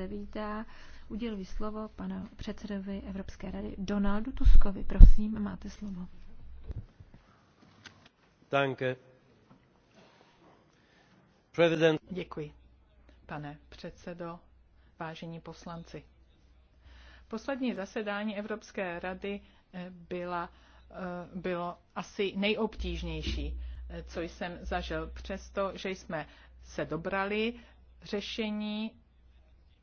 zde vítá, uděluji slovo panu předsedovi Evropské rady Donaldu Tuskovi. Prosím, máte slovo. Danke. President. Děkuji, pane předsedo, vážení poslanci. Poslední zasedání Evropské rady eh, byla, eh, bylo asi nejobtížnější, eh, co jsem zažil. Přesto, že jsme se dobrali řešení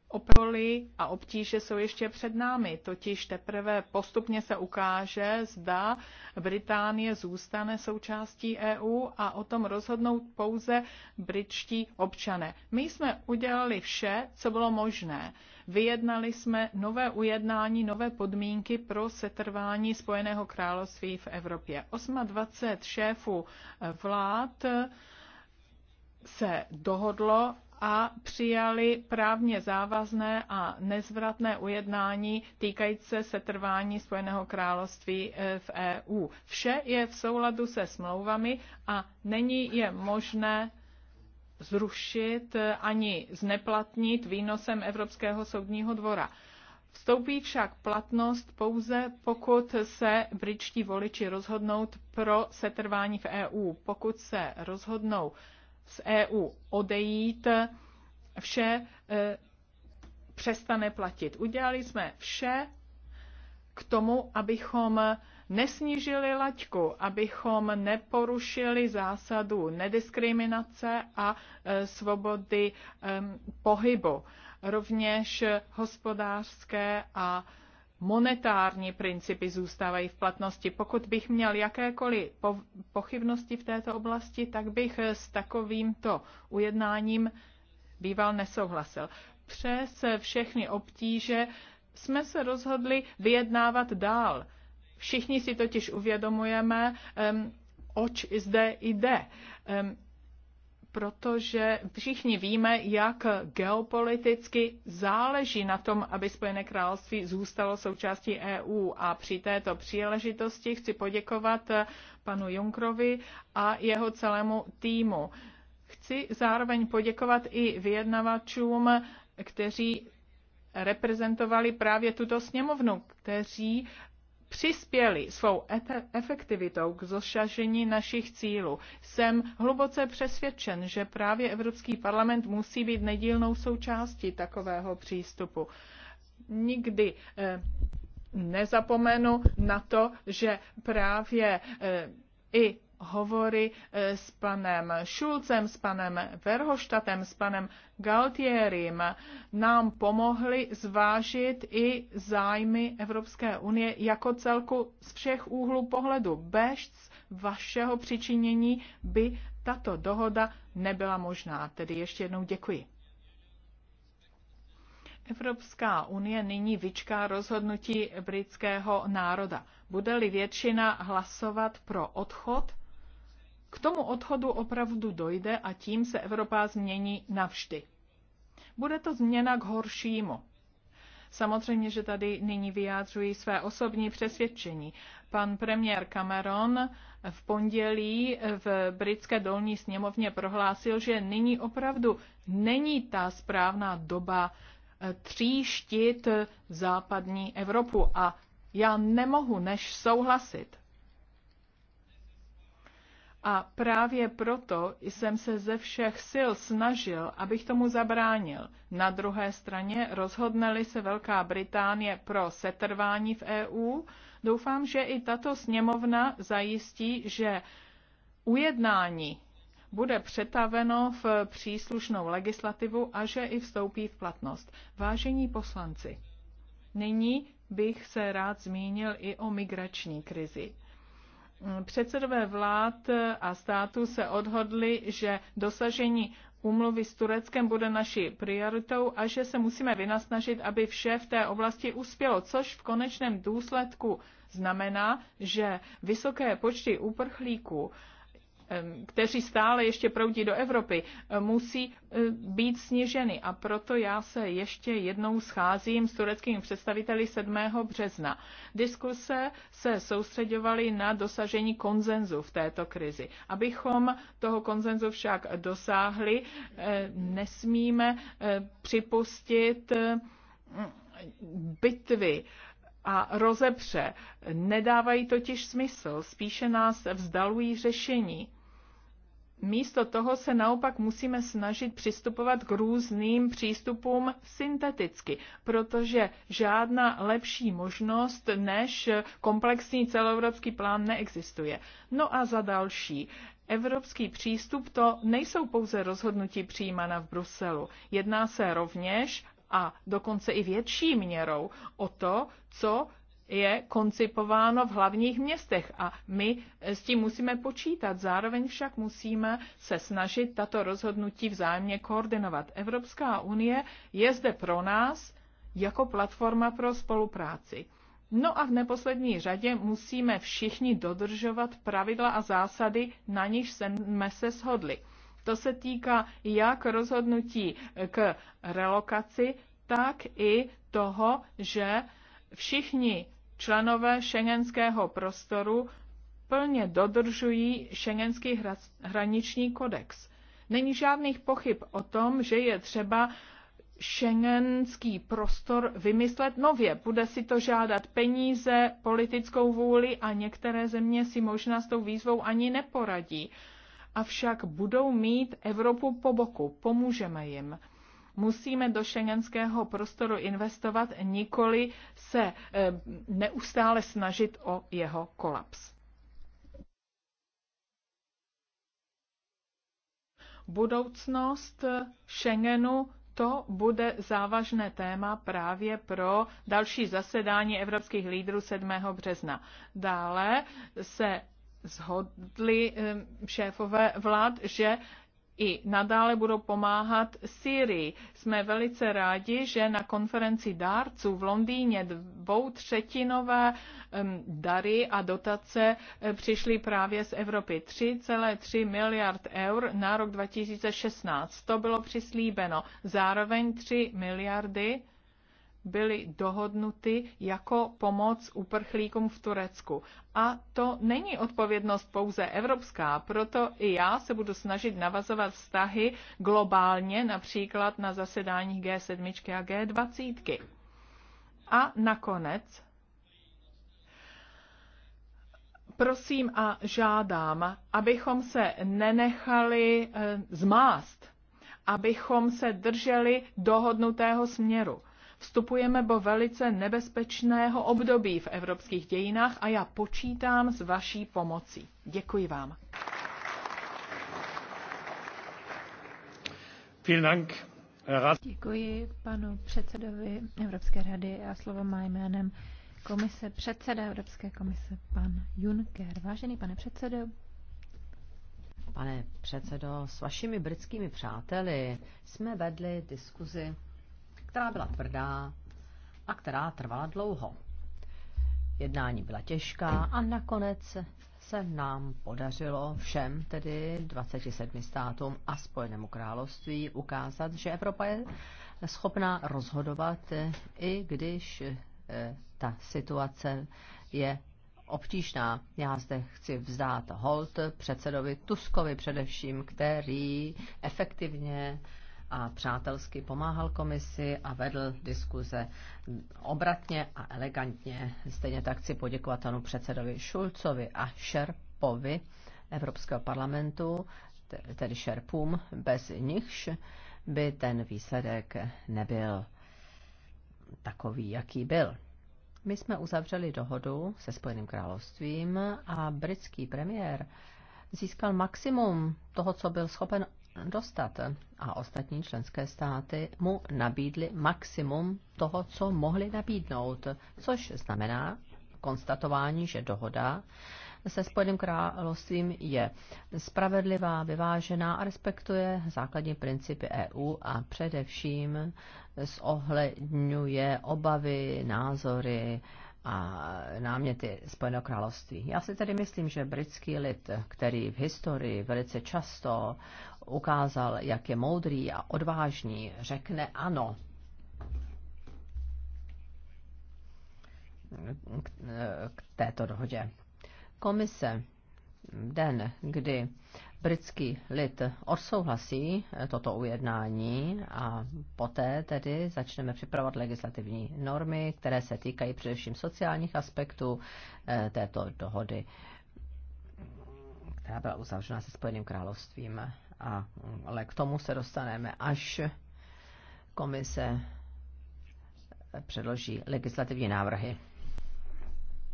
Opoly a obtíže jsou ještě před námi, totiž teprve postupně se ukáže, zda Británie zůstane součástí EU a o tom rozhodnou pouze britští občané. My jsme udělali vše, co bylo možné. Vyjednali jsme nové ujednání, nové podmínky pro setrvání Spojeného království v Evropě. 28 šéfů vlád se dohodlo a přijali právně závazné a nezvratné ujednání týkající se setrvání Spojeného království eh, v EU. Vše je v souladu se smlouvami a není je možné zrušit eh, ani zneplatnit výnosem Evropského soudního dvora. Vstoupí však platnost pouze, pokud se britští voliči rozhodnou pro setrvání v EU. Pokud se rozhodnou z EU odejít, vše e, přestane platit. Udělali jsme vše k tomu, abychom nesnížili laťku, abychom neporušili zásadu nediskriminace a e, svobody e, pohybu, rovněž hospodářské a monetární principy zůstávají v platnosti. Pokud bych měl jakékoliv pochybnosti v této oblasti, tak bych s takovýmto ujednáním býval nesouhlasil. Přes všechny obtíže jsme se rozhodli vyjednávat dál. Všichni si totiž uvědomujeme, oč zde jde. Um, protože všichni víme, jak geopoliticky záleží na tom, aby Spojené království zůstalo součástí EU. A při této příležitosti chci poděkovat eh, panu Junkrovi a jeho celému týmu. Chci zároveň poděkovat i vyjednavačům, kteří reprezentovali právě tuto sněmovnu, kteří přispěli svou efektivitou k zošažení našich cílů. Jsem hluboce přesvědčen, že právě Evropský parlament musí být nedílnou součástí takového přístupu. Nikdy eh, nezapomenu na to, že právě eh, i hovory eh, s panem Šulcem, s panem Verhoštatem, s panem Galtierim nám pomohly zvážit i zájmy Evropské unie jako celku z všech úhlů pohledu. Bez vašeho přičinění by tato dohoda nebyla možná. Tedy ještě jednou děkuji. Evropská unie nyní vyčká rozhodnutí britského národa. Bude-li většina hlasovat pro odchod, k tomu odchodu opravdu dojde a tím se Evropa změní navždy. Bude to změna k horšímu. Samozřejmě, že tady nyní vyjádřují své osobní přesvědčení. Pan premiér Cameron v pondělí v britské dolní sněmovně prohlásil, že nyní opravdu není ta správná doba eh, tříštit západní Evropu a já nemohu než souhlasit. A právě proto jsem se ze všech sil snažil, abych tomu zabránil. Na druhé straně rozhodneli se Velká Británie pro setrvání v EU, doufám, že i tato sněmovna zajistí, že ujednání bude přetaveno v příslušnou legislativu a že i vstoupí v platnost. Vážení poslanci, nyní bych se rád zmínil i o migrační krizi. Předsedové vlád a států se odhodli, že dosažení umluvy s Tureckem bude naší prioritou a že se musíme vynasnažit, aby vše v té oblasti uspělo, což v konečném důsledku znamená, že vysoké počty uprchlíků kteří stále ještě proudí do Evropy, musí být sníženy. A proto já se ještě jednou scházím s tureckými představiteli 7. března. Diskuse se soustředovaly na dosažení konzenzu v této krizi. Abychom toho konzenzu však dosáhli, nesmíme připustit bitvy a rozepře. Nedávají totiž smysl, spíše nás vzdalují řešení místo toho se naopak musíme snažit přistupovat k různým přístupům synteticky, protože žádná lepší možnost než komplexní celoevropský plán neexistuje. No a za další, Evropský přístup to nejsou pouze rozhodnutí přijímána v Bruselu. Jedná se rovněž a dokonce i větší měrou o to, co je koncipováno v hlavních městech a my s tím musíme počítat. Zároveň však musíme se snažit tato rozhodnutí vzájemně koordinovat. Evropská unie je zde pro nás jako platforma pro spolupráci. No a v neposlední řadě musíme všichni dodržovat pravidla a zásady, na níž jsme se shodli. To se týká jak rozhodnutí k relokaci, tak i toho, že všichni členové šengenského prostoru plně dodržují šengenský hraniční kodex. Není žádných pochyb o tom, že je třeba šengenský prostor vymyslet nově. Bude si to žádat peníze, politickou vůli a některé země si možná s tou výzvou ani neporadí. Avšak budou mít Evropu po boku, pomůžeme jim. Musíme do šengenského prostoru investovat, nikoli se eh, neustále snažit o jeho kolaps. Budoucnost Schengenu to bude závažné téma právě pro další zasedání evropských lídrů 7. března. Dále se zhodli eh, šéfové vlád, že i nadále budou pomáhat Syrii. Jsme velice rádi, že na konferenci dárců v Londýně dvou třetinové dary a dotace eh, přišly právě z Evropy. 3,3 miliard eur na rok 2016. To bylo přislíbeno. Zároveň 3 miliardy byly dohodnuty jako pomoc uprchlíkům v Turecku. A to není odpovědnost pouze evropská, proto i já se budu snažit navazovat vztahy globálně, například na zasedáních G7 a G20. A nakonec prosím a žádám, abychom se nenechali eh, zmást, abychom se drželi dohodnutého směru. Vstupujeme do velice nebezpečného období v evropských dějinách a já počítám s vaší pomocí. Děkuji vám. Děkuji panu předsedovi Evropské rady a slovo má jménem komise, předseda Evropské komise, pan Juncker. Vážený pane předsedo. Pane předsedo, s vašimi britskými přáteli jsme vedli diskuzi která byla tvrdá a která trvala dlouho. Jednání byla těžká a nakonec se nám podařilo všem, tedy 27 státům a Spojenému království, ukázat, že Evropa je schopná rozhodovat, eh, i když eh, ta situace je obtížná. Já zde chci vzdát hold předsedovi Tuskovi především, který efektivně a přátelsky pomáhal komisi a vedl diskuze obratně a elegantně. Stejně tak chci poděkovat panu předsedovi Šulcovi a Šerpovi Evropského parlamentu, tedy Šerpům, bez nichž by ten výsledek nebyl takový, jaký byl. My jsme uzavřeli dohodu se Spojeným královstvím a britský premiér získal maximum toho, co byl schopen dostat. A ostatní členské státy mu nabídly maximum toho, co mohli nabídnout, což znamená konstatování, že dohoda se Spojeným královstvím je spravedlivá, vyvážená a respektuje základní principy EU a především zohledňuje obavy, názory, a náměty Spojeného království. Já si tedy myslím, že britský lid, který v historii velice často ukázal, jak je moudrý a odvážný, řekne ano. K, této dohodě. Komise den, kdy britský lid odsouhlasí eh, toto ujednání a poté tedy začneme připravovat legislativní normy, které se týkají především sociálních aspektů eh, této dohody, která byla uzavřena se Spojeným královstvím. A, ale k tomu se dostaneme, až komise eh, předloží legislativní návrhy.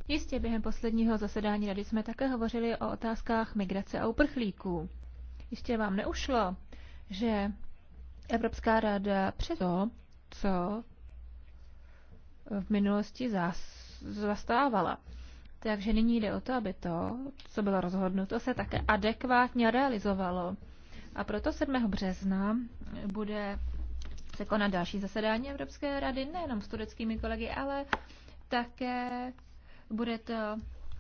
Jistě během posledního zasedání rady jsme také hovořili o otázkách migrace a uprchlíků. Jistě vám neušlo, že Evropská rada přes to, co v minulosti zastávala. Takže nyní jde o to, aby to, co bylo rozhodnuto, se také adekvátně realizovalo. A proto 7. března bude se konat další zasedání Evropské rady, nejenom s tureckými kolegy, ale také bude to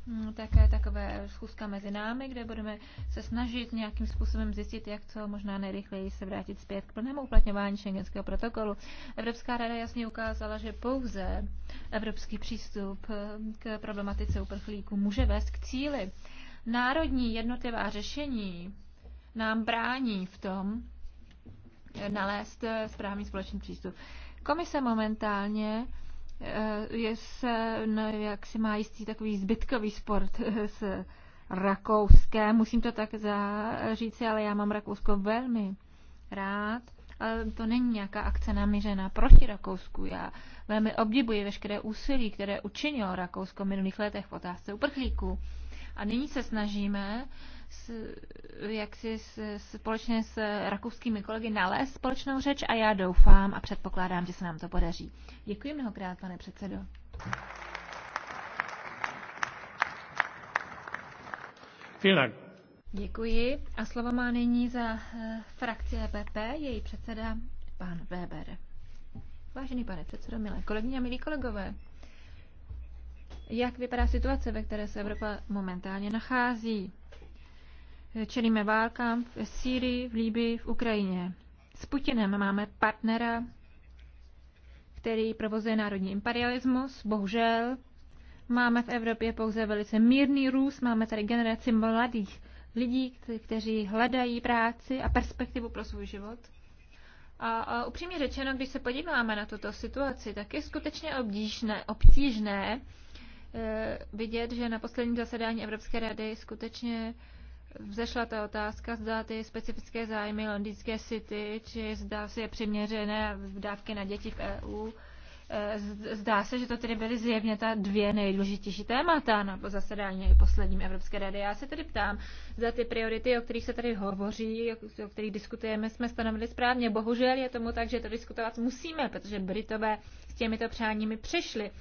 mm, také takové schůzka mezi námi, kde budeme se snažit nějakým způsobem zjistit, jak co možná nejrychleji se vrátit zpět k plnému uplatňování šengenského protokolu. Evropská rada jasně ukázala, že pouze evropský přístup mm, k problematice uprchlíků může vést k cíli. Národní jednotlivá řešení nám brání v tom eh, nalézt eh, správný společný přístup. Komise momentálně Eh, je se, no, jak si má jistý takový zbytkový sport eh, s Rakouskem. Musím to tak říci, ale já mám Rakousko velmi rád. Ale to není nějaká akce namířená proti Rakousku. Já velmi obdivuji veškeré úsilí, které učinilo Rakousko v minulých letech v otázce uprchlíků. A nyní se snažíme jak si společně s rakouskými kolegy nalézt společnou řeč a já doufám a předpokládám, že se nám to podaří. Děkuji mnohokrát, pane předsedo. Vielen Děkuji. A slovo má nyní za eh, frakci EPP její předseda pan Weber. Vážený pane předsedo, milé kolegyně a milí kolegové, jak vypadá situace, ve které se Evropa momentálně nachází? Čelíme válkám v Sýrii, v Líbii, v Ukrajině. S Putinem máme partnera, který provozuje národní imperialismus. Bohužel máme v Evropě pouze velice mírný růst, máme tady generaci mladých lidí, kteří hledají práci a perspektivu pro svůj život. A, a upřímně řečeno, když se podíváme na tuto situaci, tak je skutečně obtížné, obtížné e, vidět, že na posledním zasedání Evropské rady skutečně vzešla ta otázka, zda ty specifické zájmy londýnské city, či zda si je přiměřené dávky na děti v EU. E, zdá se, že to tedy byly zjevně ta dvě nejdůležitější témata na zasedání posledním Evropské rady. Já se tedy ptám, za ty priority, o kterých se tady hovoří, o kterých diskutujeme, jsme stanovili správně. Bohužel je tomu tak, že to diskutovat musíme, protože Britové s těmito přáními přišli.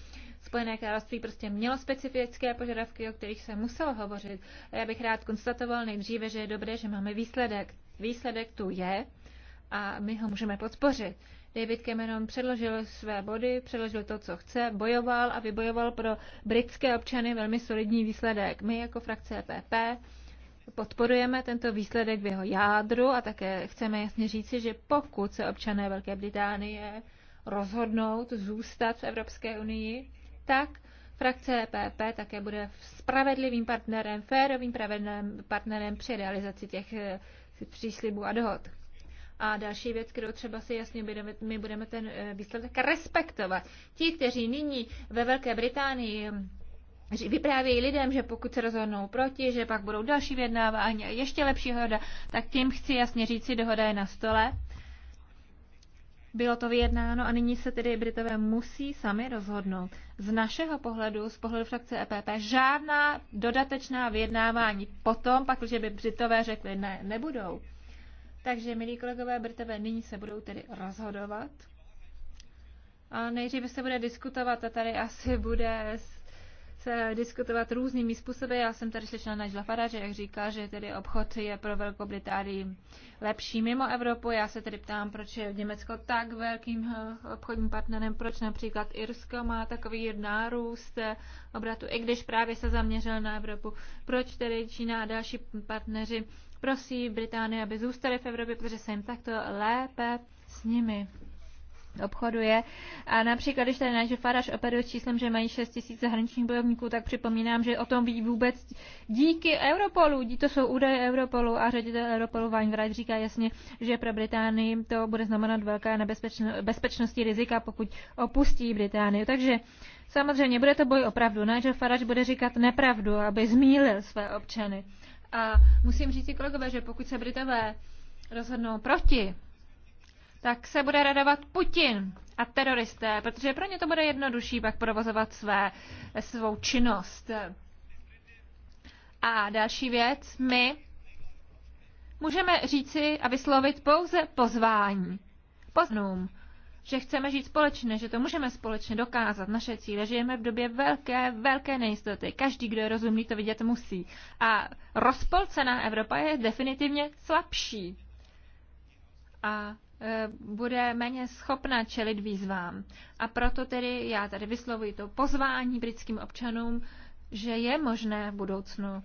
Spojené království prostě mělo specifické požadavky, o kterých se muselo hovořit. A já bych rád konstatoval nejdříve, že je dobré, že máme výsledek. Výsledek tu je a my ho můžeme podpořit. David Cameron předložil své body, předložil to, co chce, bojoval a vybojoval pro britské občany velmi solidní výsledek. My jako frakce PP e podporujeme tento výsledek v jeho jádru a také chceme jasně říci, že pokud se občané Velké Británie rozhodnout zůstat v Evropské unii, tak frakce EPP také bude spravedlivým partnerem, férovým partnerem při realizaci těch eh, příslibů a dohod. A další věc, kterou třeba si jasně budeme, my budeme ten eh, výsledek respektovat. Ti, kteří nyní ve Velké Británii hm, vyprávějí lidem, že pokud se rozhodnou proti, že pak budou další vyjednávání a ještě lepší dohoda, tak tím chci jasně říci, dohoda je na stole bylo to vyjednáno a nyní se tedy Britové musí sami rozhodnout. Z našeho pohledu, z pohledu frakce EPP, žádná dodatečná vyjednávání potom, pak, už by Britové řekli ne, nebudou. Takže, milí kolegové Britové, nyní se budou tedy rozhodovat. A nejdříve se bude diskutovat a tady asi bude se diskutovat různými způsoby. Já jsem tady slyšela Najla Faraže, jak říká, že tedy obchod je pro Velkou Británii lepší mimo Evropu. Já se tedy ptám, proč je Německo tak velkým eh, obchodním partnerem, proč například Irsko má takový nárůst eh, obratu, i když právě se zaměřil na Evropu. Proč tedy Čína a další partneři prosí Británii, aby zůstali v Evropě, protože se jim takto lépe s nimi obchoduje. A například, když tady Nigel Farage operuje s číslem, že mají 6 tisíc zahraničních bojovníků, tak připomínám, že o tom ví vůbec díky Europolu. To jsou údaje Europolu a ředitel Europolu Weinreich říká jasně, že pro Británii to bude znamenat velká nebezpečno, bezpečnostní rizika, pokud opustí Británii. Takže samozřejmě bude to boj opravdu. pravdu. Nigel Farage bude říkat nepravdu, aby zmílil své občany. A musím říct si kolegové, že pokud se Britové rozhodnou proti tak se bude radovat Putin a teroristé, protože pro ně to bude jednodušší pak provozovat své, svou činnost. A další věc, my můžeme říci a vyslovit pouze pozvání. Poznům, že chceme žít společně, že to můžeme společně dokázat, naše cíle. Žijeme v době velké, velké nejistoty. Každý, kdo je rozumný, to vidět musí. A rozpolcená Evropa je definitivně slabší. A Eh, bude méně schopna čelit výzvám. A proto tedy já tady vyslovuji to pozvání britským občanům, že je možné v budoucnu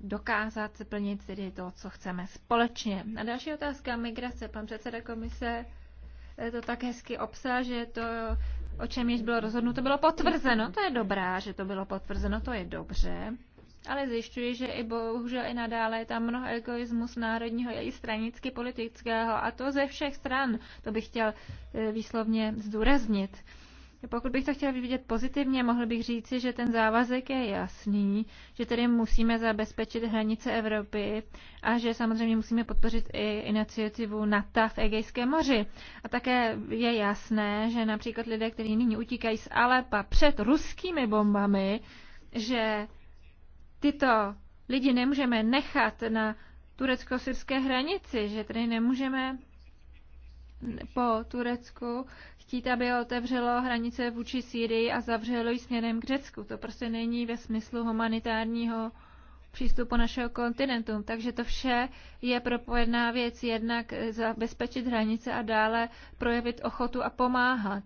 dokázat plnit tedy to, co chceme společně. A další otázka migrace. Pan předseda komise eh, to tak hezky obsah, že to, o čem již bylo rozhodnuto, bylo potvrzeno. To je dobrá, že to bylo potvrzeno, to je dobře ale zjišťuji, že i bohužel i nadále je tam mnoho egoismus národního i stranicky politického a to ze všech stran, to bych chtěl e, výslovně zdůraznit. Pokud bych to chtěl vidět pozitivně, mohl bych říci, že ten závazek je jasný, že tedy musíme zabezpečit hranice Evropy a že samozřejmě musíme podpořit i iniciativu NATO v Egejském moři. A také je jasné, že například lidé, kteří nyní utíkají z Alepa před ruskými bombami, že tyto lidi nemůžeme nechat na turecko-syrské hranici, že tedy nemůžeme po Turecku chtít, aby otevřelo hranice vůči Sýrii a zavřelo ji směrem k Řecku. To prostě není ve smyslu humanitárního přístupu našeho kontinentu. Takže to vše je propojená věc, jednak zabezpečit hranice a dále projevit ochotu a pomáhat.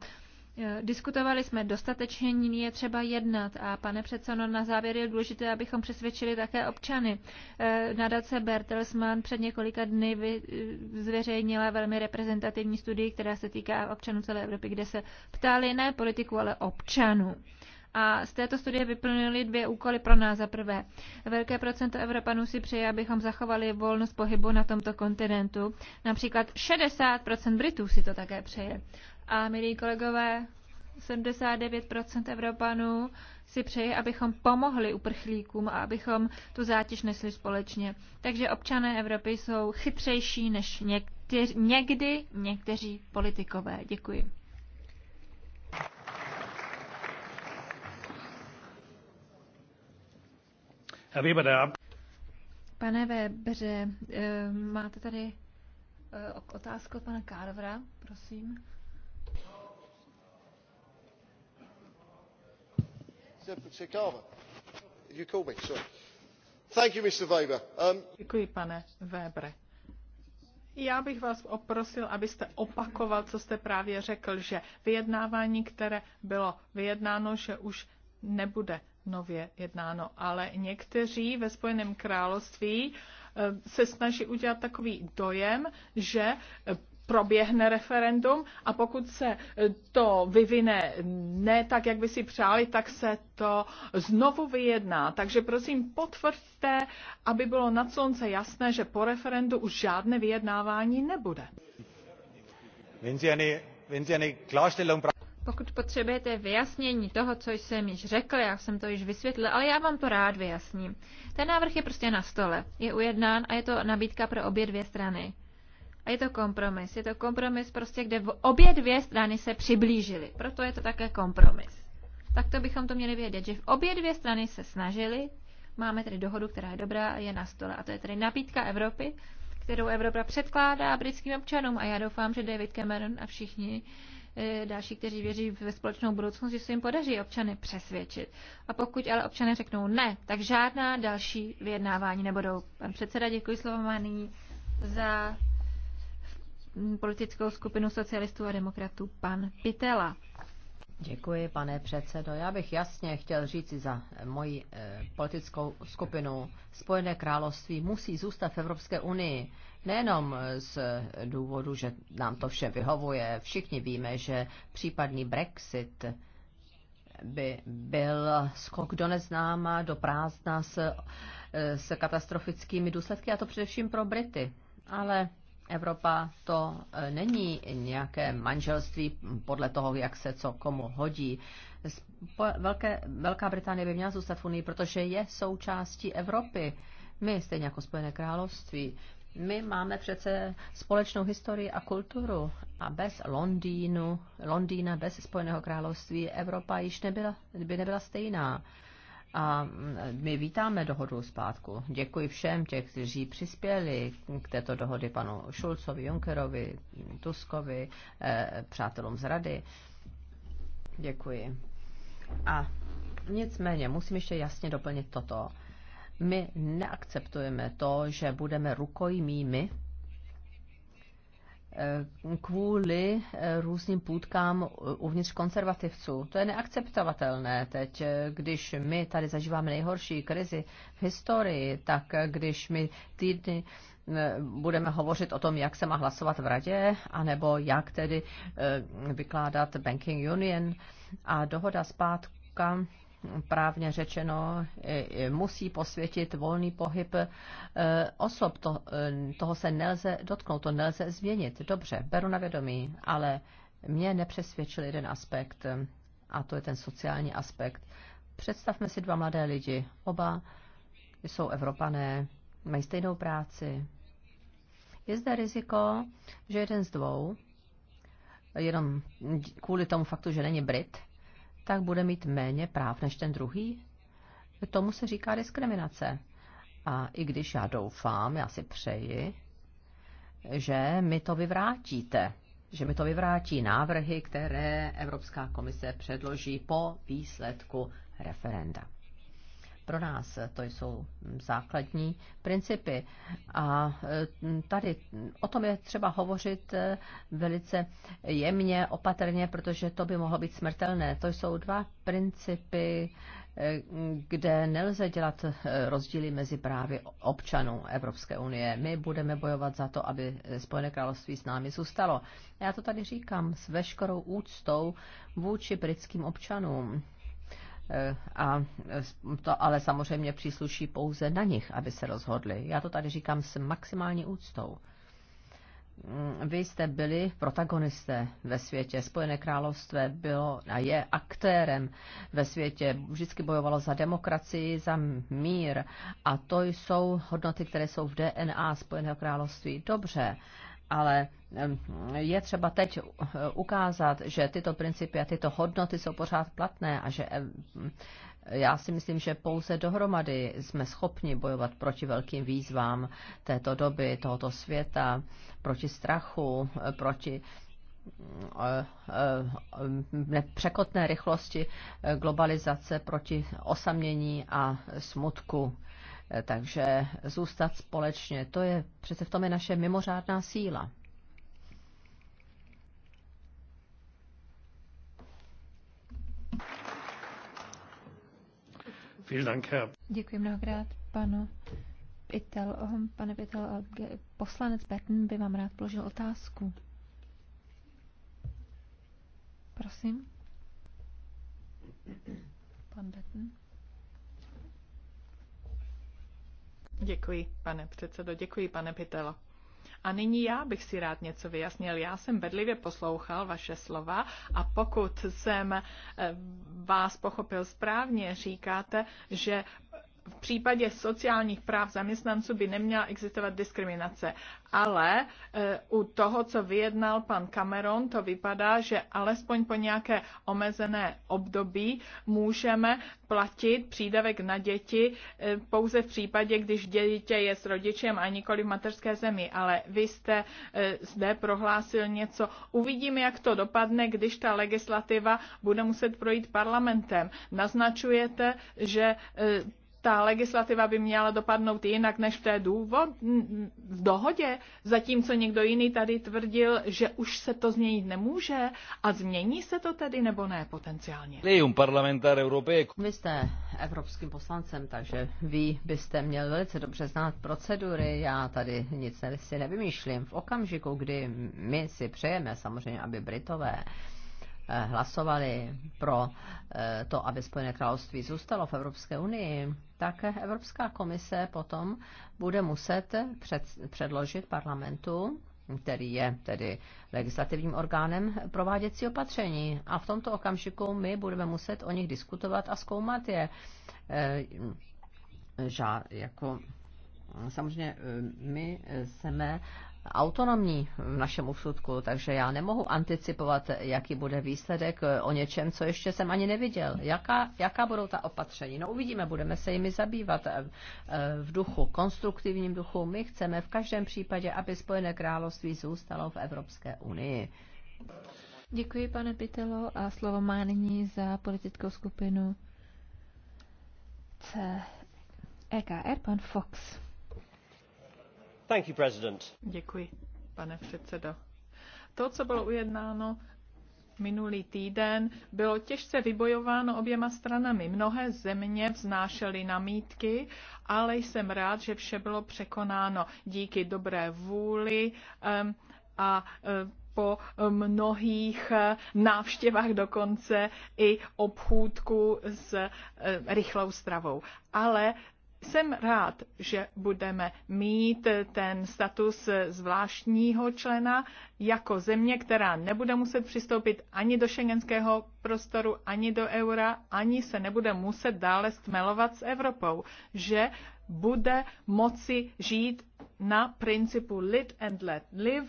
Eh, diskutovali jsme dostatečně, nyní je třeba jednat. A pane předsedo, no, na závěr je důležité, abychom přesvědčili také občany. Eh, nadace Bertelsmann před několika dny eh, zveřejnila velmi reprezentativní studii, která se týká občanů celé Evropy, kde se ptali ne politiků, ale občanů. A z této studie vyplnili dvě úkoly pro nás. Za prvé, velké procento Evropanů si přeje, abychom zachovali volnost pohybu na tomto kontinentu. Například 60% Britů si to také přeje. A milí kolegové, 79% Evropanů si přeje, abychom pomohli uprchlíkům a abychom tu zátěž nesli společně. Takže občané Evropy jsou chytřejší než někteř, někdy někteří politikové. Děkuji. Pane Webře, eh, máte tady eh, otázku od pana Carvera, prosím. Děkuji, pane Webre. Já bych vás oprosil, abyste opakoval, co jste právě řekl, že vyjednávání, které bylo vyjednáno, že už nebude nově jednáno, ale někteří ve Spojeném království eh, se snaží udělat takový dojem, že eh, proběhne referendum a pokud se eh, to vyvine ne tak, jak by si přáli, tak se to znovu vyjedná. Takže prosím potvrďte, aby bylo nad slunce jasné, že po referendu už žádné vyjednávání nebude. Wenn Sie eine, wenn Sie eine pokud potřebujete vyjasnění toho, co jsem již řekl, já jsem to již vysvětlil, ale já vám to rád vyjasním. Ten návrh je prostě na stole, je ujednán a je to nabídka pro obě dvě strany. A je to kompromis. Je to kompromis prostě, kde obě dvě strany se přiblížily. Proto je to také kompromis. Tak to bychom to měli vědět, že v obě dvě strany se snažily. Máme tedy dohodu, která je dobrá a je na stole. A to je tedy nabídka Evropy, kterou Evropa předkládá britským občanům. A já doufám, že David Cameron a všichni E, další, kteří věří ve společnou budoucnost, že se jim podaří občany přesvědčit. A pokud ale občany řeknou ne, tak žádná další vyjednávání nebudou. Pan předseda, děkuji slovo má za politickou skupinu socialistů a demokratů pan Pitela. Děkuji, pane předsedo. Já bych jasně chtěl říci za moji eh, politickou skupinu. Spojené království musí zůstat v Evropské unii. Nejenom z důvodu, že nám to vše vyhovuje, všichni víme, že případný Brexit by byl skok do neznáma, do prázdna s, s katastrofickými důsledky, a to především pro Brity. Ale Evropa to není nějaké manželství podle toho, jak se co komu hodí. Velké, Velká Británie by měla zůstat v Unii, protože je součástí Evropy. My, stejně jako Spojené království, my máme přece společnou historii a kulturu a bez Londýnu, Londýna, bez Spojeného království Evropa již nebyla, by nebyla stejná. A my vítáme dohodu zpátku. Děkuji všem těch, kteří přispěli k této dohody panu Šulcovi, Junkerovi, Tuskovi, eh, přátelům z Rady. Děkuji. A nicméně musím ještě jasně doplnit toto. My neakceptujeme to, že budeme rukojmými eh, kvůli eh, různým půdkám uvnitř konzervativců. To je neakceptovatelné teď, eh, když my tady zažíváme nejhorší krizi v historii, tak když my týdny budeme hovořit o tom, jak se má hlasovat v radě, anebo jak tedy vykládat Banking Union a dohoda zpátka právně řečeno musí posvětit volný pohyb eh, osob. To, eh, toho se nelze dotknout, to nelze změnit. Dobře, beru na vědomí, ale mě nepřesvědčil jeden aspekt, a to je ten sociální aspekt. Představme si dva mladé lidi. Oba jsou Evropané, mají stejnou práci. Je zde riziko, že jeden z dvou, jenom kvůli tomu faktu, že není Brit, tak bude mít méně práv než ten druhý? Tomu se říká diskriminace. A i když já doufám, já si přeji, že mi to vyvrátíte, že mi to vyvrátí návrhy, které Evropská komise předloží po výsledku referenda pro nás. To jsou základní principy. A e, tady o tom je třeba hovořit e, velice jemně, opatrně, protože to by mohlo být smrtelné. To jsou dva principy, e, kde nelze dělat rozdíly mezi právy občanů Evropské unie. My budeme bojovat za to, aby Spojené království s námi zůstalo. Já to tady říkám s veškerou úctou vůči britským občanům. Eh, a eh, to ale samozřejmě přísluší pouze na nich, aby se rozhodli. Já to tady říkám s maximální úctou. Mm, vy jste byli protagonisté ve světě. Spojené království bylo a je aktérem ve světě. Vždycky bojovalo za demokracii, za mír. A to jsou hodnoty, které jsou v DNA Spojeného království. Dobře, ale je třeba teď eh, ukázat, že tyto principy a tyto hodnoty jsou pořád platné a že já si myslím, že pouze dohromady jsme schopni bojovat proti velkým výzvám této doby, tohoto světa, proti strachu, eh, proti eh, překotné rychlosti globalizace proti osamění a smutku. Takže zůstat společně, to je přece v tom je naše mimořádná síla. Děkuji mnohokrát panu Pitel, pane Pitel, poslanec Betten by vám rád položil otázku. Prosím. Pan Betten. Děkuji, pane předsedo, děkuji, pane Pitelo. A nyní já bych si rád něco vyjasnil. Já jsem bedlivě poslouchal vaše slova a pokud jsem eh, vás pochopil správně, říkáte, že v případě sociálních práv zaměstnanců by neměla existovat diskriminace. Ale eh, u toho, co vyjednal pan Cameron, to vypadá, že alespoň po nějaké omezené období můžeme platit přídavek na děti eh, pouze v případě, když dítě je s rodičem a nikoli v mateřské zemi. Ale vy jste eh, zde prohlásil něco. Uvidíme, jak to dopadne, když ta legislativa bude muset projít parlamentem. Naznačujete, že ta legislativa by měla dopadnout jinak než v té důvod, v dohodě, zatímco někdo jiný tady tvrdil, že už se to změnit nemůže a změní se to tedy nebo ne potenciálně. Leum Vy jste evropským poslancem, takže vy byste měl velice dobře znát procedury, já tady nic si nevymýšlím. V okamžiku, kdy my si přejeme samozřejmě, aby Britové Eh, hlasovali pro eh, to, aby Spojené království zůstalo v Evropské unii, tak Evropská komise potom bude muset před, předložit parlamentu který je tedy legislativním orgánem prováděcí opatření. A v tomto okamžiku my budeme muset o nich diskutovat a zkoumat je. Eh, že jako, samozřejmě my jsme autonomní v našem úsudku, takže já nemohu anticipovat, jaký bude výsledek eh, o něčem, co ještě jsem ani neviděl. Jaká, jaká budou ta opatření? No uvidíme, budeme se jimi zabývat eh, eh, v duchu, konstruktivním duchu. My chceme v každém případě, aby Spojené království zůstalo v Evropské unii. Děkuji, pane Pitelo, a slovo má nyní za politickou skupinu C. EKR, pan Fox. Děkuji, pane předsedající. To, co bylo ujednáno minulý týden, bylo těžce vybojováno oběma stranami. Mnohé země vznášely námitky, ale jsem rád, že vše bylo překonáno díky dobré vůli a e, po mnohých e, návštěvách dokonce i obchůdku s e, rychlou stravou. Ale jsem rád, že budeme mít ten status zvláštního člena jako země, která nebude muset přistoupit ani do šengenského prostoru, ani do eura, ani se nebude muset dále stmelovat s Evropou, že bude moci žít na principu live and let live,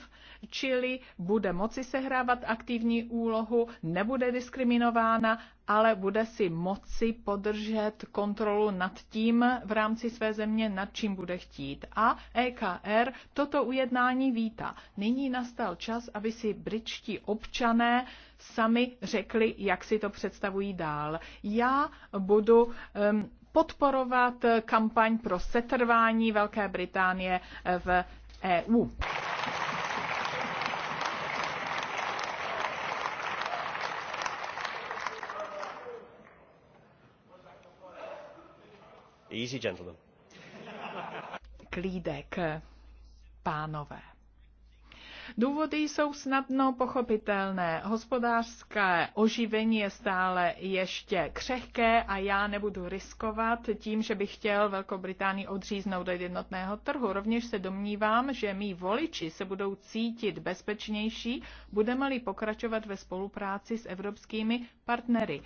čili bude moci sehrávat aktivní úlohu, nebude diskriminována, ale bude si moci podržet kontrolu nad tím v rámci své země, nad čím bude chtít. A EKR toto ujednání vítá. Nyní nastal čas, aby si britští občané sami řekli, jak si to představují dál. Já budu um, podporovat kampaň pro setrvání Velké Británie v EU. Easy, gentlemen. Klídek, pánové. Důvody jsou snadno pochopitelné. Hospodářské oživení je stále ještě křehké a já nebudu riskovat tím, že bych chtěl Velkou Británii odříznout do jednotného trhu. Rovněž se domnívám, že mý voliči se budou cítit bezpečnější, budeme-li pokračovat ve spolupráci s evropskými partnery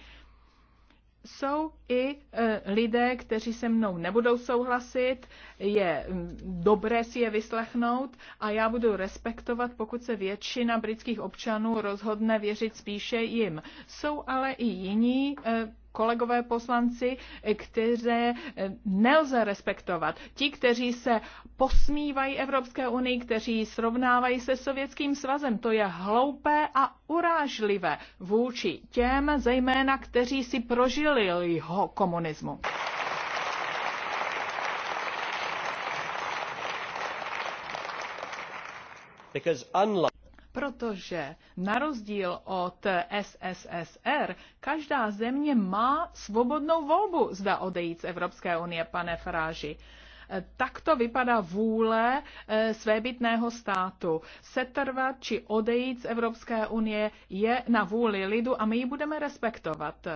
jsou i e, lidé, kteří se mnou nebudou souhlasit, je dobré si je vyslechnout a já budu respektovat, pokud se většina britských občanů rozhodne věřit spíše jim. Jsou ale i jiní e, kolegové poslanci, které eh, nelze respektovat. Ti, kteří se posmívají Evropské unii, kteří srovnávají se Sovětským svazem, to je hloupé a urážlivé vůči těm, zejména kteří si prožili jeho komunismu. Because unlike protože na rozdíl od SSSR každá země má svobodnou volbu, zda odejít z Evropské unie, pane Faráži. Eh, Takto vypadá vůle eh, svébytného státu. Setrvat či odejít z Evropské unie je na vůli lidu a my ji budeme respektovat.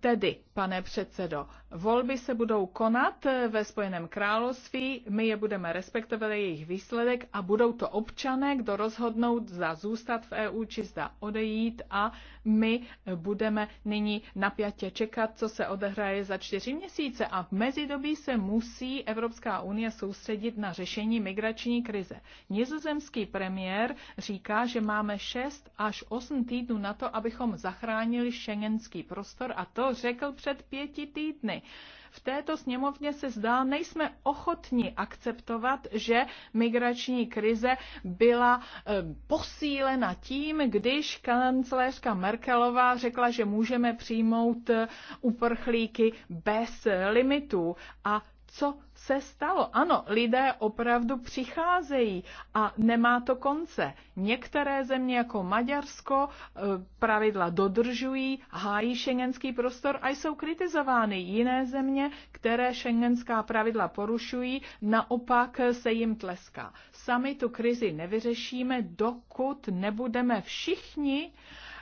Tedy, pane předsedo, volby se budou konat ve Spojeném království, my je budeme respektovat jejich výsledek a budou to občané, kdo rozhodnou, za zůstat v EU či zda odejít a my budeme nyní napjatě čekat, co se odehraje za čtyři měsíce a v mezidobí se musí Evropská unie soustředit na řešení migrační krize. Nizozemský premiér říká, že máme 6 až 8 týdnů na to, abychom zachránili šengenský prostor a to řekl před pěti týdny. V této sněmovně se zdá, nejsme ochotni akceptovat, že migrační krize byla eh, posílena tím, když kancléřka Merkelová řekla, že můžeme přijmout eh, uprchlíky bez limitů a co se stalo. Ano, lidé opravdu přicházejí a nemá to konce. Některé země jako Maďarsko eh, pravidla dodržují, hájí šengenský prostor a jsou kritizovány. Jiné země, které šengenská pravidla porušují, naopak se jim tleská. Sami tu krizi nevyřešíme, dokud nebudeme všichni uh,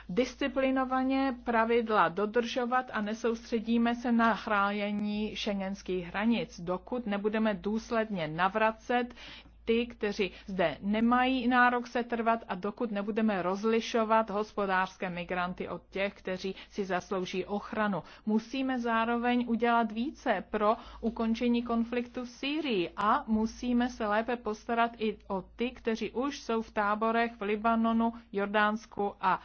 disciplinovaně pravidla dodržovat a nesoustředíme se na chránění šengenských hranic, dokud nebudeme důsledně navracet ty, kteří zde nemají nárok se trvat a dokud nebudeme rozlišovat hospodářské migranty od těch, kteří si zaslouží ochranu. Musíme zároveň udělat více pro ukončení konfliktu v Sýrii a musíme se lépe postarat i o ty, kteří už jsou v táborech v Libanonu, Jordánsku a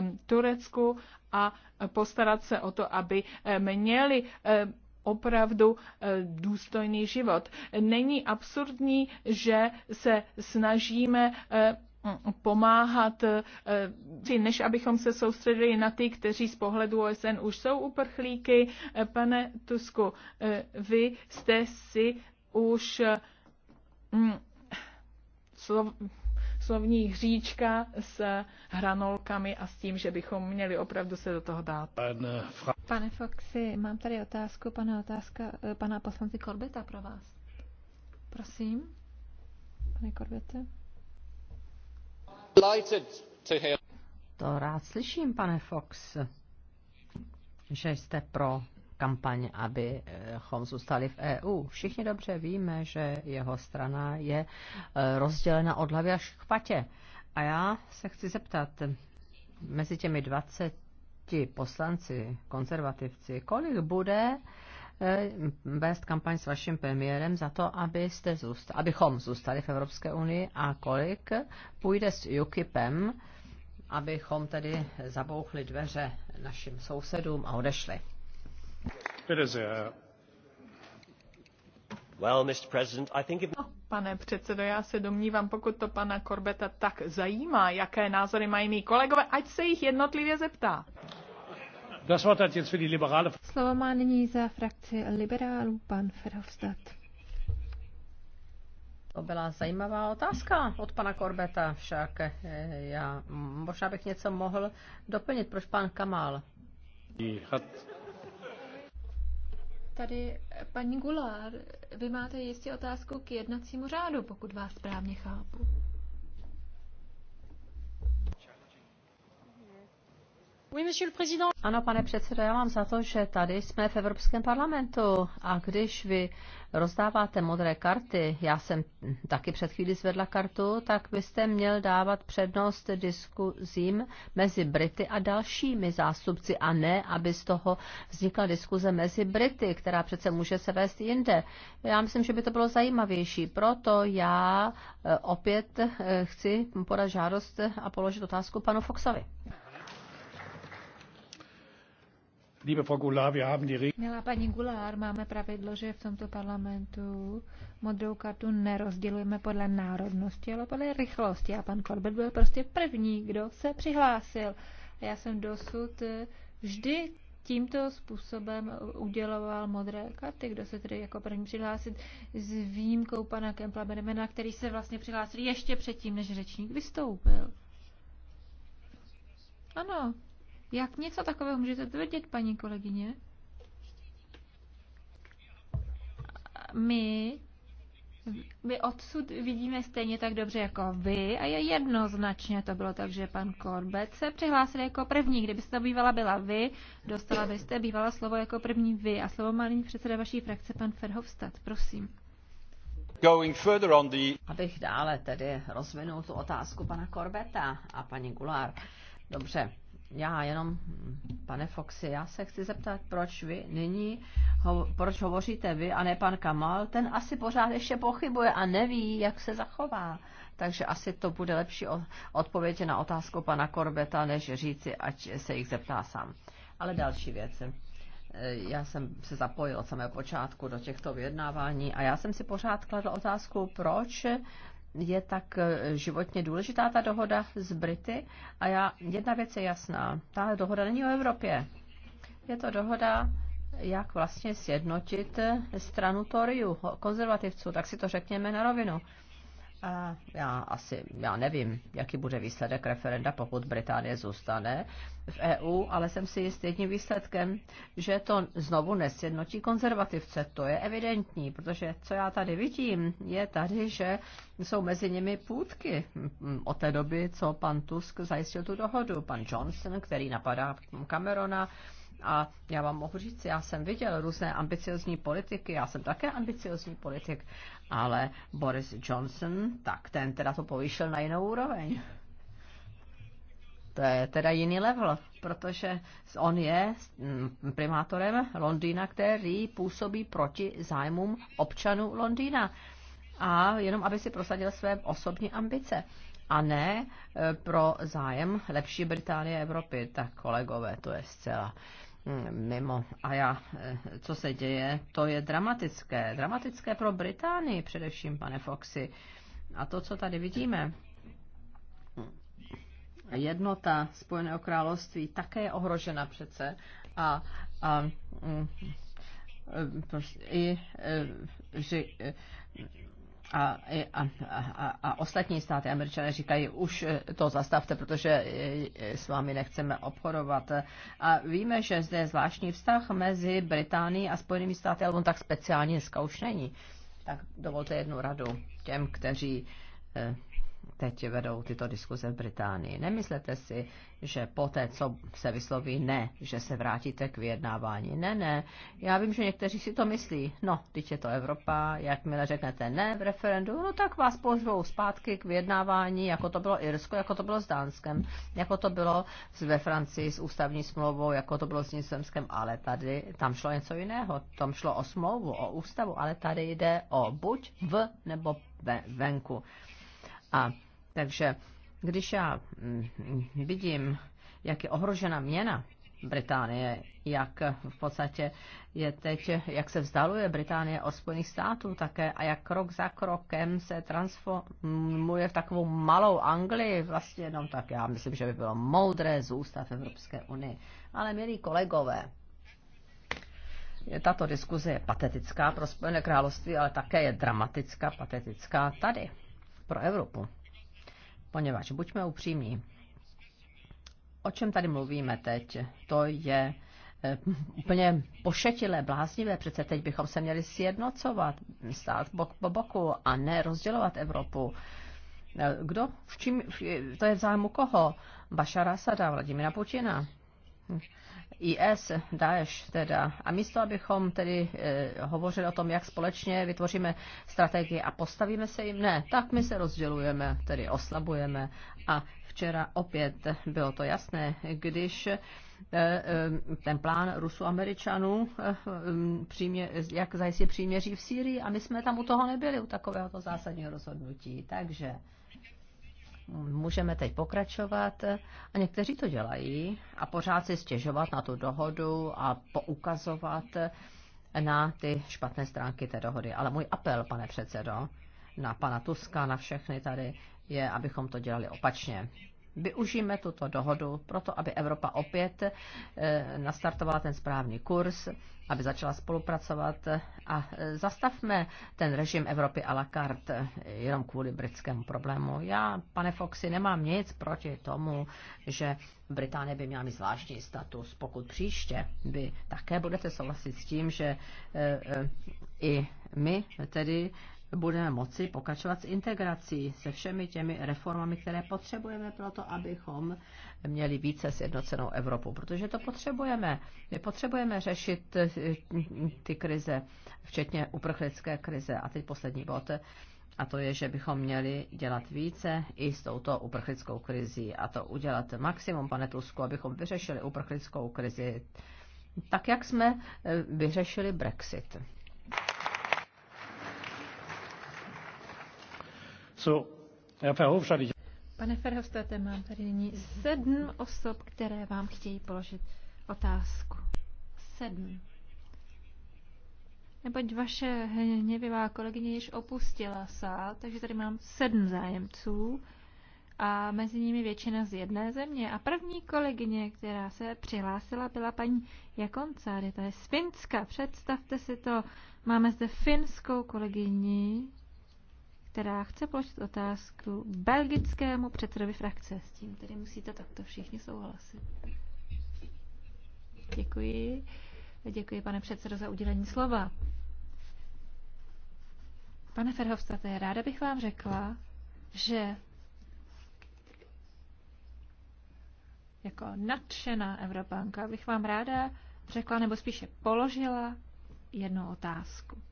um, Turecku a postarat se o to, aby měli um, opravdu eh, důstojný život. Není absurdní, že se snažíme eh, mm, pomáhat, eh, než abychom se soustředili na ty, kteří z pohledu OSN už jsou uprchlíky. Pane Tusku, vy jste si už mm, slovní hříčka s hranolkami a s tím, že bychom měli opravdu se do toho dát. Eh, pane Foxy, mám tady otázku, pana, otázka, eh, pana poslanci Korbeta pro vás. Prosím, pane Korbete. To rád slyším, pane Fox, že jste pro kampaň, abychom zůstali v EU. Všichni dobře víme, že jeho strana je e, rozdělena od hlavy až k patě. A já se chci zeptat, mezi těmi 20 poslanci, konzervativci, kolik bude e, vést kampaň s vaším premiérem za to, abyste zůsta- abychom zůstali v Evropské unii a kolik půjde s UKIPem, abychom tedy zabouchli dveře našim sousedům a odešli. No, pane předsedo, já se domnívám, pokud to pana Korbeta tak zajímá, jaké názory mají mý kolegové, ať se jich jednotlivě zeptá. Slovo má nyní za frakci liberálů pan Verhofstadt. To byla zajímavá otázka od pana Korbeta, však eh, já možná bych něco mohl doplnit, proč pan Kamal. Tady, paní Gulár, vy máte jistě otázku k jednacímu řádu, pokud vás správně chápu. Ano, pane předsedo, já mám za to, že tady jsme v Evropském parlamentu a když vy rozdáváte modré karty, já jsem taky před chvíli zvedla kartu, tak byste měl dávat přednost diskuzím mezi Brity a dalšími zástupci a ne, aby z toho vznikla diskuze mezi Brity, která přece může se vést jinde. Já myslím, že by to bylo zajímavější, proto já eh, opět eh, chci podat žádost a položit otázku panu Foxovi. Liebe Frau Goulart, wir haben die Milá paní Gulár, máme pravidlo, že v tomto parlamentu modrou kartu nerozdělujeme podle národnosti, ale podle rychlosti. A pan Korbet byl prostě první, kdo se přihlásil. A já jsem dosud eh, vždy tímto způsobem uděloval modré karty, kdo se tedy jako první přihlásit s výjimkou pana Kempla Benemena, který se vlastně přihlásil ještě předtím, než řečník vystoupil. Ano, jak něco takového můžete tvrdit, paní kolegyně? My, my odsud vidíme stejně tak dobře jako vy a je jednoznačně to bylo tak, že pan Korbec se přihlásil jako první. Kdybyste to bývala byla vy, dostala byste bývala slovo jako první vy a slovo má nyní předseda vaší frakce pan Ferhovstad. Prosím. The... Abych dále tedy rozvinul tu otázku pana Korbeta a paní Gulár. Dobře, já jenom, pane Foxy, já se chci zeptat, proč vy nyní, ho, proč hovoříte vy a ne pan Kamal, ten asi pořád ještě pochybuje a neví, jak se zachová. Takže asi to bude lepší odpověď na otázku pana Korbeta, než říci, ať se jich zeptá sám. Ale další věc. Eh, já jsem se zapojil od samého počátku do těchto vyjednávání a já jsem si pořád kladl otázku, proč je tak eh, životně důležitá ta dohoda z Brity. A já, jedna věc je jasná. Ta dohoda není o Evropě. Je to dohoda, jak vlastně sjednotit stranu Toriu, konzervativců, tak si to řekněme na rovinu. A já asi, já nevím, jaký bude výsledek referenda, pokud Británie zůstane v EU, ale jsem si jist jedním výsledkem, že to znovu nesjednotí konzervativce. To je evidentní, protože co já tady vidím, je tady, že jsou mezi nimi půdky od té doby, co pan Tusk zajistil tu dohodu. Pan Johnson, který napadá Camerona, a já vám mohu říct, já jsem viděl různé ambiciozní politiky, já jsem také ambiciozní politik, ale Boris Johnson, tak ten teda to povýšil na jinou úroveň. To je teda jiný level, protože on je mm, primátorem Londýna, který působí proti zájmům občanů Londýna. A jenom aby si prosadil své osobní ambice a ne e, pro zájem lepší Británie a Evropy. Tak kolegové, to je zcela Eh, mimo. A já, eh, co se děje, to je dramatické. Dramatické pro Británii především, pane Foxy. A to, co tady vidíme, jednota Spojeného království také je ohrožena přece. A, a mm, eh, prostě i, že, a, a, a, a ostatní státy američané říkají, už e, to zastavte, protože e, e, s vámi nechceme obchodovat. A víme, že zde je zvláštní vztah mezi Británií a Spojenými státy, ale on tak speciálně dneska už není. Tak dovolte jednu radu těm, kteří teď vedou tyto diskuze v Británii. Nemyslete si, že poté, co se vysloví ne, že se vrátíte k vyjednávání. Ne, ne. Já vím, že někteří si to myslí. No, teď je to Evropa, jakmile řeknete ne v referendu, no tak vás pozvou zpátky k vyjednávání, jako to bylo Irsko, jako to bylo s Dánskem, jako to bylo ve Francii s ústavní smlouvou, jako to bylo s Nizozemskem, ale tady tam šlo něco jiného. Tam šlo o smlouvu, o ústavu, ale tady jde o buď v nebo venku. A takže když já mm, vidím, jak je ohrožena měna Británie, jak v podstatě je teď, jak se vzdaluje Británie od Spojených států také a jak krok za krokem se transformuje v takovou malou Anglii vlastně, no tak já myslím, že by bylo moudré zůstat v Evropské unii. Ale milí kolegové, tato diskuze je patetická pro Spojené království, ale také je dramatická, patetická tady, pro Evropu. Poněvadž buďme upřímní. O čem tady mluvíme teď? To je eh, úplně pošetilé, bláznivé. Přece teď bychom se měli sjednocovat, stát bok po boku a ne rozdělovat Evropu. Eh, kdo? V čím, to je v zájmu koho? Bašara Asada, Vladimira Putina. IS, Daesh teda. A místo, abychom tedy e, hovořili o tom, jak společně vytvoříme strategii a postavíme se jim, ne, tak my se rozdělujeme, tedy oslabujeme. A včera opět bylo to jasné, když e, e, ten plán Rusu-Američanů, e, přímě, jak zajistit příměří v Sýrii, a my jsme tam u toho nebyli, u takového zásadního rozhodnutí. Takže můžeme teď pokračovat a někteří to dělají a pořád si stěžovat na tu dohodu a poukazovat na ty špatné stránky té dohody. Ale můj apel, pane předsedo, na pana Tuska, na všechny tady, je, abychom to dělali opačně využijeme tuto dohodu proto, aby Evropa opět eh, nastartovala ten správný kurz, aby začala spolupracovat a eh, zastavme ten režim Evropy a la carte eh, jenom kvůli britskému problému. Já, pane Foxy, nemám nic proti tomu, že Británie by měla mít zvláštní status, pokud příště by také budete souhlasit s tím, že i my tedy budeme moci pokračovat s integrací, se všemi těmi reformami, které potřebujeme pro to, abychom měli více sjednocenou Evropu, protože to potřebujeme. My potřebujeme řešit eh, ty krize, včetně uprchlické krize. A teď poslední bod. A to je, že bychom měli dělat více i s touto uprchlickou krizí. A to udělat maximum, pane Tusku, abychom vyřešili uprchlickou krizi tak, jak jsme eh, vyřešili Brexit. Pane Ferhofstadte, mám tady nyní sedm osob, které vám chtějí položit otázku. Sedm. Neboť vaše hněvivá kolegyně již opustila sál, takže tady mám sedm zájemců a mezi nimi většina z jedné země. A první kolegyně, která se přihlásila, byla paní Jakoncáry, To je z Finska. Představte si to, máme zde finskou kolegyni, která chce položit otázku belgickému předsedovi frakce. S tím tedy musíte takto všichni souhlasit. Děkuji. Děkuji, pane předsedo, za udělení slova. Pane Ferhovstate, ráda bych vám řekla, že jako nadšená Evropanka bych vám ráda řekla, nebo spíše položila jednu otázku.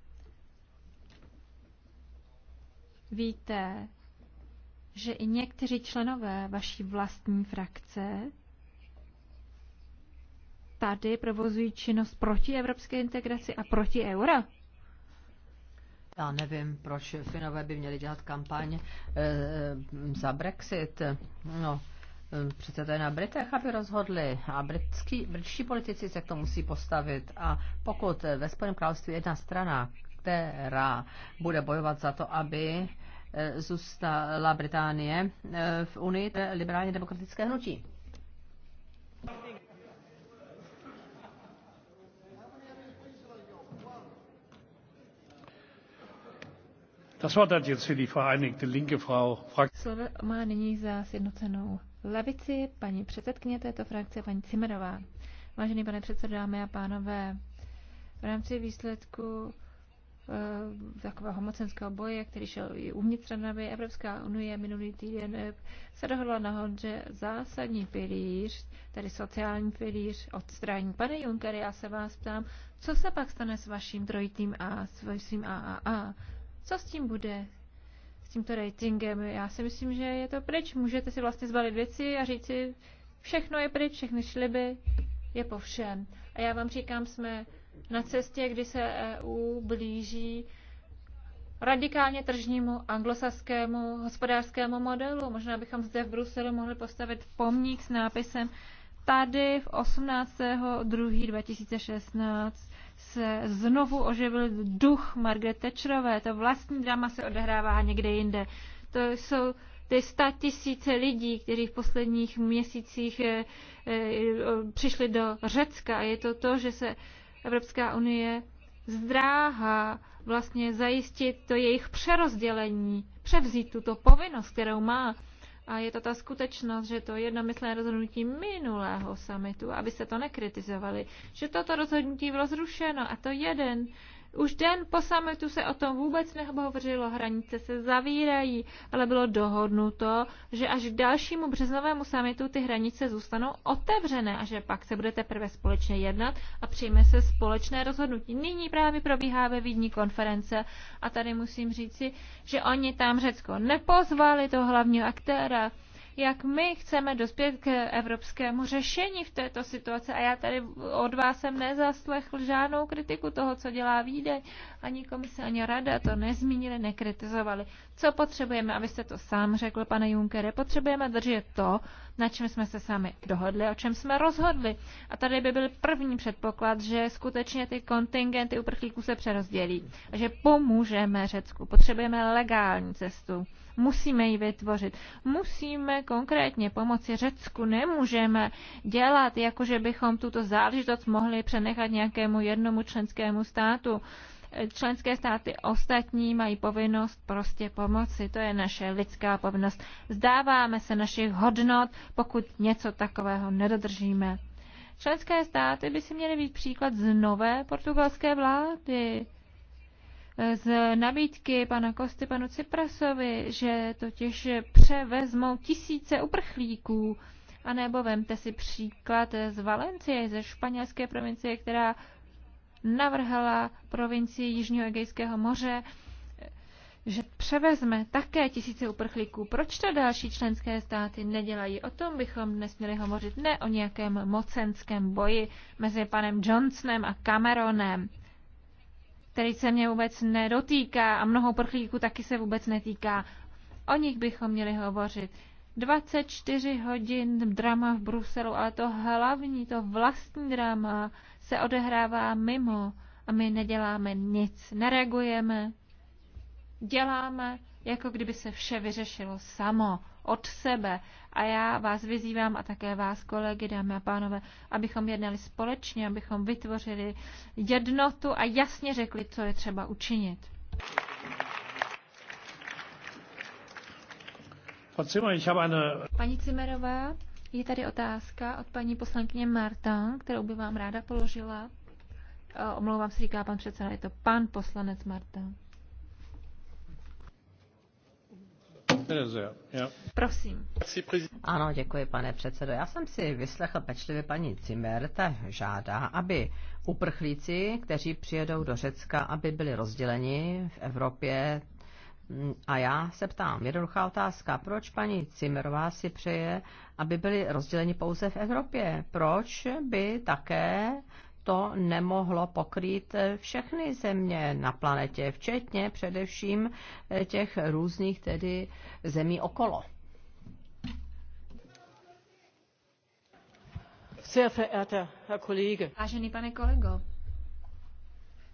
víte, že i někteří členové vaší vlastní frakce tady provozují činnost proti evropské integraci a proti eura? Já nevím, proč Finové by měli dělat kampaň e, za Brexit. No, eh, přece to je na Britech, aby rozhodli. A britský, britští politici se k tomu musí postavit. A pokud ve Spojeném království jedna strana která bude bojovat za to, aby e, zůstala Británie e, v Unii, to je liberálně demokratické hnutí. Slovo má nyní za sjednocenou levici paní předsedkyně této frakce, paní Cimerová. Vážený pane předsedo, dámy a pánové, v rámci výsledku Eh, takového mocenského boje, který šel i uvnitř Rady. Evropská unie minulý týden eh, se dohodla na že zásadní pilíř, tedy sociální pilíř odstraní. Pane Juncker, já se vás ptám, co se pak stane s vaším trojitým A, s vaším AAA? Co s tím bude? S tímto ratingem? Já si myslím, že je to pryč. Můžete si vlastně zbalit věci a říct si, všechno je pryč, všechny šliby je po všem. A já vám říkám, jsme na cestě, kdy se EU blíží radikálně tržnímu anglosaskému hospodářskému modelu. Možná bychom zde v Bruselu mohli postavit pomník s nápisem Tady v 18.2.2016 se znovu oživil duch Margaret Thatcherové. To vlastní drama se odehrává někde jinde. To jsou ty sta tisíce lidí, kteří v posledních měsících eh, eh, přišli do Řecka. je to to, že se Evropská unie zdráhá vlastně zajistit to jejich přerozdělení, převzít tuto povinnost, kterou má. A je to ta skutečnost, že to jednomyslné rozhodnutí minulého samitu, aby se to nekritizovali, že toto rozhodnutí bylo zrušeno a to jeden už den po sametu se o tom vůbec nehovořilo, hranice se zavírají, ale bylo dohodnuto, že až k dalšímu březnovému sametu ty hranice zůstanou otevřené a že pak se bude teprve společně jednat a přijme se společné rozhodnutí. Nyní právě probíhá ve Vídní konference a tady musím říci, že oni tam Řecko nepozvali toho hlavního aktéra, jak my chceme dospět k evropskému řešení v této situaci. A já tady od vás jsem nezaslechl žádnou kritiku toho, co dělá Vídeň. Ani komise, ani rada to nezmínili, nekritizovali. Co potřebujeme, abyste to sám řekl, pane Junkere, potřebujeme držet to, na čem jsme se sami dohodli, o čem jsme rozhodli. A tady by byl první předpoklad, že skutečně ty kontingenty uprchlíků se přerozdělí a že pomůžeme Řecku. Potřebujeme legální cestu. Musíme ji vytvořit. Musíme konkrétně pomoci Řecku. Nemůžeme dělat, jako že bychom tuto záležitost mohli přenechat nějakému jednomu členskému státu členské státy ostatní mají povinnost prostě pomoci. To je naše lidská povinnost. Zdáváme se našich hodnot, pokud něco takového nedodržíme. Členské státy by si měly být příklad z nové portugalské vlády z nabídky pana Kosty panu Ciprasovi, že totiž převezmou tisíce uprchlíků. A nebo vemte si příklad z Valencie, ze španělské provincie, která navrhla provincii Jižního Egejského moře, že převezme také tisíce uprchlíků. Proč to další členské státy nedělají? O tom bychom dnes měli hovořit, ne o nějakém mocenském boji mezi panem Johnsonem a Cameronem který se mě vůbec nedotýká a mnoho prchlíků taky se vůbec netýká. O nich bychom měli hovořit. 24 hodin drama v Bruselu, ale to hlavní, to vlastní drama se odehrává mimo a my neděláme nic, nereagujeme, děláme, jako kdyby se vše vyřešilo samo, od sebe. A já vás vyzývám a také vás, kolegy, dámy a pánové, abychom jednali společně, abychom vytvořili jednotu a jasně řekli, co je třeba učinit. Paní Cimerová, je tady otázka od paní poslankyně Marta, kterou by vám ráda položila. E, omlouvám se, říká pan předseda, je to pan poslanec Marta. Prosím. Ano, děkuji, pane předsedo. Já jsem si vyslechl pečlivě paní Cimer, ta žádá, aby uprchlíci, kteří přijedou do Řecka, aby byli rozděleni v Evropě. A já se ptám, jednoduchá otázka, proč paní Cimerová si přeje, aby byli rozděleni pouze v Evropě? Proč by také to nemohlo pokrýt eh, všechny země na planetě, včetně především eh, těch různých tedy zemí okolo. Vážený pane kolego,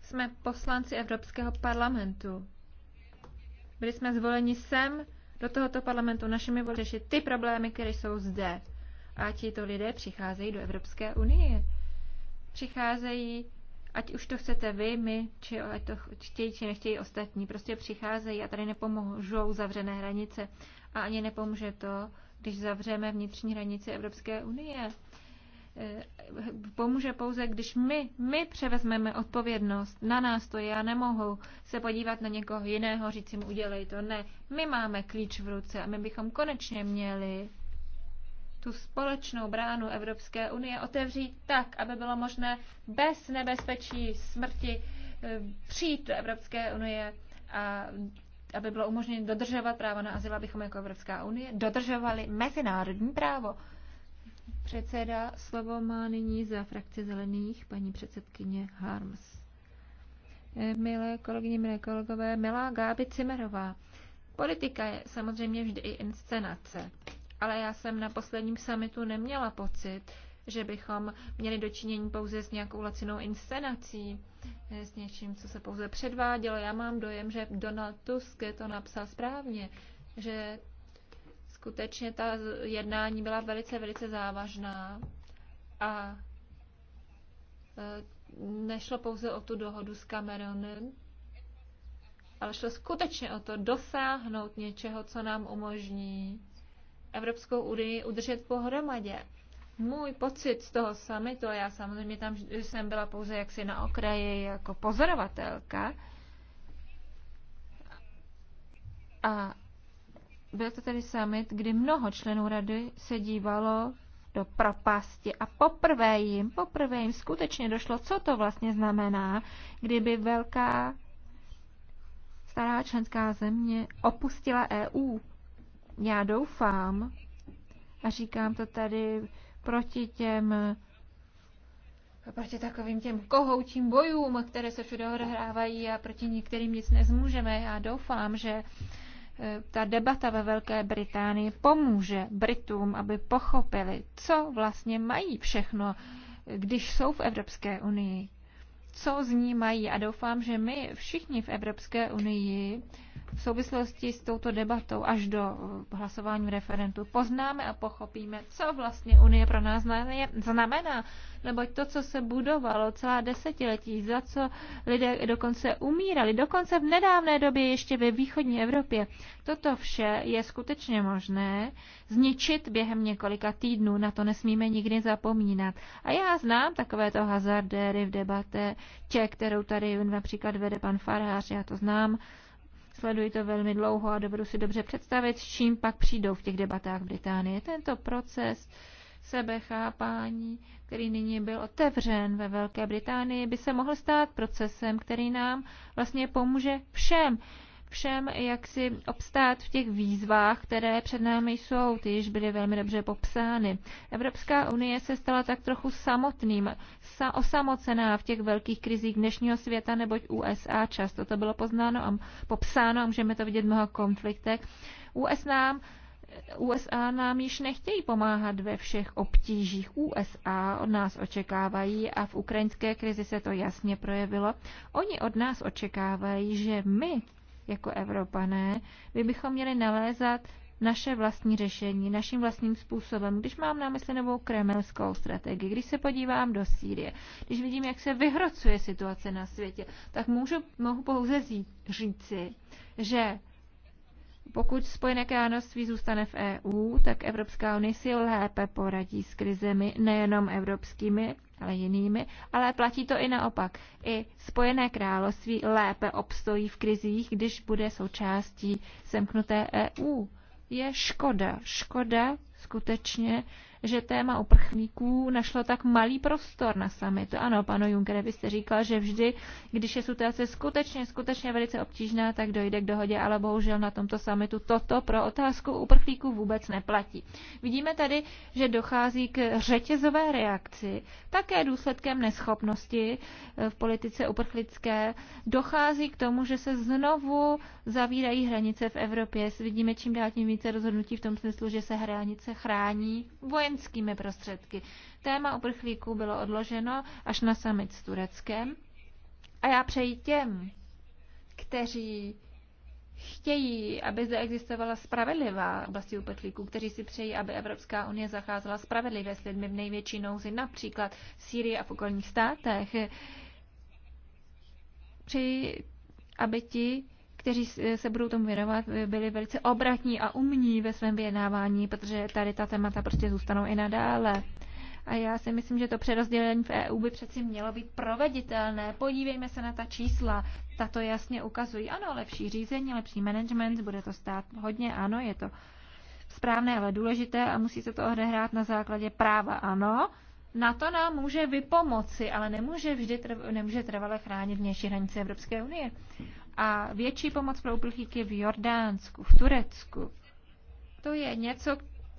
jsme poslanci Evropského parlamentu. Byli jsme zvoleni sem do tohoto parlamentu našimi voliči ty problémy, které jsou zde. A tito lidé přicházejí do Evropské unie přicházejí, ať už to chcete vy, my, či ať to chtějí, či nechtějí ostatní, prostě přicházejí a tady nepomohou zavřené hranice. A ani nepomůže to, když zavřeme vnitřní hranice Evropské unie. E, pomůže pouze, když my, my převezmeme odpovědnost. Na nás to já nemohu se podívat na někoho jiného, říct jim udělej to. Ne, my máme klíč v ruce a my bychom konečně měli tu společnou bránu Evropské unie otevřít tak, aby bylo možné bez nebezpečí smrti eh, přijít do Evropské unie a aby bylo umožněno dodržovat právo na azyl, abychom jako Evropská unie dodržovali mezinárodní právo. Předseda slovo má nyní za frakci zelených paní předsedkyně Harms. Eh, milé kolegyně, milé kolegové, milá Gáby Cimerová. Politika je samozřejmě vždy i inscenace ale já jsem na posledním summitu neměla pocit, že bychom měli dočinění pouze s nějakou lacinou inscenací, eh, s něčím, co se pouze předvádělo. Já mám dojem, že Donald Tusk to napsal správně, že skutečně ta jednání byla velice, velice závažná a eh, nešlo pouze o tu dohodu s Cameronem, ale šlo skutečně o to dosáhnout něčeho, co nám umožní Evropskou unii udržet pohromadě. Můj pocit z toho samitu, já samozřejmě tam jsem byla pouze jaksi na okraji jako pozorovatelka, a byl to tedy summit, kdy mnoho členů rady se dívalo do propasti a poprvé jim, poprvé jim skutečně došlo, co to vlastně znamená, kdyby velká stará členská země opustila EU já doufám, a říkám to tady proti těm proti takovým těm kohoučím bojům, které se všude odehrávají a proti některým nic nezmůžeme. Já doufám, že eh, ta debata ve Velké Británii pomůže Britům, aby pochopili, co vlastně mají všechno, když jsou v Evropské unii. Co z ní mají a doufám, že my všichni v Evropské unii v souvislosti s touto debatou až do uh, hlasování v referentu poznáme a pochopíme, co vlastně Unie pro nás znamená. Neboť to, co se budovalo celá desetiletí, za co lidé dokonce umírali, dokonce v nedávné době ještě ve východní Evropě, toto vše je skutečně možné zničit během několika týdnů. Na to nesmíme nikdy zapomínat. A já znám takovéto hazardéry v debate, tě, kterou tady například vede pan Farhář, já to znám, Sleduji to velmi dlouho a dobudu si dobře představit, s čím pak přijdou v těch debatách v Británii. Tento proces sebechápání, který nyní byl otevřen ve Velké Británii, by se mohl stát procesem, který nám vlastně pomůže všem všem, jak si obstát v těch výzvách, které před námi jsou, ty již byly velmi dobře popsány. Evropská unie se stala tak trochu samotným, sa- osamocená v těch velkých krizích dnešního světa, neboť USA často to bylo poznáno a popsáno a můžeme to vidět v mnoha konfliktech. US nám USA nám již nechtějí pomáhat ve všech obtížích. USA od nás očekávají a v ukrajinské krizi se to jasně projevilo. Oni od nás očekávají, že my jako Evropané, my bychom měli nalézat naše vlastní řešení, naším vlastním způsobem. Když mám na mysli novou kremelskou strategii, když se podívám do Sýrie, když vidím, jak se vyhrocuje situace na světě, tak můžu, mohu pouze říci, že pokud Spojené království zůstane v EU, tak Evropská unie si lépe poradí s krizemi, nejenom evropskými, ale jinými, ale platí to i naopak. I Spojené království lépe obstojí v krizích, když bude součástí semknuté EU. Je škoda, škoda skutečně, že téma uprchlíků našlo tak malý prostor na summitu. Ano, panu Juncker, byste říkal, že vždy, když je situace skutečně, skutečně velice obtížná, tak dojde k dohodě, ale bohužel na tomto summitu toto pro otázku uprchlíků vůbec neplatí. Vidíme tady, že dochází k řetězové reakci, také důsledkem neschopnosti eh, v politice uprchlické. Dochází k tomu, že se znovu zavírají hranice v Evropě. Vidíme čím dál tím více rozhodnutí v tom smyslu, že se hranice chrání Vojen vojenskými prostředky. Téma uprchlíků bylo odloženo až na summit s Tureckem. A já přeji těm, kteří chtějí, aby zde existovala spravedlivá oblasti uprchlíků, kteří si přejí, aby Evropská unie zacházela spravedlivě s lidmi v největší nouzi, například v Sýrii a v okolních státech. Přeji, aby ti, kteří se budou tomu věnovat, byli velice obratní a umní ve svém vyjednávání, protože tady ta témata prostě zůstanou i nadále. A já si myslím, že to přerozdělení v EU by přeci mělo být proveditelné. Podívejme se na ta čísla. Tato jasně ukazují, ano, lepší řízení, lepší management, bude to stát hodně, ano, je to správné, ale důležité a musí se to odehrát na základě práva, ano. Na to nám může vypomoci, ale nemůže vždy nemůže trvale chránit vnější hranice Evropské unie a větší pomoc pro uprchlíky v Jordánsku, v Turecku. To je něco,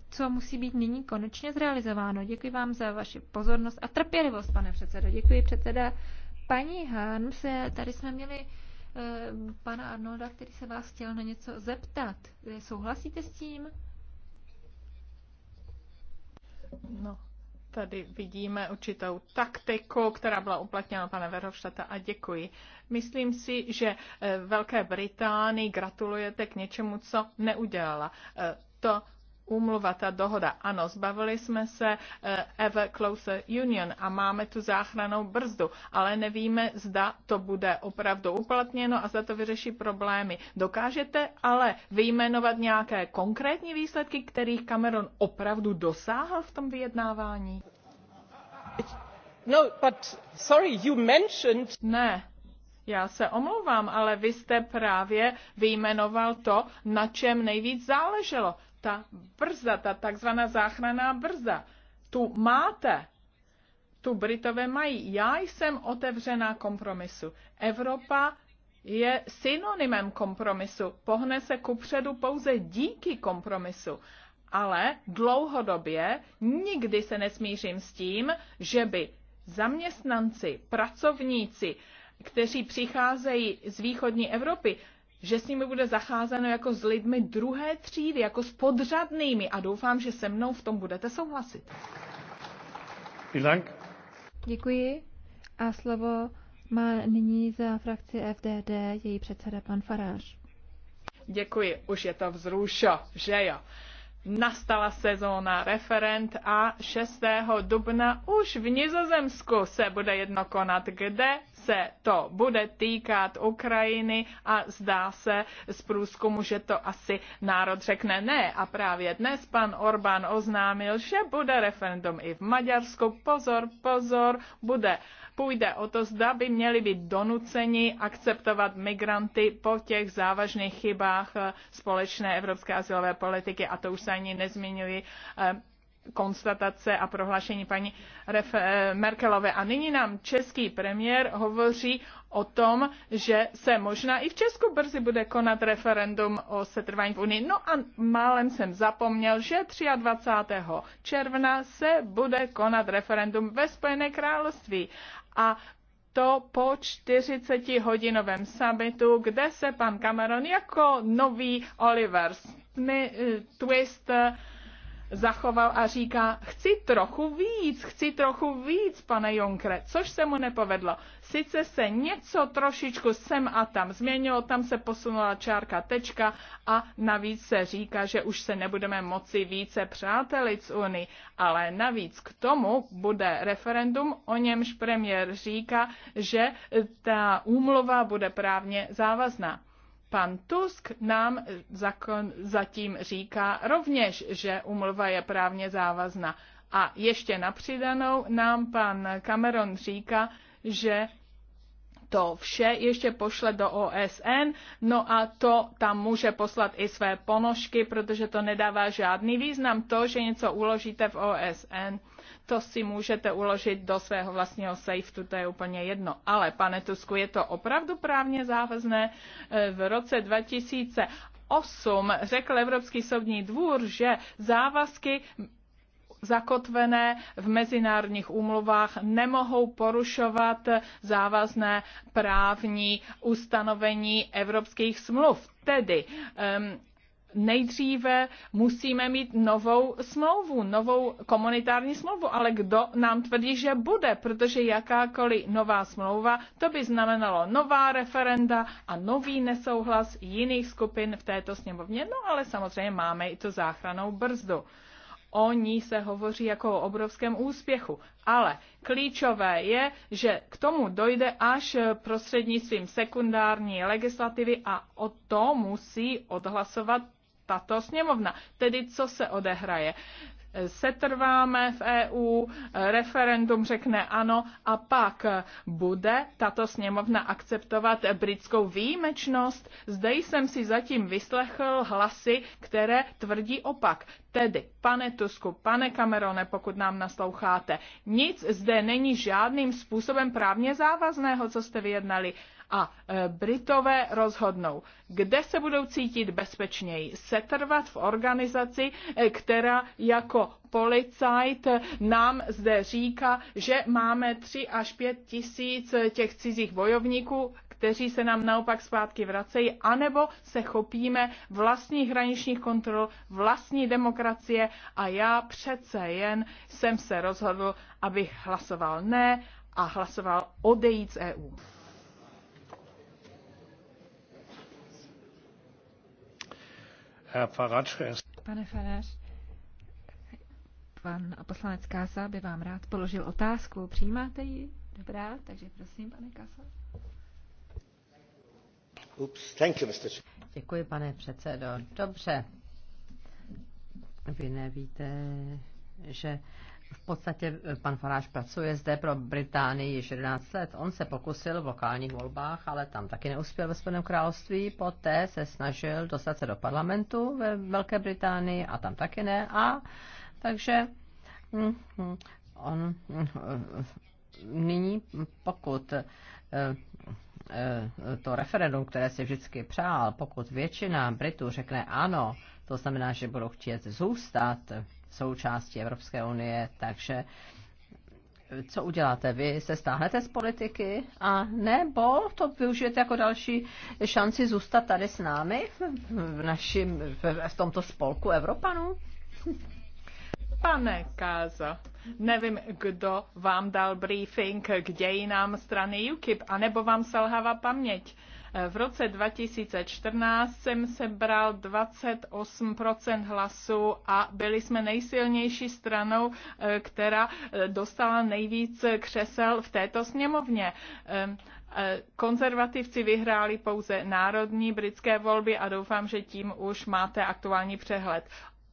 co musí být nyní konečně zrealizováno. Děkuji vám za vaši pozornost a trpělivost, pane předsedo. Děkuji předseda paní se, Tady jsme měli eh, pana Arnolda, který se vás chtěl na něco zeptat. Eh, souhlasíte s tím? No, Tady vidíme určitou taktiku, která byla uplatněna pane Verhofstadta a děkuji. Myslím si, že eh, Velké Británii gratulujete k něčemu, co neudělala. Eh, to Úmluva, ta dohoda, ano, zbavili jsme se eh, Ever Closer Union a máme tu záchranou brzdu, ale nevíme, zda to bude opravdu uplatněno a zda to vyřeší problémy. Dokážete ale vyjmenovat nějaké konkrétní výsledky, kterých Cameron opravdu dosáhl v tom vyjednávání? No, but sorry, you mentioned... Ne, já se omlouvám, ale vy jste právě vyjmenoval to, na čem nejvíc záleželo ta brzda, ta takzvaná záchranná brzda. Tu máte, tu Britové mají. Já jsem otevřená kompromisu. Evropa je synonymem kompromisu. Pohne se kupředu pouze díky kompromisu. Ale dlouhodobě nikdy se nesmířím s tím, že by zaměstnanci, pracovníci, kteří přicházejí z východní Evropy, že s nimi bude zacházeno jako s lidmi druhé třídy, jako s podřadnými a doufám, že se mnou v tom budete souhlasit. Děkuji. A slovo má nyní za frakci FDD její předseda pan Farář. Děkuji, už je to vzrušo, že jo. Nastala sezóna referent a 6. dubna už v Nizozemsku se bude jedno konat, kde se to bude týkat Ukrajiny a zdá se z průzkumu, že to asi národ řekne ne. A právě dnes pan Orbán oznámil, že bude referendum i v Maďarsku. Pozor, pozor, bude. Půjde o to, zda by měli být donuceni akceptovat migranty po těch závažných chybách eh, společné evropské asilové politiky, a to už se ani nezmiňuji, eh, konstatace a prohlášení paní eh, Merkelové. A nyní nám český premiér hovoří o tom, že se možná i v Česku brzy bude konat referendum o setrvání v Unii. No a málem jsem zapomněl, že 23. června se bude konat referendum ve Spojené království. A to po 40-hodinovém summitu, kde se pan Cameron jako nový Oliver eh, Twist zachoval a říká, chci trochu víc, chci trochu víc, pane Jonkre. což se mu nepovedlo. Sice se něco trošičku sem a tam změnilo, tam se posunula čárka tečka a navíc se říká, že už se nebudeme moci více přátelit s Unii, ale navíc k tomu bude referendum, o němž premiér říká, že ta úmluva bude právně závazná. Pan Tusk nám zakon, zatím říká rovněž, že umlva je právně závazná. A ještě napřidanou nám pan Cameron říká, že to vše ještě pošle do OSN, no a to tam může poslat i své ponožky, protože to nedává žádný význam. To, že něco uložíte v OSN, to si můžete uložit do svého vlastního safetu, to je úplně jedno. Ale, pane Tusku, je to opravdu právně závazné e, v roce 2008 řekl Evropský soudní dvůr, že závazky zakotvené v mezinárodních úmluvách nemohou porušovat závazné právní ustanovení evropských smluv. Tedy um, nejdříve musíme mít novou smlouvu, novou komunitární smlouvu, ale kdo nám tvrdí, že bude, protože jakákoliv nová smlouva, to by znamenalo nová referenda a nový nesouhlas jiných skupin v této sněmovně, no ale samozřejmě máme i tu záchranou brzdu. O ní se hovoří jako o obrovském úspěchu, ale klíčové je, že k tomu dojde až prostřednictvím sekundární legislativy a o to musí odhlasovat tato sněmovna. Tedy co se odehraje? Setrváme v EU, referendum řekne ano a pak bude tato sněmovna akceptovat britskou výjimečnost. Zde jsem si zatím vyslechl hlasy, které tvrdí opak. Tedy, pane Tusku, pane Camerone, pokud nám nasloucháte, nic zde není žádným způsobem právně závazného, co jste vyjednali a e, Britové rozhodnou, kde se budou cítit bezpečněji. Setrvat v organizaci, e, která jako policajt nám zde říká, že máme 3 až 5 tisíc těch cizích bojovníků, kteří se nám naopak zpátky vracejí, anebo se chopíme vlastních hraničních kontrol, vlastní demokracie a já přece jen jsem se rozhodl, abych hlasoval ne a hlasoval odejít z EU. Er- pane Farage, pan poslanec Kasa by vám rád položil otázku. Přijímáte ji? Dobrá, takže prosím, pane Kasa. Oops, thank you, Mr. Děkuji, pane předsedo. Dobře. Vy nevíte, že v podstatě e, pan Faráš pracuje zde pro Británii již 11 let. On se pokusil v lokálních volbách, ale tam taky neuspěl ve Spojeném království. Poté se snažil dostat se do parlamentu ve Velké Británii a tam taky ne. A takže mm, mm, on mm, e, nyní, pokud e, to referendum, které si vždycky přál, pokud většina Britů řekne ano, to znamená, že budou chtět zůstat součástí Evropské unie, takže co uděláte? Vy se stáhnete z politiky a nebo to využijete jako další šanci zůstat tady s námi v, našim, v, v tomto spolku Evropanů? Pane Káza, nevím, kdo vám dal briefing k dějinám strany UKIP, anebo vám selhává paměť. V roce 2014 jsem sebral 28% hlasů a byli jsme nejsilnější stranou, eh, která eh, dostala nejvíc křesel v této sněmovně. Ehm, eh, konzervativci vyhráli pouze národní britské volby a doufám, že tím už máte aktuální přehled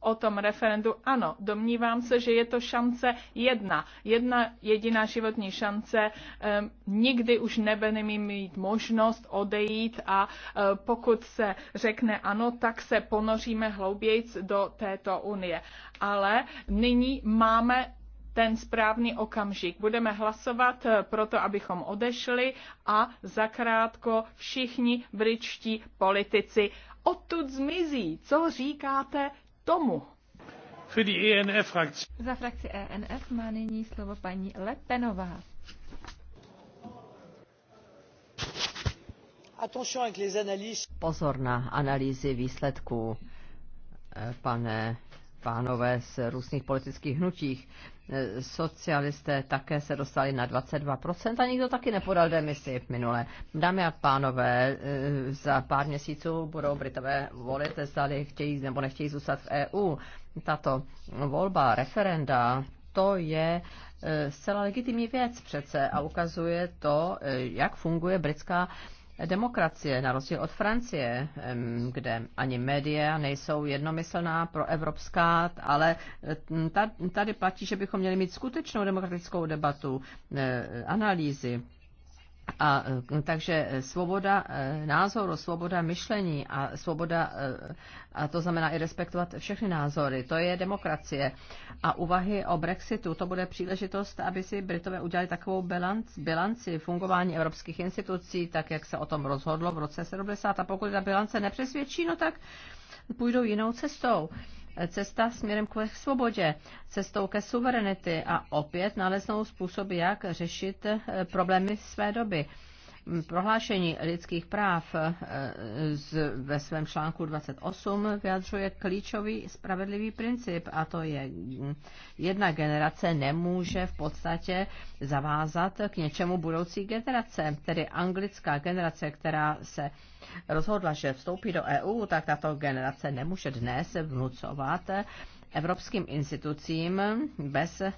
o tom referendu. Ano, domnívám se, že je to šance jedna. Jedna jediná životní šance. Um, nikdy už nebudeme mít možnost odejít a uh, pokud se řekne ano, tak se ponoříme hloubějc do této unie. Ale nyní máme ten správný okamžik. Budeme hlasovat e, proto, abychom odešli a zakrátko všichni britští politici odtud zmizí. Co říkáte tomu. Für die ENF Za frakci ENF má nyní slovo paní Lepenová. Pozor na analýzy výsledků, eh, pane, pánové z různých politických hnutích socialisté také se dostali na 22% a nikdo taky nepodal demisi v minule. Dámy a pánové, eh, za pár měsíců budou Britové volit, zdali chtějí nebo nechtějí zůstat v EU. Tato volba, referenda, to je eh, zcela legitimní věc přece a ukazuje to, eh, jak funguje britská demokracie, na rozdíl od Francie, kde ani média nejsou jednomyslná pro evropská, ale tady platí, že bychom měli mít skutečnou demokratickou debatu, eh, analýzy a, e, takže e, svoboda e, názoru, svoboda myšlení a svoboda, a to znamená i respektovat všechny názory, to je demokracie. A úvahy o Brexitu, to bude příležitost, aby si Britové udělali takovou bilanci, bilanci fungování evropských institucí, tak jak se o tom rozhodlo v roce 70. A pokud ta bilance nepřesvědčí, no tak půjdou jinou cestou cesta směrem k svobodě, cestou ke suverenity a opět naleznou způsoby, jak řešit eh, problémy své doby. Prohlášení lidských práv eh, z, ve svém článku 28 vyjadřuje klíčový spravedlivý princip a to je mm, jedna generace nemůže v podstatě zavázat k něčemu budoucí generace. Tedy anglická generace, která se rozhodla, že vstoupí do EU, tak tato generace nemůže dnes vnucovat eh, evropským institucím bez, eh,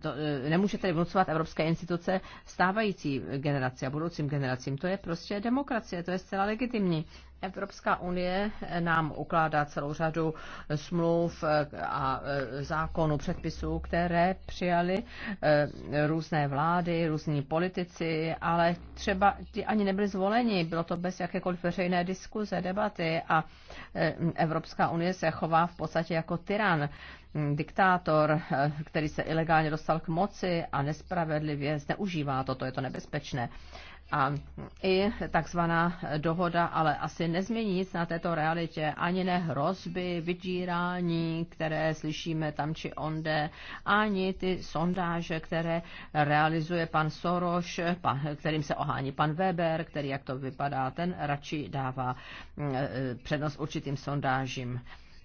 to, eh, nemůže tedy vnucovat evropské instituce stávající generaci a budoucím generacím. To je prostě demokracie, to je zcela legitimní. Evropská unie nám ukládá celou řadu smluv eh, a eh, zákonů, předpisů, které přijali eh, různé vlády, různí politici, ale třeba ti ani nebyli zvoleni. Bylo to bez jakékoliv veřejné diskuze, debaty a Evropská unie se chová v podstatě jako tyran hm, diktátor, který se ilegálně dostal k moci a nespravedlivě zneužívá toto, je to nebezpečné. A i takzvaná dohoda ale asi nezmění nic na této realitě, ani ne hrozby, vydírání, které slyšíme tam či onde, ani ty sondáže, které realizuje pan Soros, pan, kterým se ohání pan Weber, který, jak to vypadá, ten radši dává mm, e, přednost určitým sondážím.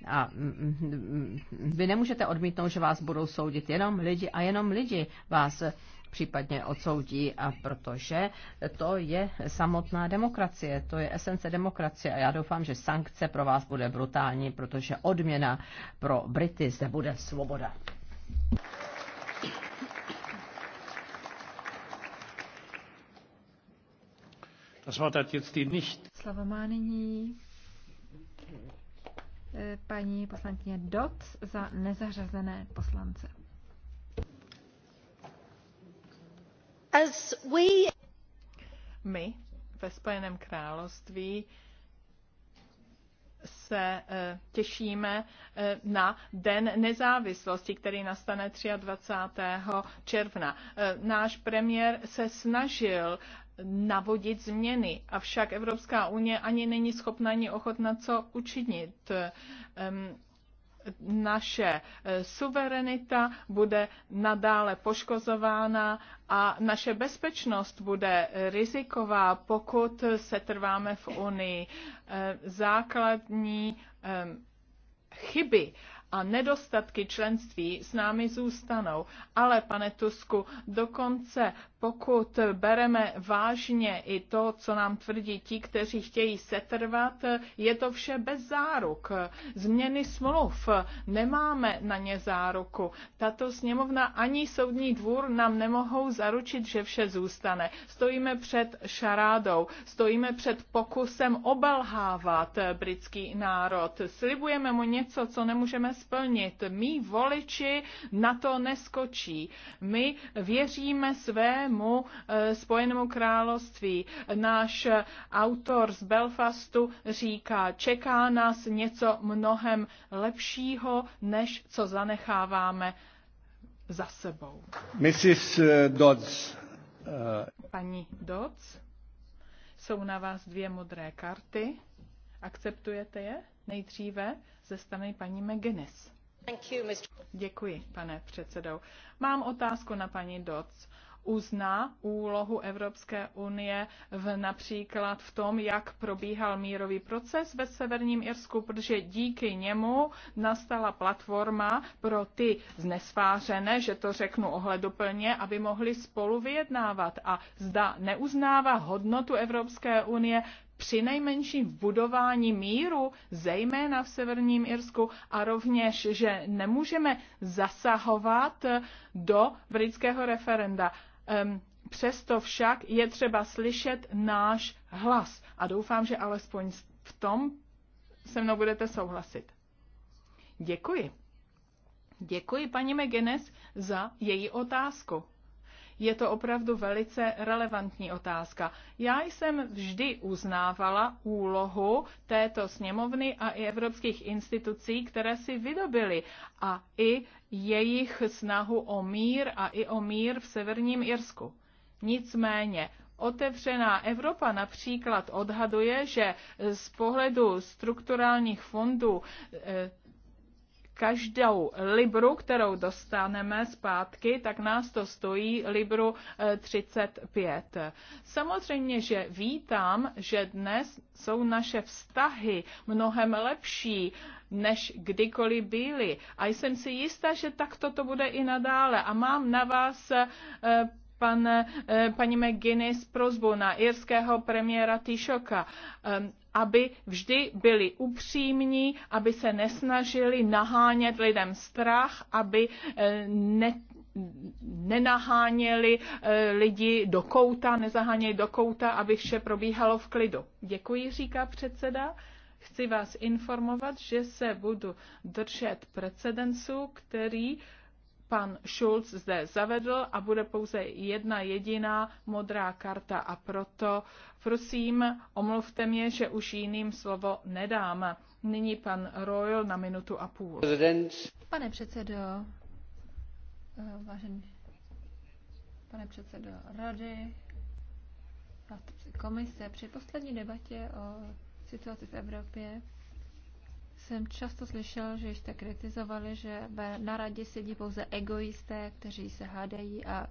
A mm, mm, vy nemůžete odmítnout, že vás budou soudit jenom lidi a jenom lidi vás případně odsoudí, a protože to je samotná demokracie, to je esence demokracie a já doufám, že sankce pro vás bude brutální, protože odměna pro Brity zde bude svoboda. Slava má nyní eh, paní poslankyně Dot za nezařazené poslance. My ve Spojeném království se eh, těšíme eh, na Den nezávislosti, který nastane 23. června. Eh, náš premiér se snažil navodit změny, avšak Evropská unie ani není schopna ani ochotna co učinit. Ehm, naše eh, suverenita bude nadále poškozována a naše bezpečnost bude riziková, pokud se trváme v Unii. Eh, základní eh, chyby a nedostatky členství s námi zůstanou. Ale, pane Tusku, dokonce pokud bereme vážně i to, co nám tvrdí ti, kteří chtějí setrvat, je to vše bez záruk. Změny smluv nemáme na ně záruku. Tato sněmovna ani soudní dvůr nám nemohou zaručit, že vše zůstane. Stojíme před šarádou, stojíme před pokusem obelhávat britský národ. Slibujeme mu něco, co nemůžeme splnit. Mí voliči na to neskočí. My věříme svému eh, Spojenému království. Náš eh, autor z Belfastu říká, čeká nás něco mnohem lepšího, než co zanecháváme za sebou. Mrs. Eh, Dodds. Paní Dodds, jsou na vás dvě modré karty. Akceptujete je nejdříve? ze strany paní McGuinness. Děkuji, pane předsedou. Mám otázku na paní Doc. Uzná úlohu Evropské unie v například v tom, jak probíhal mírový proces ve Severním Irsku, protože díky němu nastala platforma pro ty znesvářené, že to řeknu ohleduplně, aby mohli spolu vyjednávat. A zda neuznává hodnotu Evropské unie přinejmenším v budování míru, zejména v Severním Irsku, a rovněž, že nemůžeme zasahovat do britského referenda. Ehm, přesto však je třeba slyšet náš hlas a doufám, že alespoň v tom se mnou budete souhlasit. Děkuji. Děkuji paní McGuinness za její otázku. Je to opravdu velice relevantní otázka. Já jsem vždy uznávala úlohu této sněmovny a i evropských institucí, které si vydobily a i jejich snahu o mír a i o mír v severním Irsku. Nicméně Otevřená Evropa například odhaduje, že z pohledu strukturálních fondů eh, každou libru, kterou dostaneme zpátky, tak nás to stojí libru 35. Eh, Samozřejmě, že vítám, že dnes jsou naše vztahy mnohem lepší, než kdykoliv byly. A jsem si jistá, že takto to bude i nadále. A mám na vás eh, pan, eh, paní McGuinness prozbu na irského premiéra Tishoka aby vždy byli upřímní, aby se nesnažili nahánět lidem strach, aby eh, ne, nenaháněli eh, lidi do kouta, nezaháněli do kouta, aby vše probíhalo v klidu. Děkuji, říká předseda. Chci vás informovat, že se budu držet precedensu, který pan Schulz zde zavedl a bude pouze jedna jediná modrá karta a proto prosím, omluvte mě, že už jiným slovo nedám. Nyní pan Royal na minutu a půl. Pane předsedo, eh, vážený pane předsedo rady, komise, při poslední debatě o situaci v Evropě jsem často slyšel, že jste kritizovali, že na radě sedí pouze egoisté, kteří se hádají a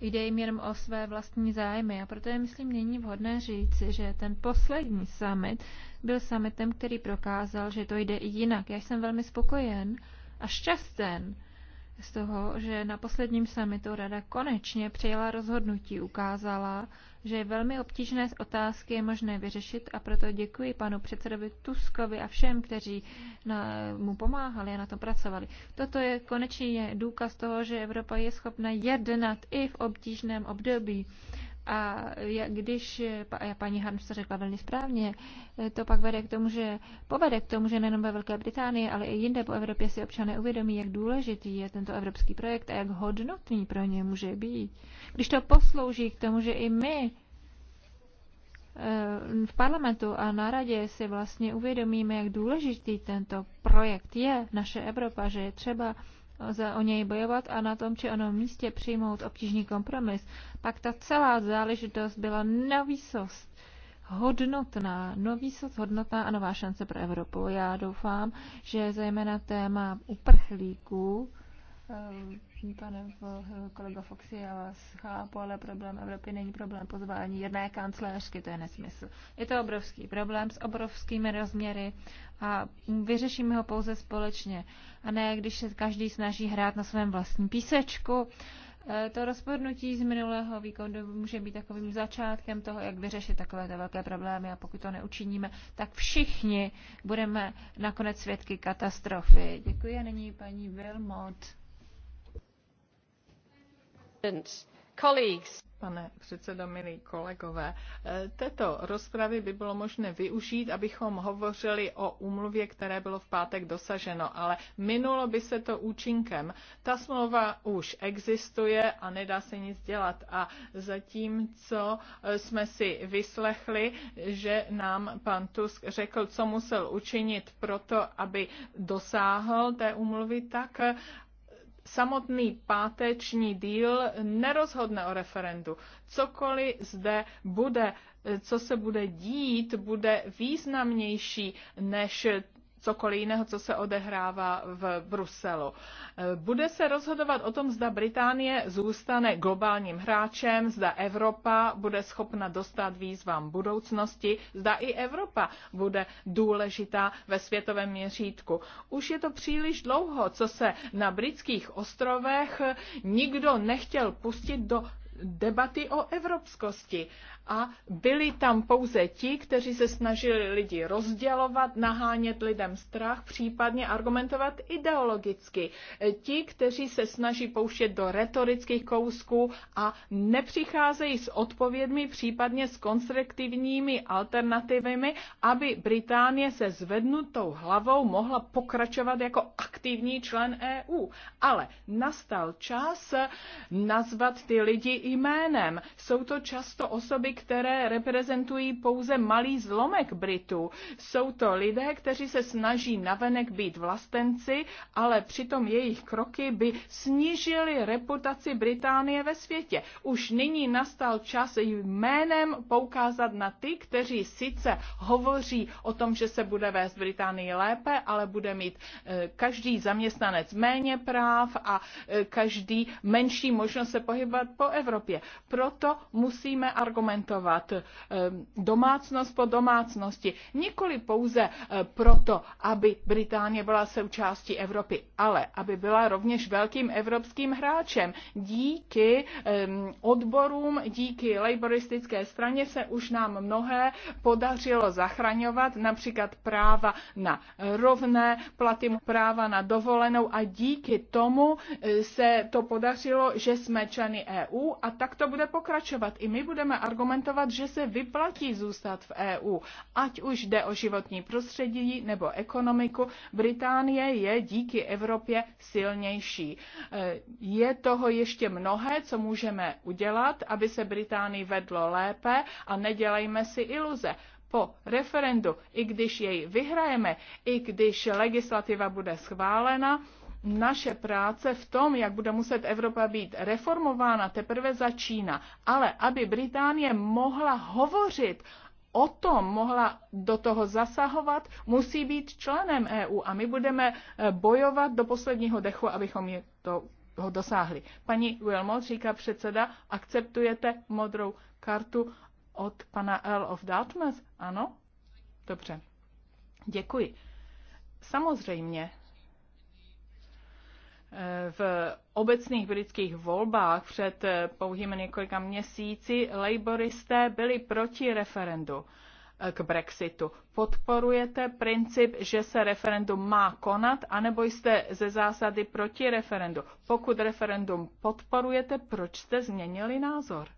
jde jim jenom o své vlastní zájmy. A proto je, myslím, není vhodné říci, že ten poslední summit byl summitem, který prokázal, že to jde i jinak. Já jsem velmi spokojen a šťastný z toho, že na posledním summitu Rada konečně přijela rozhodnutí, ukázala, že velmi obtížné otázky je možné vyřešit a proto děkuji panu předsedovi Tuskovi a všem, kteří na, mu pomáhali a na tom pracovali. Toto je konečně důkaz toho, že Evropa je schopna jednat i v obtížném období. A jak když paní Harms to řekla velmi správně, to pak vede k tomu, že povede k tomu, že nejenom ve Velké Británii, ale i jinde po Evropě si občané uvědomí, jak důležitý je tento evropský projekt a jak hodnotný pro ně může být. Když to poslouží k tomu, že i my eh, v parlamentu a na radě si vlastně uvědomíme, jak důležitý tento projekt je, naše Evropa, že je třeba za o něj bojovat a na tom či onom místě přijmout obtížný kompromis, pak ta celá záležitost byla navýsost hodnotná, novýsost hodnotná a nová šance pro Evropu. Já doufám, že zejména téma uprchlíků eh, pane eh, kolega Foxy, já vás chápu, ale problém Evropy není problém pozvání jedné kancléřky, to je nesmysl. Je to obrovský problém s obrovskými rozměry a vyřešíme ho pouze společně. A ne, když se každý snaží hrát na svém vlastním písečku. Eh, to rozpornutí z minulého víkendu může být takovým začátkem toho, jak vyřešit takovéto velké problémy a pokud to neučiníme, tak všichni budeme nakonec svědky katastrofy. Děkuji a nyní paní Wilmot. Pane předsedající kolegové, eh, této rozpravy by bylo možné využít, abychom hovořili o úmluvě, které bylo v pátek dosaženo, ale minulo by se to účinkem. Ta smlouva už existuje a nedá se nic dělat. A zatímco eh, jsme si vyslechli, že nám pan Tusk řekl, co musel učinit pro to, aby dosáhl té úmluvy, tak eh, samotný páteční díl nerozhodne o referendu. Cokoliv zde bude, co se bude dít, bude významnější než cokoliv jiného, co se odehrává v Bruselu. Bude se rozhodovat o tom, zda Británie zůstane globálním hráčem, zda Evropa bude schopna dostat výzvám budoucnosti, zda i Evropa bude důležitá ve světovém měřítku. Už je to příliš dlouho, co se na britských ostrovech nikdo nechtěl pustit do debaty o evropskosti a byli tam pouze ti, kteří se snažili lidi rozdělovat, nahánět lidem strach, případně argumentovat ideologicky. Ti, kteří se snaží pouštět do retorických kousků a nepřicházejí s odpovědmi, případně s konstruktivními alternativami, aby Británie se zvednutou hlavou mohla pokračovat jako aktivní člen EU. Ale nastal čas nazvat ty lidi jménem. Jsou to často osoby, které reprezentují pouze malý zlomek Britů. Jsou to lidé, kteří se snaží navenek být vlastenci, ale přitom jejich kroky by snížily reputaci Británie ve světě. Už nyní nastal čas jménem poukázat na ty, kteří sice hovoří o tom, že se bude vést Británii lépe, ale bude mít eh, každý zaměstnanec méně práv a eh, každý menší možnost se pohybovat po Evropě. Proto musíme argumentovat garantovat eh, domácnost po domácnosti. Nikoli pouze eh, proto, aby Británie byla součástí Evropy, ale aby byla rovněž velkým evropským hráčem. Díky odborům, díky laboristické straně se už nám mnohé podařilo zachraňovat, například práva na rovné platy, práva na dovolenou a díky tomu eh, se to podařilo, že jsme členy EU a tak to bude pokračovat. I my budeme argumentovat argumentovat, že se vyplatí zůstat v EU, ať už jde o životní prostředí nebo ekonomiku. Británie je díky Evropě silnější. Eh, je toho ještě mnohé, co můžeme udělat, aby se Británii vedlo lépe a nedělejme si iluze po referendu, i když jej vyhrajeme, i když legislativa bude schválena, naše práce v tom, jak bude muset Evropa být reformována, teprve začíná. Ale aby Británie mohla hovořit o tom, mohla do toho zasahovat, musí být členem EU a my budeme eh, bojovat do posledního dechu, abychom je to ho dosáhli. Paní Wilmot, říká předseda, akceptujete modrou kartu od pana L. of Dartmouth? Ano? Dobře. Děkuji. Samozřejmě, v obecných britských volbách před eh, pouhými několika měsíci laboristé byli proti referendu eh, k Brexitu. Podporujete princip, že se referendum má konat, anebo jste ze zásady proti referendu? Pokud referendum podporujete, proč jste změnili názor?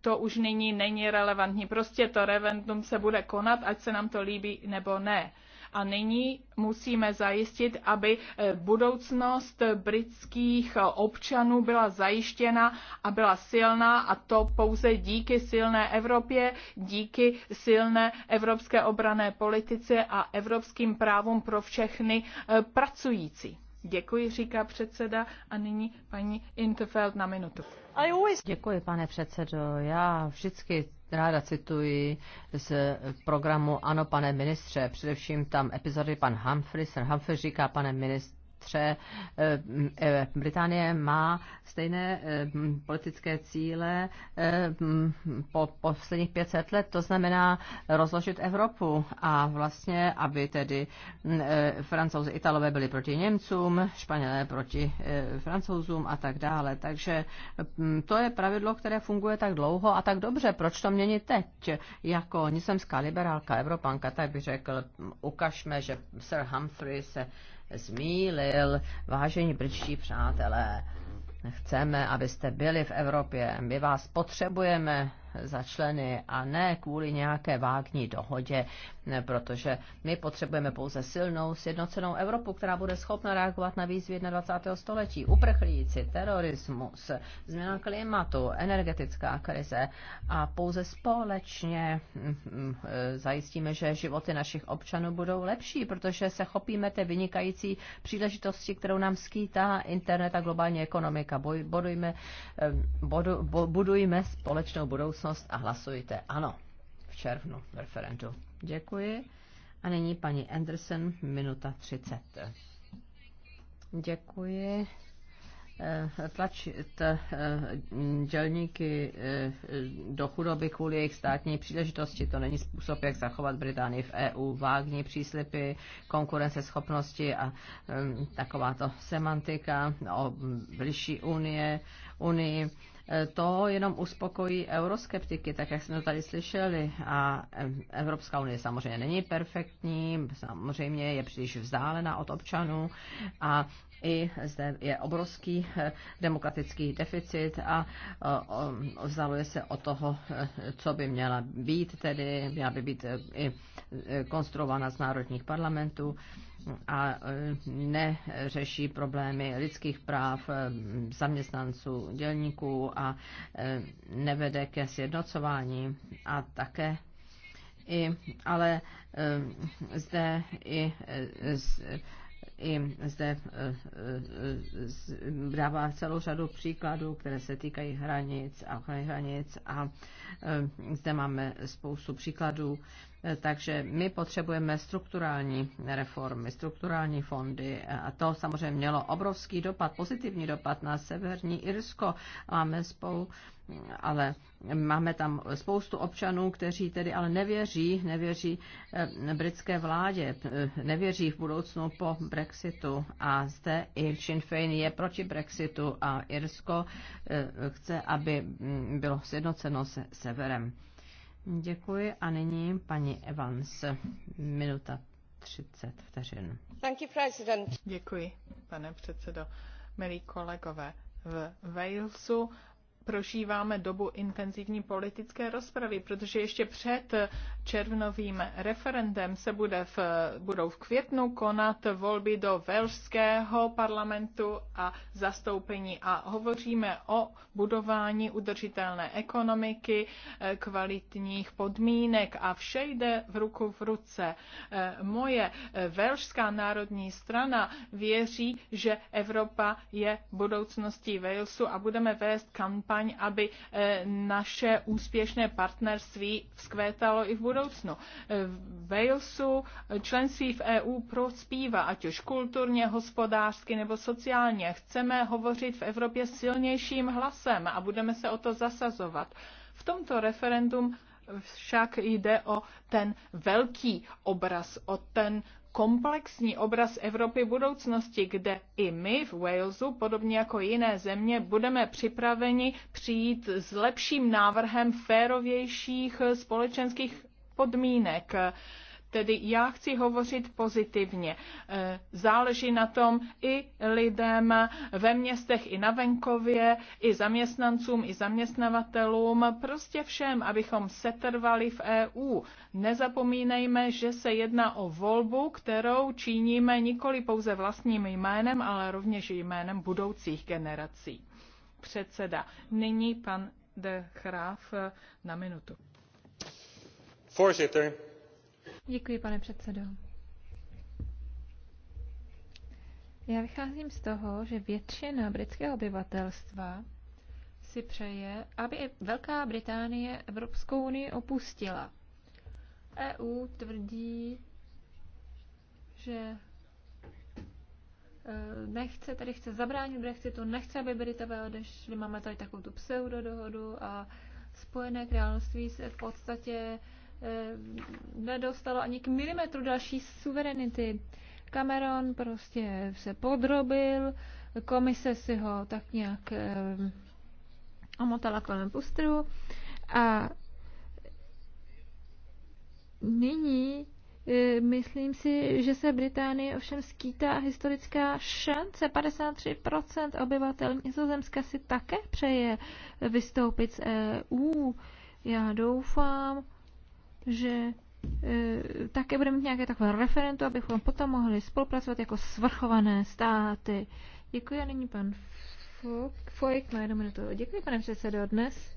To už nyní není relevantní. Prostě to referendum se bude konat, ať se nám to líbí nebo ne. Uh, a nyní musíme zajistit, aby eh, budoucnost britských eh, občanů byla zajištěna a byla silná a to pouze díky silné Evropě, díky silné evropské obrané politice a evropským právům pro všechny eh, pracující. Děkuji, říká předseda a nyní paní Interfeld na minutu. Děkuji, pane předsedo. Já vždycky ráda cituji z programu Ano, pane ministře. Především tam epizody pan Humphrey. Sir Humphrey říká, pane ministře, bratře. Eh, eh, Británie má stejné eh, politické cíle po posledních 500 let, to znamená rozložit Evropu a vlastně, aby tedy francouzi, italové byli proti Němcům, španělé proti francouzům a tak dále. Takže hm, to je pravidlo, které funguje tak dlouho a tak dobře. Proč to měnit teď? Jako nizemská liberálka, evropanka, tak bych řekl, ukažme, že Sir Humphrey se zmílil. Vážení britští přátelé, chceme, abyste byli v Evropě. My vás potřebujeme za členy a ne kvůli nějaké vágní dohodě ne, protože my potřebujeme pouze silnou, sjednocenou Evropu, která bude schopna reagovat na výzvy 21. století, uprchlíci, terorismus, změna klimatu, energetická krize a pouze společně mm, mm, zajistíme, že životy našich občanů budou lepší, protože se chopíme té vynikající příležitosti, kterou nám skýtá internet a globální ekonomika. Bodujme, eh, bodu, budujme společnou budoucnost a hlasujte ano červnu v referendu. Děkuji. A nyní paní Anderson, minuta 30. Děkuji. Eh, tlačit eh, dělníky eh, do chudoby kvůli jejich státní příležitosti, to není způsob, jak zachovat Británii v EU. Vágní příslipy, konkurenceschopnosti a takováto semantika o bližší unie, unii to jenom uspokojí euroskeptiky, tak jak jsme to tady slyšeli. A Evropská unie samozřejmě není perfektní, samozřejmě je příliš vzdálená od občanů a i zde je obrovský eh, demokratický deficit a eh, vzdaluje se od toho, eh, co by měla být, tedy měla by být i konstruována z národních parlamentů a e, neřeší problémy lidských práv e, zaměstnanců, dělníků a e, nevede ke sjednocování a také i, ale zde i i zde eh, eh, dává celou řadu příkladů, které se týkají hranic a ochrany hranic a eh, zde máme spoustu příkladů. Takže my potřebujeme strukturální reformy, strukturální fondy a to samozřejmě mělo obrovský dopad, pozitivní dopad na severní Irsko. Máme spou, ale máme tam spoustu občanů, kteří tedy ale nevěří, nevěří eh, britské vládě, eh, nevěří v budoucnu po Brexitu a zde i Sinn Féin je proti Brexitu a Irsko eh, chce, aby mm, bylo sjednoceno se severem. Děkuji a nyní paní Evans, minuta 30 vteřin. You, Děkuji, pane předsedo. Milí kolegové, v Walesu prožíváme dobu intenzivní politické rozpravy, protože ještě před červnovým referendem se bude v, budou v květnu konat volby do Velšského parlamentu a zastoupení a hovoříme o budování udržitelné ekonomiky, eh, kvalitních podmínek a vše jde v ruku v ruce. Eh, moje eh, Velšská národní strana věří, že Evropa je budoucností Walesu a budeme vést kampaň, aby naše úspěšné partnerství vzkvétalo i v budoucnosti budoucnu. E, v Walesu e, členství v EU prospívá, ať už kulturně, hospodářsky nebo sociálně. Chceme hovořit v Evropě silnějším hlasem a budeme se o to zasazovat. V tomto referendum však jde o ten velký obraz, o ten komplexní obraz Evropy budoucnosti, kde i my v Walesu, podobně jako jiné země, budeme připraveni přijít s lepším návrhem férovějších společenských podmínek. Tedy já chci hovořit pozitivně. Eh, Záleží na tom i lidem ve městech, i na venkově, i zaměstnancům, i zaměstnavatelům, prostě všem, abychom setrvali v EU. Nezapomínejme, že se jedná o volbu, kterou činíme nikoli pouze vlastním jménem, ale rovněž jménem budoucích generací. Předseda. Nyní pan de Graaf na minutu. Voorzitter. Děkuji, pane předsedo. Já vycházím z toho, že většina britského obyvatelstva si přeje, aby Velká Británie Evropskou unii opustila. EU tvrdí, že eh, nechce, tady chce zabránit Brexitu, nechce, aby Britové odešli, máme tady takovou tu pseudodohodu a Spojené království se v podstatě Eh, nedostalo ani k milimetru další suverenity. Cameron prostě se podrobil, komise si ho tak nějak eh, omotala kolem pustru a nyní eh, Myslím si, že se Británii ovšem skýtá historická šance. 53% obyvatel Nizozemska si také přeje vystoupit z EU. Já doufám, že e, také budeme mít nějaké takové referentu, abychom potom mohli spolupracovat jako svrchované státy. Děkuji a nyní pan Fojk má jednu minutu. Děkuji, pane předsedo. Dnes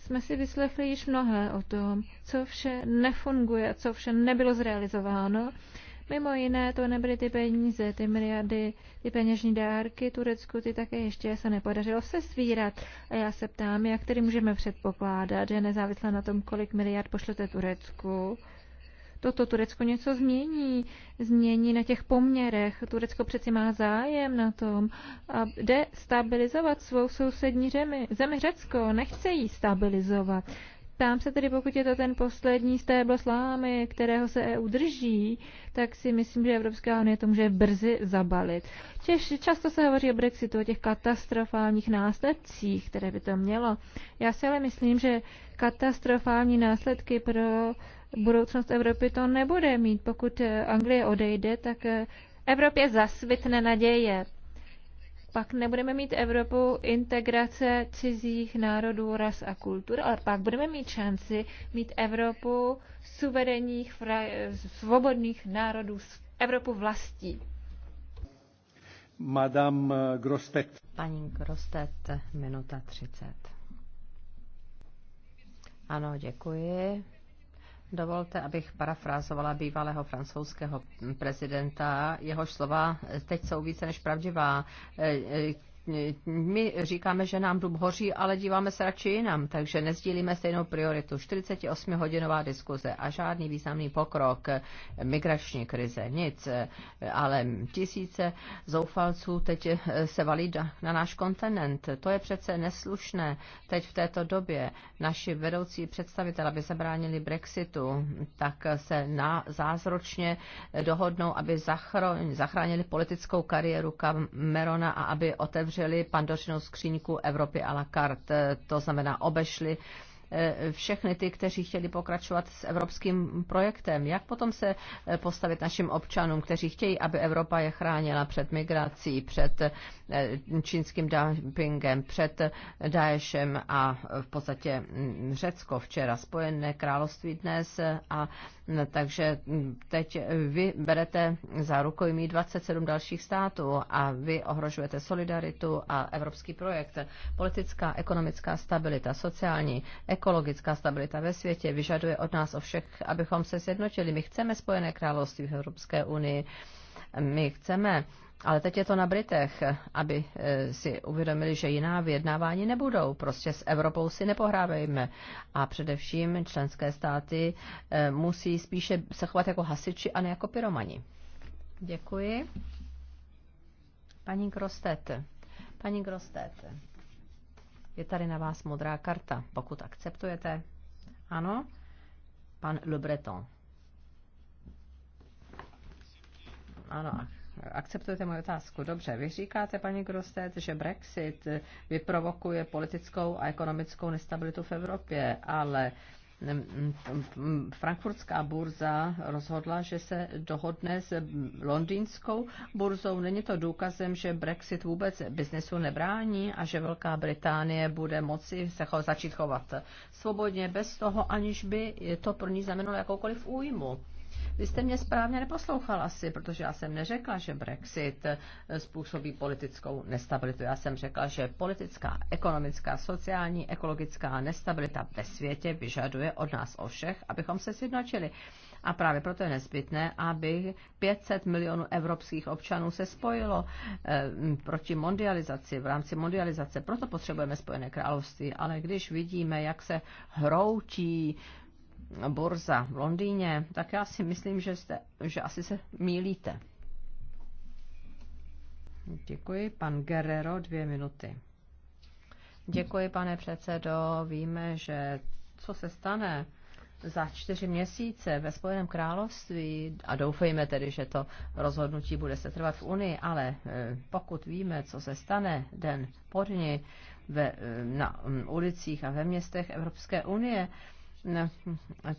jsme si vyslechli již mnohé o tom, co vše nefunguje, co vše nebylo zrealizováno Mimo jiné to nebyly ty peníze, ty miliardy, ty peněžní dárky Turecku, ty také ještě se nepodařilo se svírat. A já se ptám, jak tedy můžeme předpokládat, že nezávisle na tom, kolik miliard pošlete Turecku, toto Turecko něco změní, změní na těch poměrech. Turecko přeci má zájem na tom a jde stabilizovat svou sousední zemi. zemi Řecko, nechce ji stabilizovat. Ptám se tedy, pokud je to ten poslední stébl slámy, kterého se EU drží, tak si myslím, že Evropská unie to může brzy zabalit. Češ, často se hovoří o Brexitu, o těch katastrofálních následcích, které by to mělo. Já si ale myslím, že katastrofální následky pro budoucnost Evropy to nebude mít. Pokud Anglie odejde, tak Evropě zasvitne naděje pak nebudeme mít Evropu integrace cizích národů, ras a kultur, ale pak budeme mít šanci mít Evropu suverénních, svobodných národů, Evropu vlastí. Madame eh, Grostet. Paní Grostet, minuta 30. Ano, děkuji. Dovolte, abych parafrázovala bývalého francouzského prezidenta. Jehož slova teď jsou více než pravdivá my říkáme, že nám dům hoří, ale díváme se radši jinam, takže nezdílíme stejnou prioritu. 48-hodinová diskuze a žádný významný pokrok, migrační krize, nic, ale tisíce zoufalců teď se valí na náš kontinent. To je přece neslušné. Teď v této době naši vedoucí představitel, aby zabránili Brexitu, tak se na, zázročně dohodnou, aby zachránili politickou kariéru Camerona a aby otevřeli otevřeli pandořinou skříňku Evropy a la carte, to znamená obešli eh, všechny ty, kteří chtěli pokračovat s evropským projektem. Jak potom se eh, postavit našim občanům, kteří chtějí, aby Evropa je chránila před migrací, před eh, čínským dumpingem, před Daešem a v podstatě mm, Řecko včera, Spojené království dnes a takže hm, teď vy berete za rukojmí 27 dalších států a vy ohrožujete solidaritu a evropský projekt. Politická, ekonomická stabilita, sociální, ekologická stabilita ve světě vyžaduje od nás o všech, abychom se sjednotili. My chceme Spojené království v Evropské unii, my chceme ale teď je to na Britech, aby eh, si uvědomili, že jiná vyjednávání nebudou. Prostě s Evropou si nepohrávejme. A především členské státy eh, musí spíše se chovat jako hasiči a ne jako pyromani. Děkuji. Paní Grostet. Paní Grostet. Je tady na vás modrá karta, pokud akceptujete. Ano? Pan Le Breton. Ano, akceptujete moji otázku. Dobře, vy říkáte, paní Grostet, že Brexit vyprovokuje politickou a ekonomickou nestabilitu v Evropě, ale mm, mm, frankfurtská burza rozhodla, že se dohodne s londýnskou burzou. Není to důkazem, že Brexit vůbec biznesu nebrání a že Velká Británie bude moci se začít chovat svobodně bez toho, aniž by to pro ní znamenalo jakoukoliv újmu. Vy jste mě správně neposlouchala asi, protože já jsem neřekla, že Brexit eh, způsobí politickou nestabilitu. Já jsem řekla, že politická, ekonomická, sociální, ekologická nestabilita ve světě vyžaduje od nás o všech, abychom se sjednotili. A právě proto je nezbytné, aby 500 milionů evropských občanů se spojilo eh, proti mondializaci, v rámci mondializace. Proto potřebujeme Spojené království. Ale když vidíme, jak se hroutí burza v Londýně, tak já si myslím, že, jste, že asi se mílíte. Děkuji. Pan Guerrero, dvě minuty. Děkuji, pane předsedo. Víme, že co se stane za čtyři měsíce ve Spojeném království, a doufejme tedy, že to rozhodnutí bude se trvat v Unii, ale eh, pokud víme, co se stane den po dni ve, eh, na mm, ulicích a ve městech Evropské unie,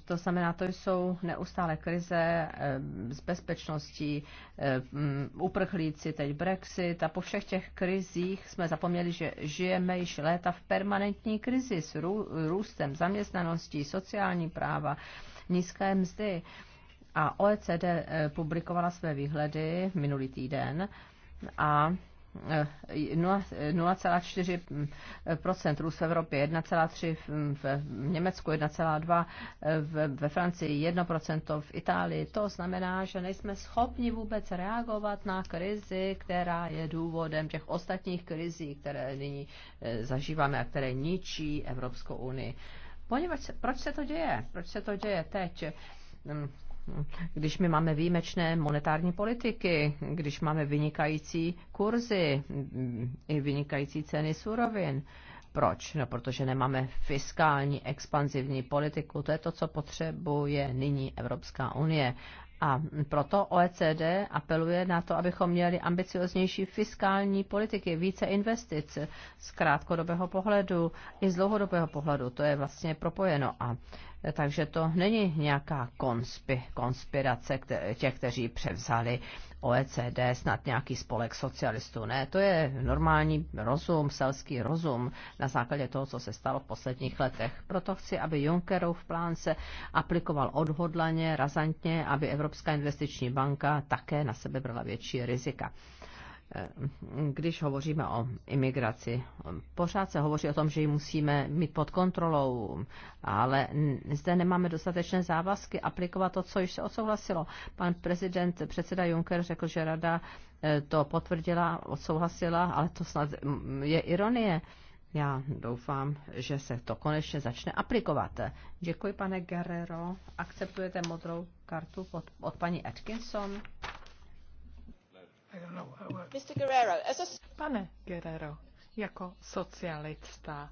to znamená, to jsou neustále krize eh, z bezpečností, eh, mm, uprchlíci, teď Brexit a po všech těch krizích jsme zapomněli, že žijeme již léta v permanentní krizi s růstem zaměstnaností, sociální práva, nízké mzdy. A OECD eh, publikovala své výhledy minulý týden a 0,4 růst v Evropě, 1,3 v Německu, 1,2 ve Francii, 1 v Itálii. To znamená, že nejsme schopni vůbec reagovat na krizi, která je důvodem těch ostatních krizí, které nyní eh, zažíváme a které ničí Evropskou unii. Poněvadž, proč se to děje? Proč se to děje teď? Hm, když my máme výjimečné monetární politiky, když máme vynikající kurzy i vynikající ceny surovin. Proč? No, protože nemáme fiskální expanzivní politiku. To je to, co potřebuje nyní Evropská unie. A proto OECD apeluje na to, abychom měli ambicioznější fiskální politiky, více investic z krátkodobého pohledu i z dlouhodobého pohledu. To je vlastně propojeno. A takže to není nějaká konspi, konspirace těch, kteří převzali OECD, snad nějaký spolek socialistů. Ne, to je normální rozum, selský rozum na základě toho, co se stalo v posledních letech. Proto chci, aby Junckerův plán se aplikoval odhodlaně, razantně, aby Evropská investiční banka také na sebe brala větší rizika když hovoříme o imigraci, pořád se hovoří o tom, že ji musíme mít pod kontrolou, ale zde nemáme dostatečné závazky aplikovat to, co již se odsouhlasilo. Pan prezident, předseda Juncker řekl, že rada eh, to potvrdila, odsouhlasila, ale to snad mm, je ironie. Já doufám, že se to konečně začne aplikovat. Děkuji, pane Guerrero. Akceptujete modrou kartu od, od paní Atkinson? Pane Guerrero, jako socialista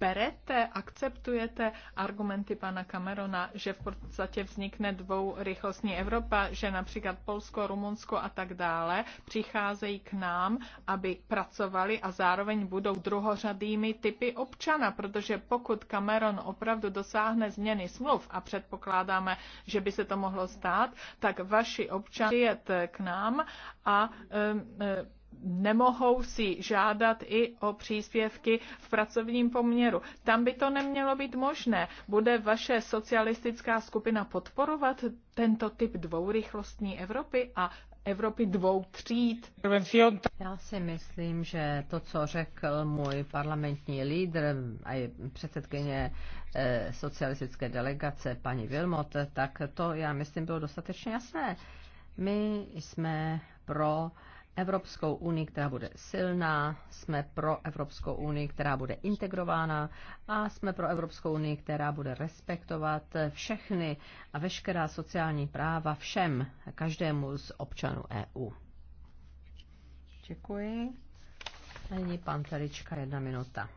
berete, akceptujete argumenty pana Camerona, že v podstatě vznikne dvourychlostní Evropa, že například Polsko, Rumunsko a tak dále přicházejí k nám, aby pracovali a zároveň budou druhořadými typy občana, protože pokud Cameron opravdu dosáhne změny smluv a předpokládáme, že by se to mohlo stát, tak vaši občané přijet k nám a nemohou si žádat i o příspěvky v pracovním poměru. Tam by to nemělo být možné. Bude vaše socialistická skupina podporovat tento typ dvourychlostní Evropy a Evropy dvou tříd. Já si myslím, že to, co řekl můj parlamentní lídr a předsedkyně eh, socialistické delegace paní Vilmot, tak to já myslím bylo dostatečně jasné. My jsme pro Evropskou unii, která bude silná, jsme pro Evropskou unii, která bude integrována a jsme pro Evropskou unii, která bude respektovat všechny a veškerá sociální práva všem, každému z občanů EU. Děkuji. Není pan Telička, jedna minuta.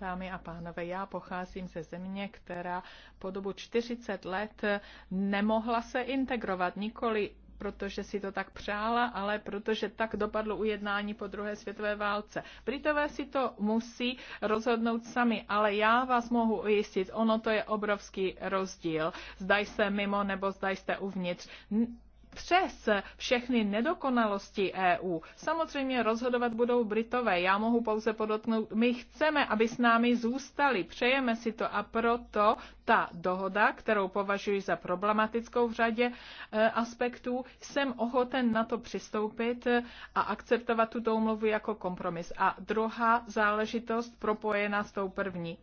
Dámy a pánové, já pocházím ze země, která po dobu 40 let nemohla se integrovat nikoli protože si to tak přála, ale protože tak dopadlo ujednání po druhé světové válce. Britové si to musí rozhodnout sami, ale já vás mohu ujistit, ono to je obrovský rozdíl. Zdaj se mimo nebo zdaj jste uvnitř přes všechny nedokonalosti EU. Samozřejmě rozhodovat budou Britové. Já mohu pouze podotknout, my chceme, aby s námi zůstali, přejeme si to a proto ta dohoda, kterou považuji za problematickou v řadě e, aspektů, jsem ochoten na to přistoupit e, a akceptovat tuto umluvu jako kompromis. A druhá záležitost propojená s tou první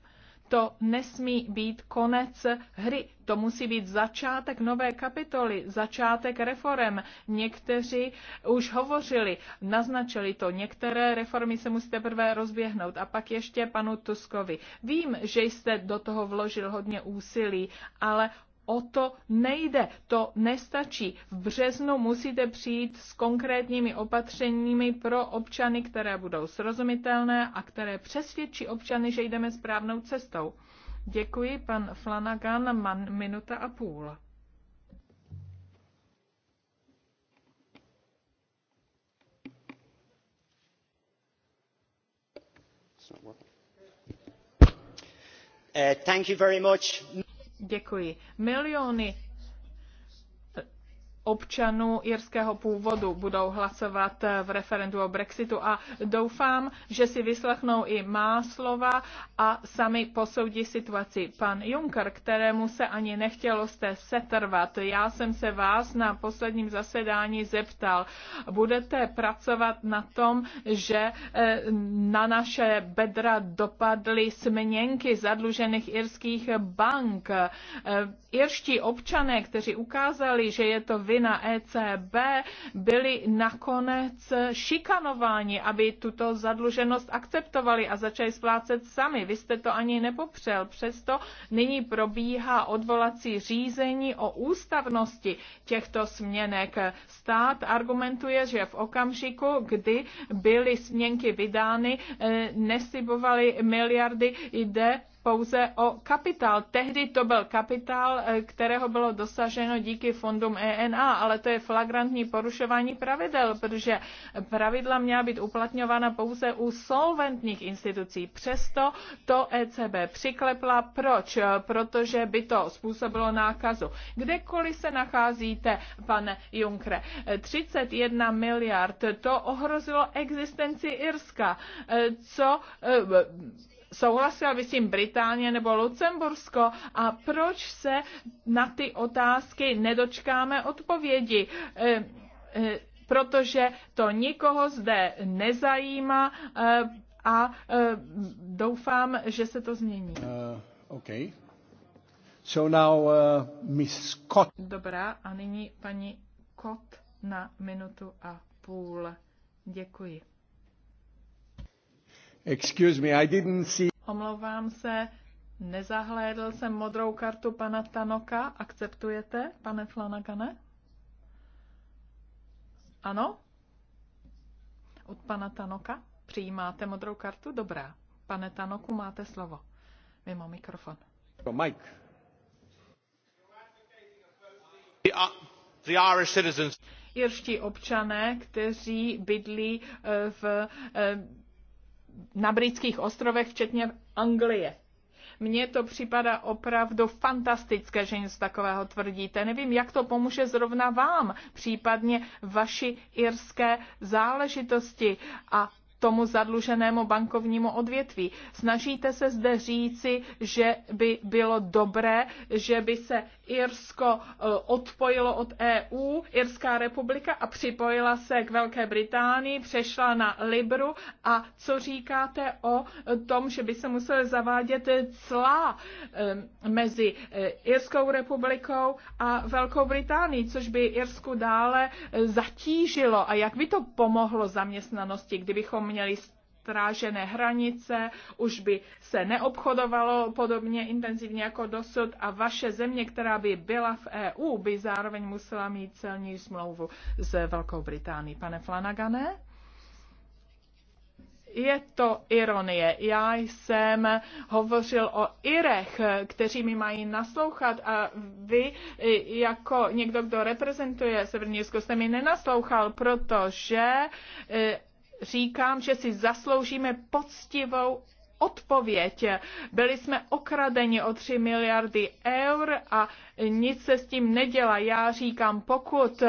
to nesmí být konec hry. To musí být začátek nové kapitoly, začátek reform. Někteří už hovořili, naznačili to. Některé reformy se musí prvé rozběhnout. A pak ještě panu Tuskovi. Vím, že jste do toho vložil hodně úsilí, ale o to nejde, to nestačí. V březnu musíte přijít s konkrétními opatřeními pro občany, které budou srozumitelné a které přesvědčí občany, že jdeme správnou cestou. Děkuji, pan Flanagan, man, minuta a půl. Eh, thank you very much. Děkuji. Miliony občanů jirského původu budou hlasovat v referendu o Brexitu a doufám, že si vyslechnou i má slova a sami posoudí situaci. Pan Juncker, kterému se ani nechtělo jste setrvat, já jsem se vás na posledním zasedání zeptal, budete pracovat na tom, že eh, na naše bedra dopadly směnky zadlužených irských bank. Eh, irští občané, kteří ukázali, že je to vy, aby na ECB byli nakonec šikanováni, aby tuto zadluženost akceptovali a začali splácet sami. Vy jste to ani nepopřel. Přesto nyní probíhá odvolací řízení o ústavnosti těchto směnek. Stát argumentuje, že v okamžiku, kdy byly směnky vydány, eh, nesibovaly miliardy, jde pouze o kapitál. Tehdy to byl kapitál, eh, kterého bylo dosaženo díky fondům ENA, ale to je flagrantní porušování pravidel, protože pravidla měla být uplatňována pouze u solventních institucí. Přesto to ECB přiklepla. Proč? Protože by to způsobilo nákazu. Kdekoliv se nacházíte, pane Junkre, 31 miliard, to ohrozilo existenci Irska. Eh, co eh, souhlasila, tím Británie nebo Lucembursko. A proč se na ty otázky nedočkáme odpovědi? Eh, eh, protože to nikoho zde nezajímá eh, a doufám, že se to změní. Uh, okay. So now, uh, Miss Scott. Dobrá, a nyní paní Kot na minutu a půl. Děkuji. Excuse me, I didn't see... Omlouvám se, nezahlédl jsem modrou kartu pana Tanoka. Akceptujete, pane Flanagane? Ano? Od pana Tanoka? Přijímáte modrou kartu? Dobrá. Pane Tanoku, máte slovo. Mimo mikrofon. Oh, Mike. Uh, the Irish citizens. Irští občané, kteří bydlí eh, v eh, na britských ostrovech, včetně Anglie. Mně to připadá opravdu fantastické, že něco takového tvrdíte. Nevím, jak to pomůže zrovna vám, případně vaši irské záležitosti a tomu zadluženému bankovnímu odvětví. Snažíte se zde říci, že by bylo dobré, že by se Irsko eh, odpojilo od EU, Irská republika a připojila se k Velké Británii, přešla na Libru a co říkáte o eh, tom, že by se musely zavádět clá eh, mezi Irskou republikou a Velkou Británií, což by Irsku dále zatížilo a jak by to pomohlo zaměstnanosti, kdybychom měli strážené hranice, už by se neobchodovalo podobně intenzivně jako dosud a vaše země, která by byla v EU, by zároveň musela mít celní smlouvu s Velkou Británií. Pane Flanagané? je to ironie. Já jsem hovořil o Irech, kteří mi mají naslouchat a vy jako někdo, kdo reprezentuje Severní Jirsko, jste mi nenaslouchal, protože eh, říkám, že si zasloužíme poctivou odpověď. Byli jsme okradeni o 3 miliardy eur a nic se s tím nedělá. Já říkám, pokud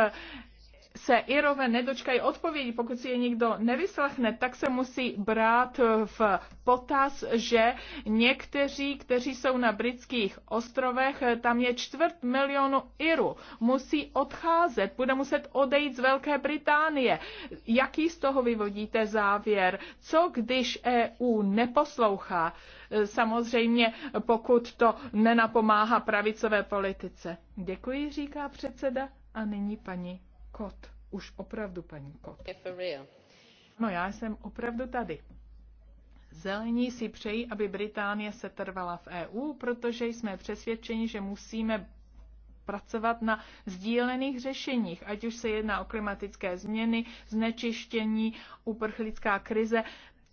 se Irové nedočkají odpovědi, pokud si je nikdo nevyslechne, tak se musí brát v potaz, že někteří, kteří jsou na britských ostrovech, tam je čtvrt milionu Irů, musí odcházet, bude muset odejít z Velké Británie. Jaký z toho vyvodíte závěr? Co když EU neposlouchá? Samozřejmě, pokud to nenapomáhá pravicové politice. Děkuji, říká předseda. A nyní paní Kot. Už opravdu, paní Kot. No, já jsem opravdu tady. Zelení si přejí, aby Británie se trvala v EU, protože jsme přesvědčeni, že musíme pracovat na sdílených řešeních, ať už se jedná o klimatické změny, znečištění, uprchlická krize.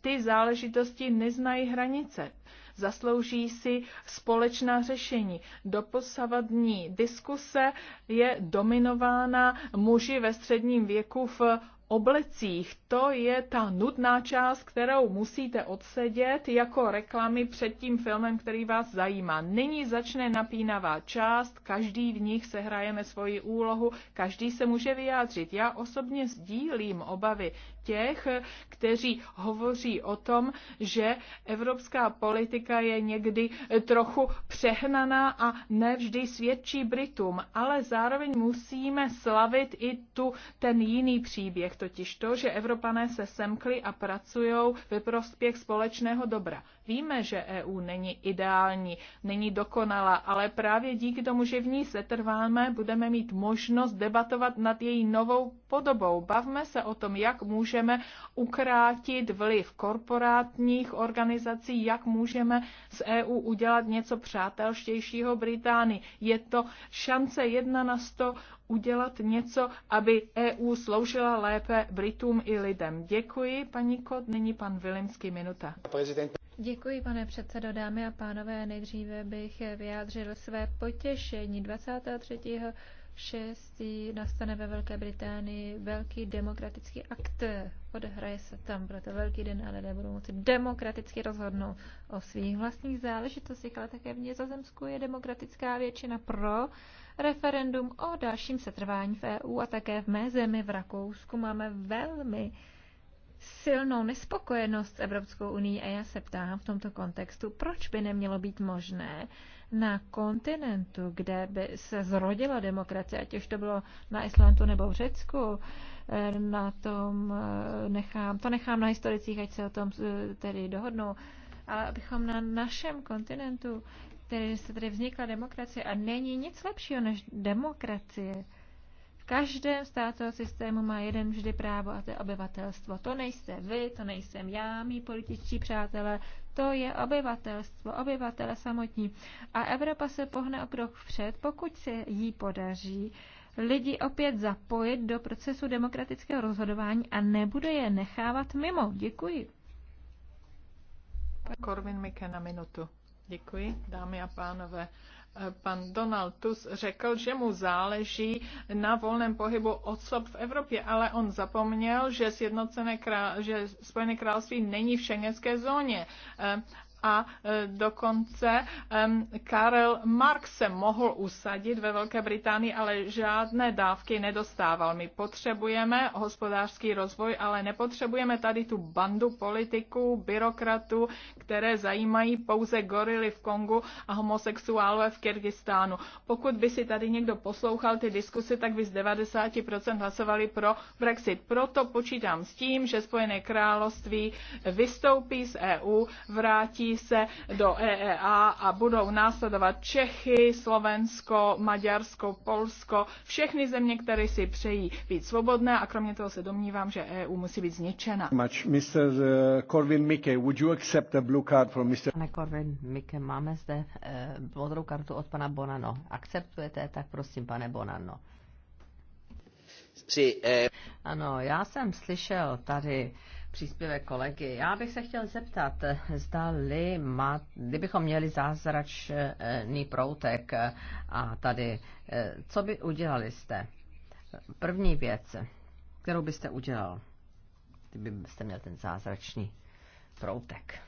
Ty záležitosti neznají hranice. Zaslouží si společná řešení. Doposavadní diskuse je dominována muži ve středním věku v oblecích. To je ta nudná část, kterou musíte odsedět jako reklamy před tím filmem, který vás zajímá. Nyní začne napínavá část, každý v nich se svoji úlohu, každý se může vyjádřit. Já osobně sdílím obavy těch, kteří hovoří o tom, že evropská politika je někdy trochu přehnaná a nevždy svědčí Britům, ale zároveň musíme slavit i tu ten jiný příběh, totiž to, že Evropané se semkli a pracují ve prospěch společného dobra. Víme, že EU není ideální, není dokonalá, ale právě díky tomu, že v ní setrváme, budeme mít možnost debatovat nad její novou podobou. Bavme se o tom, jak může můžeme ukrátit vliv korporátních organizací, jak můžeme z EU udělat něco přátelštějšího Británii. Je to šance jedna na sto udělat něco, aby EU sloužila lépe Britům i lidem. Děkuji, paní Kot. Nyní pan Vilimský, minuta. Děkuji, pane předsedo, dámy a pánové. Nejdříve bych vyjádřil své potěšení 23 šestý nastane ve Velké Británii velký demokratický akt. Odehraje se tam, bude to velký den a lidé budou moci demokraticky rozhodnout o svých vlastních záležitostech, ale také v Nězozemsku je demokratická většina pro referendum o dalším setrvání v EU a také v mé zemi v Rakousku máme velmi silnou nespokojenost s Evropskou unii a já se ptám v tomto kontextu, proč by nemělo být možné, na kontinentu, kde by se zrodila demokracie, ať už to bylo na Islandu nebo v Řecku, eh, na tom eh, nechám, to nechám na historicích, ať se o tom eh, tedy dohodnou, ale abychom na našem kontinentu, který se tady vznikla demokracie a není nic lepšího než demokracie, v každém státu systému má jeden vždy právo a to je obyvatelstvo. To nejste vy, to nejsem já, mý političtí přátelé, to je obyvatelstvo, obyvatele samotní. A Evropa se pohne o krok vpřed, pokud se jí podaří lidi opět zapojit do procesu demokratického rozhodování a nebude je nechávat mimo. Děkuji. Korvin Mike na minutu. Děkuji, dámy a pánové pan Donald Tusk řekl, že mu záleží na volném pohybu osob v Evropě, ale on zapomněl, že, sjednocené král, že Spojené království není v šengenské zóně eh, a e, dokonce Karel Marx se mohl usadit ve Velké Británii, ale žádné dávky nedostával. My potřebujeme hospodářský rozvoj, ale nepotřebujeme tady tu bandu politiků, byrokratů, které zajímají pouze gorily v Kongu a homosexuálové v Kyrgyzstánu. Pokud by si tady někdo poslouchal ty diskusy, tak by z 90% hlasovali pro Brexit. Proto počítám s tím, že Spojené království vystoupí z EU, vrátí se do EEA a budou následovat Čechy, Slovensko, Maďarsko, Polsko, všechny země, které si přejí být svobodné a kromě toho se domnívám, že EU musí být zničena. Much. Mr. Uh, Corvin Mikke, would you accept a blue card from Mr. Pane Corvin Mikke, máme zde uh, modrou kartu od pana Bonano. Akceptujete? Tak prosím, pane Bonano. Eh. Ano, já jsem slyšel tady příspěvek kolegy. Já bych se chtěl zeptat, zda-li má, kdybychom měli zázračný proutek eh, a tady, eh, co by udělali jste? První věc, kterou byste udělal, kdybyste měl ten zázračný proutek.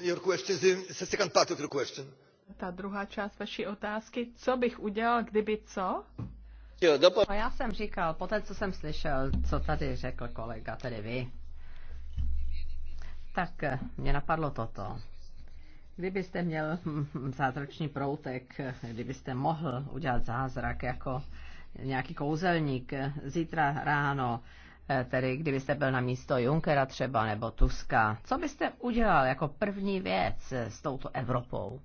your question, second part of your question. Ta druhá část vaší otázky, co bych udělal, kdyby co? No já jsem říkal, po té, co jsem slyšel, co tady řekl kolega, tedy vy, tak eh, mě napadlo toto. Kdybyste měl hm, hm, hm, zázračný proutek, eh, kdybyste mohl udělat zázrak jako nějaký kouzelník eh, zítra ráno, tedy kdybyste byl na místo Junkera třeba nebo Tuska, co byste udělal jako první věc s touto Evropou?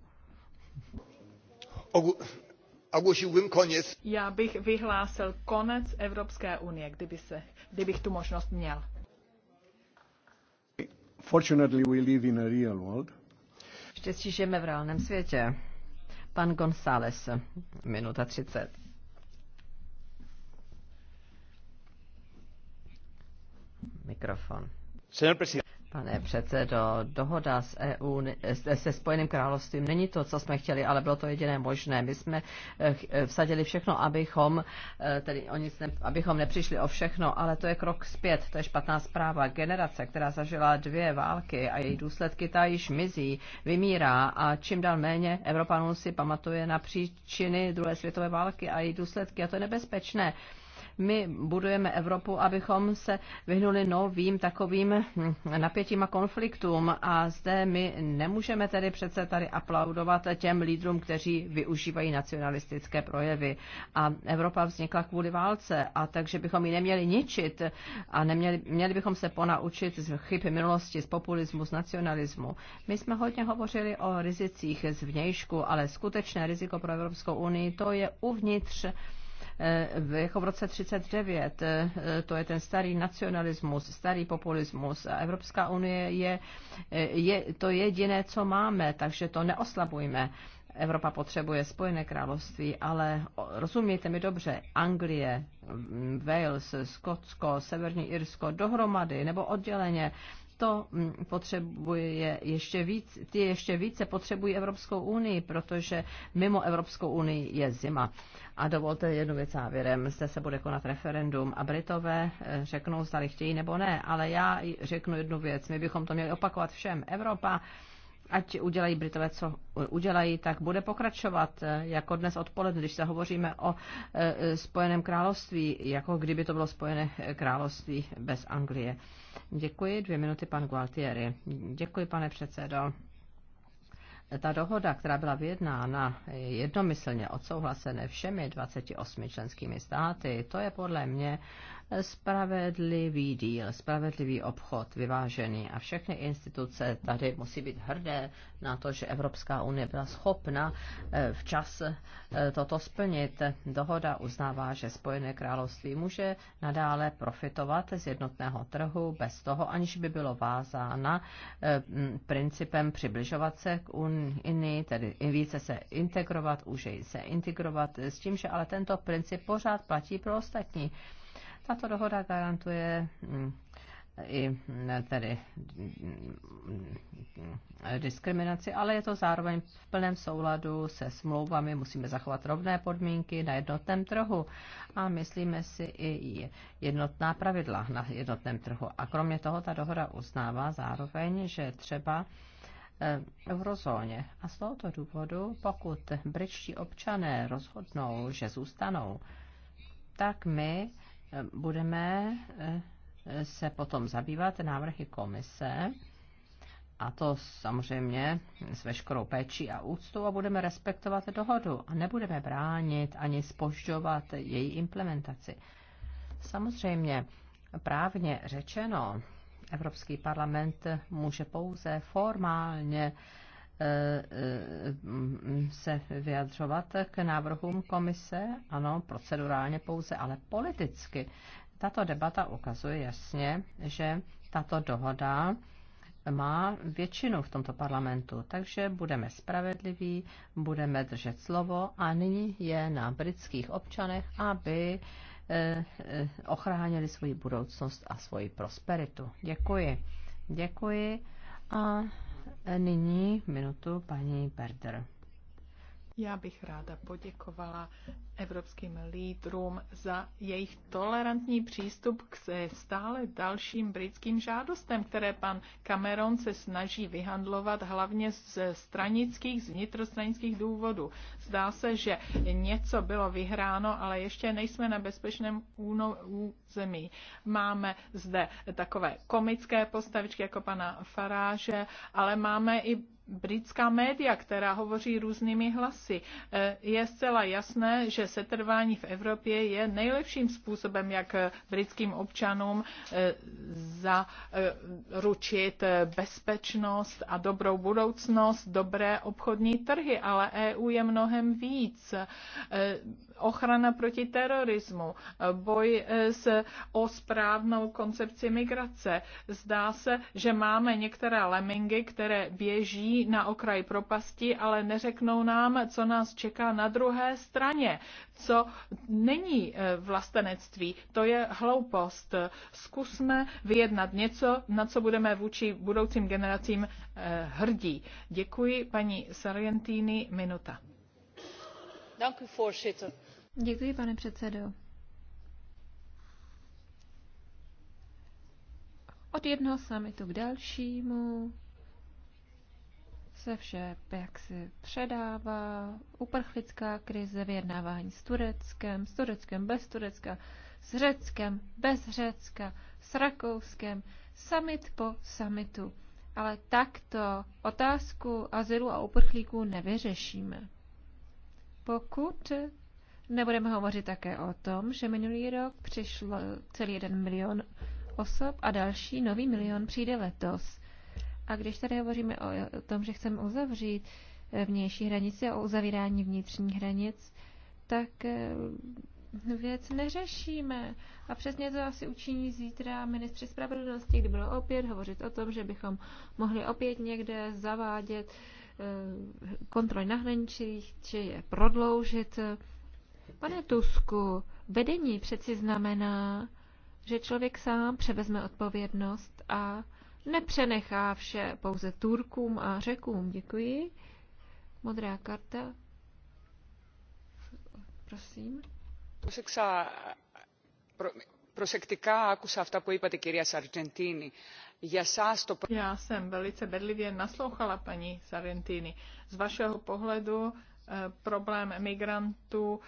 Já bych vyhlásil konec Evropské unie, kdyby se, kdybych tu možnost měl. Štěstí žijeme v reálném světě. Pan González, minuta 30. Mikrofon. Senor Pane předsedo, dohoda s EU, se Spojeným královstvím není to, co jsme chtěli, ale bylo to jediné možné. My jsme eh, eh, vsadili všechno, abychom, eh, tedy o nic ne, abychom nepřišli o všechno, ale to je krok zpět, to je špatná zpráva. Generace, která zažila dvě války a její důsledky ta již mizí, vymírá a čím dál méně Evropanů si pamatuje na příčiny druhé světové války a její důsledky a to je nebezpečné. My budujeme Evropu, abychom se vyhnuli novým takovým napětím a konfliktům a zde my nemůžeme tedy přece tady aplaudovat těm lídrům, kteří využívají nacionalistické projevy. A Evropa vznikla kvůli válce a takže bychom ji neměli ničit a neměli, měli bychom se ponaučit z chyb minulosti, z populismu, z nacionalismu. My jsme hodně hovořili o rizicích z vnějšku, ale skutečné riziko pro Evropskou unii to je uvnitř Eh, jako v roce 39, eh, to je ten starý nacionalismus, starý populismus. A Evropská unie je, eh, je to jediné, co máme, takže to neoslabujme. Evropa potřebuje Spojené království, ale rozumějte mi dobře, Anglie, mm, Wales, Skotsko, Severní Irsko dohromady nebo odděleně to mm, potřebuje ještě víc, ty ještě více potřebují Evropskou unii, protože mimo Evropskou unii je zima. A dovolte jednu věc závěrem. Zde se bude konat referendum a Britové eh, řeknou, zda chtějí nebo ne, ale já řeknu jednu věc. My bychom to měli opakovat všem. Evropa ať udělají Britové, co udělají, tak bude pokračovat, eh, jako dnes odpoledne, když se hovoříme o eh, Spojeném království, jako kdyby to bylo Spojené království bez Anglie. Děkuji. Dvě minuty, pan Gualtieri. Děkuji, pane předsedo. Ta dohoda, která byla vyjednána jednomyslně odsouhlasené všemi 28 členskými státy, to je podle mě spravedlivý díl, spravedlivý obchod, vyvážený. A všechny instituce tady musí být hrdé na to, že Evropská unie byla schopna eh, včas eh, toto splnit. Dohoda uznává, že Spojené království může nadále profitovat z jednotného trhu bez toho, aniž by bylo vázána eh, principem přibližovat se k Unii, tedy více se integrovat, už se integrovat, s tím, že ale tento princip pořád platí pro ostatní. Tato dohoda garantuje mm, i tedy mm, diskriminaci, ale je to zároveň v plném souladu se smlouvami, musíme zachovat rovné podmínky na jednotném trhu a myslíme si i jednotná pravidla na jednotném trhu. A kromě toho ta dohoda uznává zároveň, že třeba eh, eurozóně. A z tohoto důvodu, pokud britští občané rozhodnou, že zůstanou, tak my budeme eh, se potom zabývat návrhy komise, a to samozřejmě s veškerou péčí a úctou a budeme respektovat dohodu a nebudeme bránit ani spožďovat její implementaci. Samozřejmě právně řečeno, Evropský parlament může pouze formálně se vyjadřovat k návrhům komise, ano, procedurálně pouze, ale politicky. Tato debata ukazuje jasně, že tato dohoda má většinu v tomto parlamentu, takže budeme spravedliví, budeme držet slovo a nyní je na britských občanech, aby eh, eh, ochránili svoji budoucnost a svoji prosperitu. Děkuji. Děkuji a Nyní minutu paní Berder. Já bych ráda poděkovala evropským lídrům za jejich tolerantní přístup k se stále dalším britským žádostem, které pan Cameron se snaží vyhandlovat hlavně z stranických, z vnitrostranických důvodů. Zdá se, že něco bylo vyhráno, ale ještě nejsme na bezpečném území. Máme zde takové komické postavičky jako pana Faráže, ale máme i britská média, která hovoří různými hlasy. E, je zcela jasné, že setrvání v Evropě je nejlepším způsobem, jak britským občanům e, zaručit e, bezpečnost a dobrou budoucnost, dobré obchodní trhy, ale EU je mnohem víc ochrana proti terorismu, boj eh, s, o správnou koncepci migrace. Zdá se, že máme některé lemingy, které běží na okraj propasti, ale neřeknou nám, co nás čeká na druhé straně, co není eh, vlastenectví. To je hloupost. Zkusme vyjednat něco, na co budeme vůči budoucím generacím eh, hrdí. Děkuji paní Sargentini, minuta. Dank u voorzitter Děkuji, pane předsedo. Od jednoho samitu k dalšímu se vše jak si předává, uprchlická krize, vyjednávání s Tureckem, s Tureckem bez Turecka, s Řeckem bez Řecka, s Rakouskem, summit po summitu. Ale takto otázku azylu a uprchlíků nevyřešíme. Pokud Nebudeme hovořit také o tom, že minulý rok přišlo celý jeden milion osob a další nový milion přijde letos. A když tady hovoříme o tom, že chceme uzavřít eh, vnější hranice a o uzavírání vnitřních hranic, tak eh, věc neřešíme. A přesně to asi učiní zítra ministři spravedlnosti, kdy bylo opět hovořit o tom, že bychom mohli opět někde zavádět eh, kontroly na hraničích, či je prodloužit. Pane Tusku, vedení přeci znamená, že člověk sám převezme odpovědnost a nepřenechá vše pouze Turkům a Řekům. Děkuji. Modrá karta. Prosím. Προσέξα, προσεκτικά άκουσα αυτά που είπατε κυρία Já jsem velice bedlivě naslouchala paní Sargentini. Z vašeho pohledu eh, problém migrantů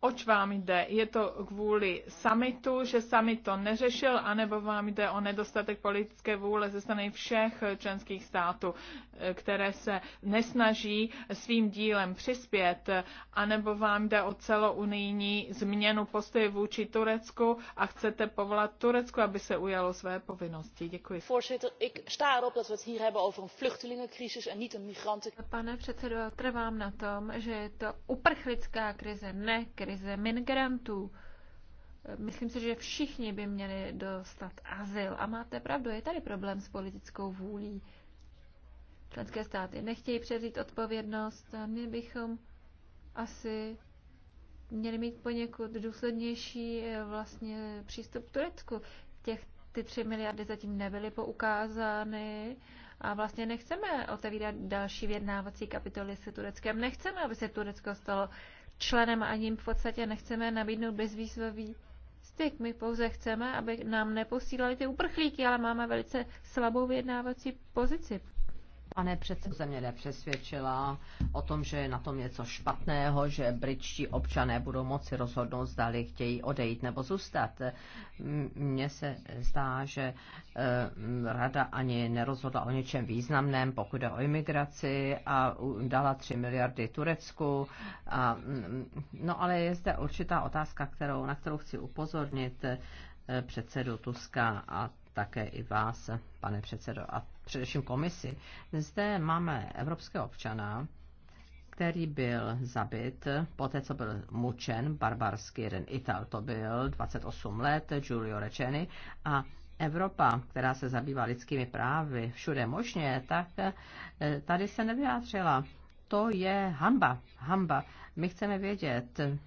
oč vám jde? Je to kvůli samitu, že samit to neřešil, anebo vám jde o nedostatek politické vůle ze strany všech členských států, eh, které se nesnaží svým dílem přispět, anebo vám jde o celounijní změnu postoje vůči Turecku a chcete povolat Turecku, aby se ujalo své povinnosti? Děkuji. Pane předsedo, trvám na tom, že je to uprchlická krize, ne krize krize migrantů. Myslím si, že všichni by měli dostat azyl. A máte pravdu, je tady problém s politickou vůlí. Členské státy nechtějí převzít odpovědnost a my bychom asi měli mít poněkud důslednější eh, vlastně přístup k Turecku. Těch, ty tři miliardy zatím nebyly poukázány a vlastně nechceme otevírat další vědnávací kapitoly se Tureckem. Nechceme, aby se Turecko stalo členem a jim v podstatě nechceme nabídnout bezvýzvový styk. My pouze chceme, aby nám neposílali ty uprchlíky, ale máme velice slabou vyjednávací pozici Pane předsedo, mě nepřesvědčila o tom, že je na tom něco špatného, že britští občané budou moci rozhodnout, zdali chtějí odejít nebo zůstat. Mně se zdá, že eh, rada ani nerozhodla o něčem významném, pokud je o imigraci a dala 3 miliardy Turecku. A, mm, no ale je zde určitá otázka, kterou, na kterou chci upozornit eh, předsedu Tuska a také i vás, pane předsedo, a především komisi. Zde máme evropského občana, který byl zabit, poté co byl mučen barbarský jeden Ital, to byl 28 let, Giulio Receni, a Evropa, která se zabývá lidskými právy všude možně, tak eh, tady se nevyjádřila to je hamba, hamba. My chceme vědět eh,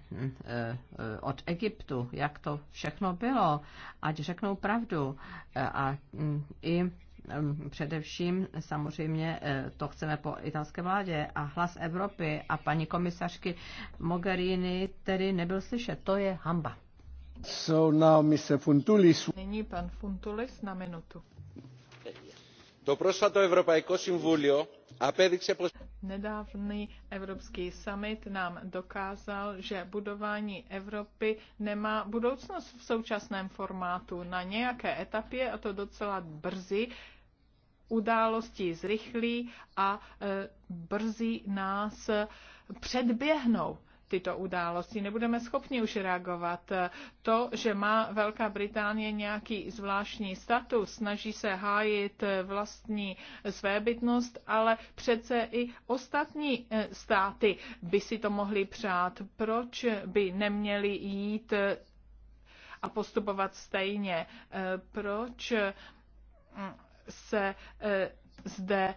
eh, od Egyptu, jak to všechno bylo, ať řeknou pravdu eh, a mm, i mm, Především samozřejmě to chceme po italské vládě a hlas Evropy a paní komisařky Mogherini tedy nebyl slyšet. To je hamba. So now Mr. Funtulis. Nyní pan Funtulis na minutu. To Nedávný evropský summit nám dokázal, že budování Evropy nemá budoucnost v současném formátu. Na nějaké etapě, a to docela brzy, události zrychlí a e, brzy nás předběhnou tyto události. Nebudeme schopni už reagovat. To, že má Velká Británie nějaký zvláštní status, snaží se hájit vlastní svébytnost, ale přece i ostatní eh, státy by si to mohly přát. Proč by neměli jít eh, a postupovat stejně? Eh, proč mm, se zde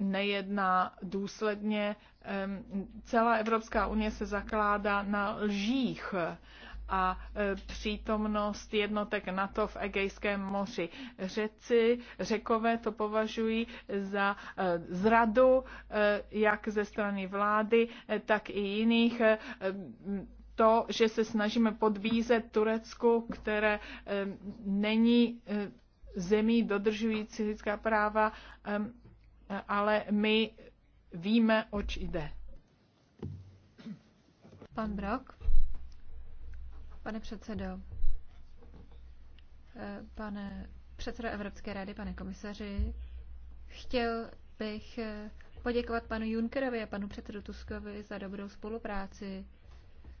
nejedná důsledně. Celá Evropská unie se zakládá na lžích a e, přítomnost jednotek NATO v Egejském moři. Řeci, řekové to považují za e, zradu e, jak ze strany vlády, tak i jiných to, že se snažíme podvízet Turecku, které není zemí dodržující lidská práva, ale my víme, oč jde. Pan Brok. Pane předsedo, eh, pane předsedo Evropské rady, pane komisaři, chtěl bych eh, poděkovat panu Junckerovi a panu předsedu Tuskovi za dobrou spolupráci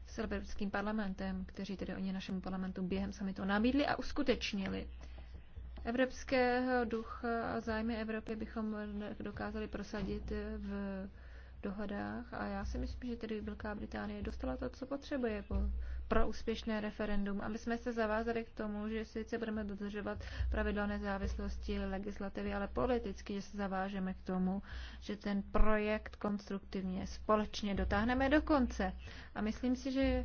s Evropským parlamentem, kteří tedy oni našemu parlamentu během samitu nabídli a uskutečnili evropského ducha a zájmy Evropy bychom dokázali prosadit v dohodách a já si myslím, že tedy Velká Británie dostala to, co potřebuje po, pro úspěšné referendum. A my jsme se zavázali k tomu, že sice budeme dodržovat pravidla nezávislosti legislativy, ale politicky, že se zavážeme k tomu, že ten projekt konstruktivně společně dotáhneme do konce. A myslím si, že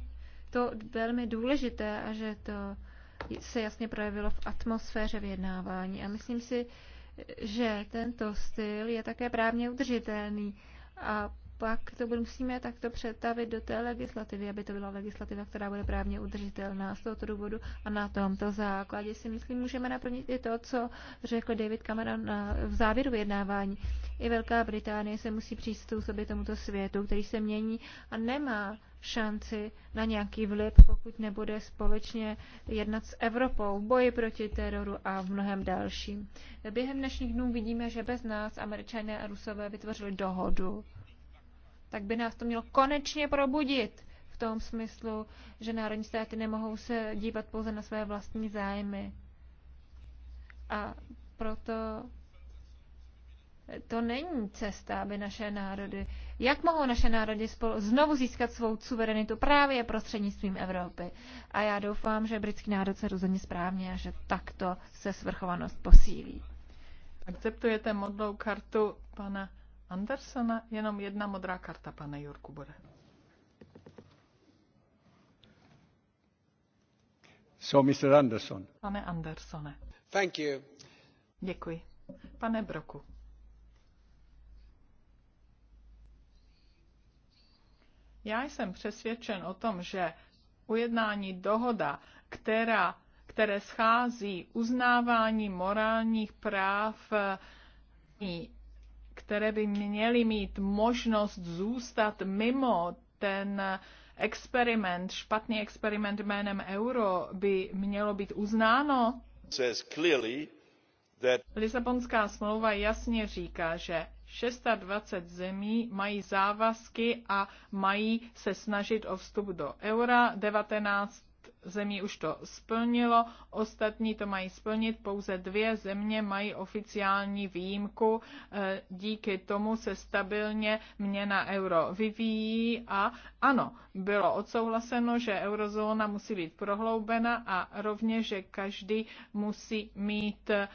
to velmi důležité a že to se jasně projevilo v atmosféře vyjednávání. A myslím si, že tento styl je také právně udržitelný a pak to musíme takto přetavit do té legislativy, aby to byla legislativa, která bude právně udržitelná z tohoto důvodu a na tomto základě si myslím, můžeme naplnit i to, co řekl David Cameron eh, v závěru vyjednávání. I Velká Británie se musí přizpůsobit tomuto světu, který se mění a nemá šanci na nějaký vliv, pokud nebude společně jednat s Evropou v boji proti teroru a v mnohem dalším. Během dnešních dnů vidíme, že bez nás Američané a Rusové vytvořili dohodu tak by nás to mělo konečně probudit v tom smyslu, že národní státy nemohou se dívat pouze na své vlastní zájmy. A proto to není cesta, aby naše národy. Jak mohou naše národy spolu znovu získat svou suverenitu právě prostřednictvím Evropy? A já doufám, že britský národ se rozhodně správně a že takto se svrchovanost posílí. Akceptujete modlou kartu pana Andersena. Jenom jedna modrá karta, pane Jurku, bude. So, Mr. Anderson. Pane Andersone. Thank you. Děkuji. Pane Broku. Já jsem přesvědčen o tom, že ujednání dohoda, která, které schází uznávání morálních práv eh, které by měly mít možnost zůstat mimo ten experiment, špatný experiment jménem euro, by mělo být uznáno? Lisabonská smlouva jasně říká, že 26 zemí mají závazky a mají se snažit o vstup do eura, 19 zemí už to splnilo, ostatní to mají splnit, pouze dvě země mají oficiální výjimku. Eh, díky tomu se stabilně měna euro vyvíjí a ano, bylo odsouhlaseno, že eurozóna musí být prohloubena a rovněž, že každý musí mít eh,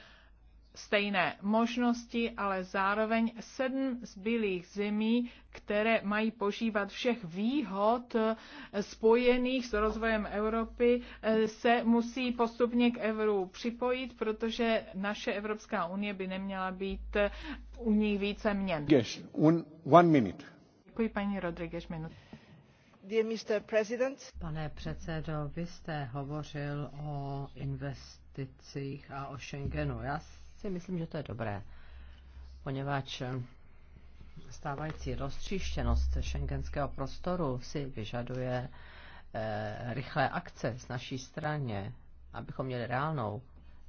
stejné možnosti, ale zároveň sedm zbylých zemí, které mají požívat všech výhod eh, spojených s rozvojem Evropy, eh, se musí postupně k euru připojit, protože naše Evropská unie by neměla být eh, u nich více měn. Yes, one minute. Děkuji, paní Rodriguez, minut. Pane předsedo, vy jste hovořil o investicích a o Schengenu. Já si myslím, že to je dobré, poněvadž stávající roztříštěnost šengenského prostoru si vyžaduje eh, rychlé akce z naší straně, abychom měli reálnou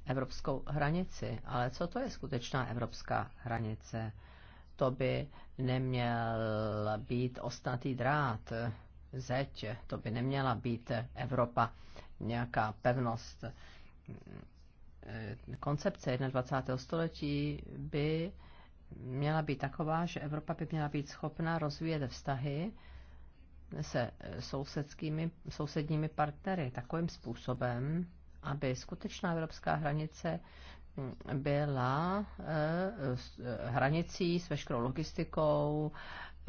evropskou hranici. Ale co to je skutečná evropská hranice? To by neměl být ostatý drát, zeď, to by neměla být Evropa, nějaká pevnost Eh, koncepce 21. století by měla být taková, že Evropa by měla být schopná rozvíjet vztahy se eh, sousedskými, sousedními partnery takovým způsobem, aby skutečná evropská hranice mm, byla eh, hranicí s veškerou logistikou,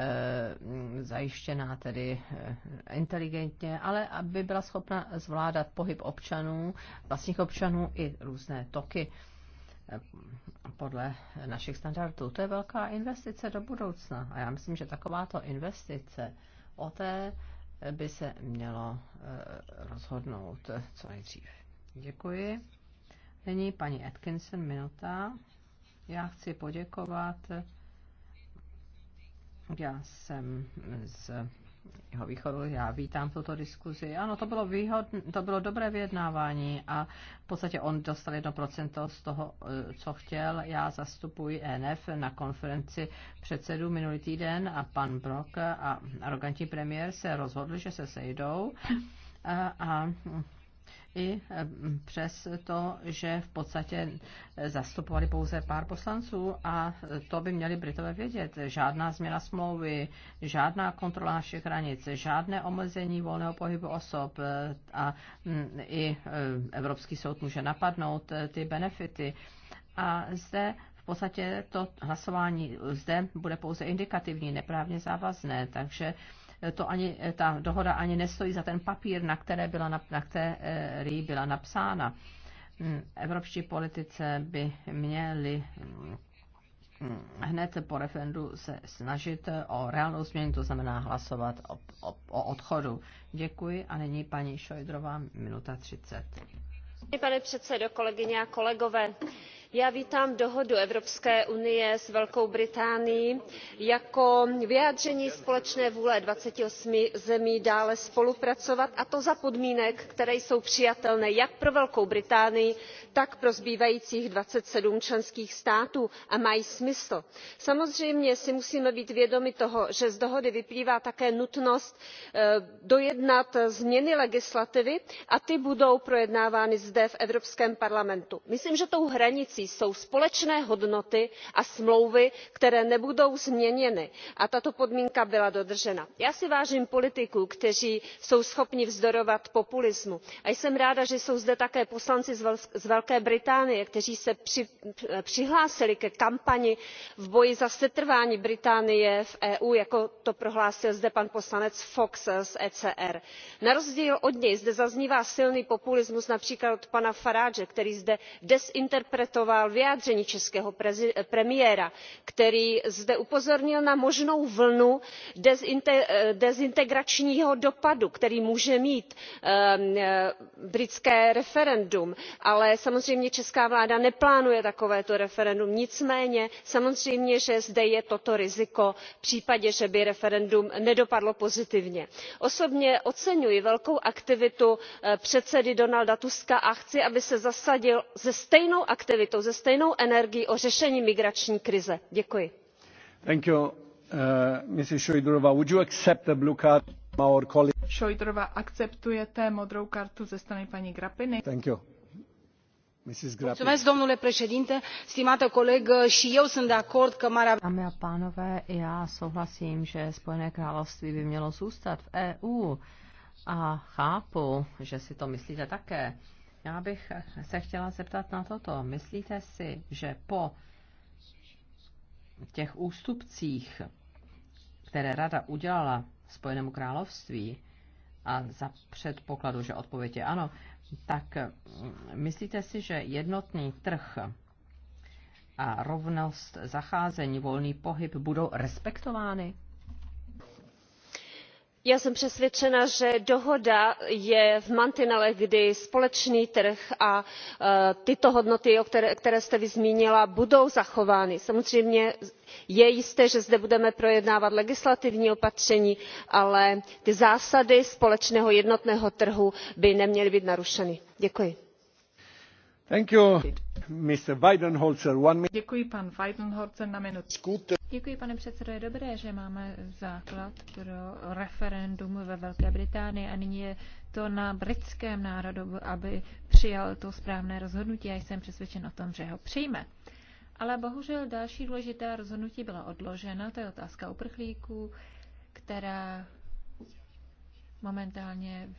Eh, zajištěná tedy eh, inteligentně, ale aby byla schopna zvládat pohyb občanů, vlastních občanů i různé toky eh, podle našich standardů. To je velká investice do budoucna a já myslím, že takováto investice o té by se mělo rozhodnout co nejdřív. Děkuji. Nyní paní Atkinson, minuta. Já chci poděkovat já jsem z jeho východu, já vítám tuto diskuzi. Ano, to bylo, výhod, to bylo dobré vyjednávání a v podstatě on dostal 1% z toho, eh, co chtěl. Já zastupuji ENF na konferenci předsedů minulý týden a pan Brok a arrogantní premiér se rozhodl, že se sejdou a, a i eh, přes to, že v podstatě eh, zastupovali pouze pár poslanců a eh, to by měli Britové vědět. Žádná změna smlouvy, žádná kontrola našich hranic, žádné omezení volného pohybu osob a mm, i Evropský soud může napadnout ty benefity. A zde v podstatě to hlasování zde bude pouze indikativní, neprávně závazné, takže to ani, ta dohoda ani nestojí za ten papír, na, které byla, na který byla napsána. Hmm, evropští politice by měli hmm, hned po referendu se snažit o reálnou změnu, to znamená hlasovat o, o, o odchodu. Děkuji a nyní paní Šojdrová, minuta 30. Pane předsedo, kolegyně a kolegové, já vítám dohodu evropské unie s velkou británií jako vyjádření společné vůle twenty eight zemí dále spolupracovat a to za podmínek které jsou přijatelné jak pro velkou británii tak pro zbývajících twenty seven členských států a mají smysl. samozřejmě si musíme být vědomi toho že z dohody vyplývá také nutnost eh, dojednat změny legislativy a ty budou projednávány zde v evropském parlamentu. myslím že tou hranicí demokracií jsou společné hodnoty a smlouvy které nebudou změněny a tato podmínka byla dodržena. já si vážím politiků kteří jsou schopni vzdorovat populismu a jsem ráda že jsou zde také poslanci z velké británie kteří se přihlásili ke kampani v boji za setrvání británie v eu jako to prohlásil zde pan poslanec fox eh, z ecr. na rozdíl od něj zde zaznívá silný populismus například od pana farage který zde dezinterpretoval kritizoval vyjádření českého premiéra který zde upozornil na možnou vlnu dezintegračního dopadu který může mít ehm, e, britské referendum ale samozřejmě česká vláda neplánuje takovéto referendum nicméně samozřejmě že zde je toto riziko v případě že by referendum nedopadlo pozitivně. osobně oceňuji velkou aktivitu e, předsedy donalda tuska a chci aby se zasadil se stejnou aktivitou solidaritou se stejnou energií o řešení migrační krize. děkuji. modrou kartu ze strany paní domnule președinte stimată colegă și eu sunt de acord că marea. dámy a pánové já souhlasím že spojené království by mělo zůstat v eu a chápu že si to myslíte také. Já bych se chtěla zeptat na toto. Myslíte si, že po těch ústupcích, které rada udělala Spojenému království, a za předpokladu, že odpověď je ano, tak mm, myslíte si, že jednotný trh a rovnost zacházení, volný pohyb budou respektovány? já jsem přesvědčena že dohoda je v mantinelech kdy společný trh a e, tyto hodnoty které jste vy zmínila budou zachovány. samozřejmě je jisté že zde budeme projednávat legislativní opatření ale ty zásady společného jednotného trhu by neměly být narušeny. děkuji. Děkuji, pan Weidenholzer, na minutu. Děkuji, pane předsedo. Je dobré, že máme základ pro referendum ve Velké Británii a nyní je to na britském národu, aby přijal to správné rozhodnutí a jsem přesvědčen o tom, že ho přijme. Ale bohužel další důležitá rozhodnutí byla odložena, to je otázka uprchlíků, která momentálně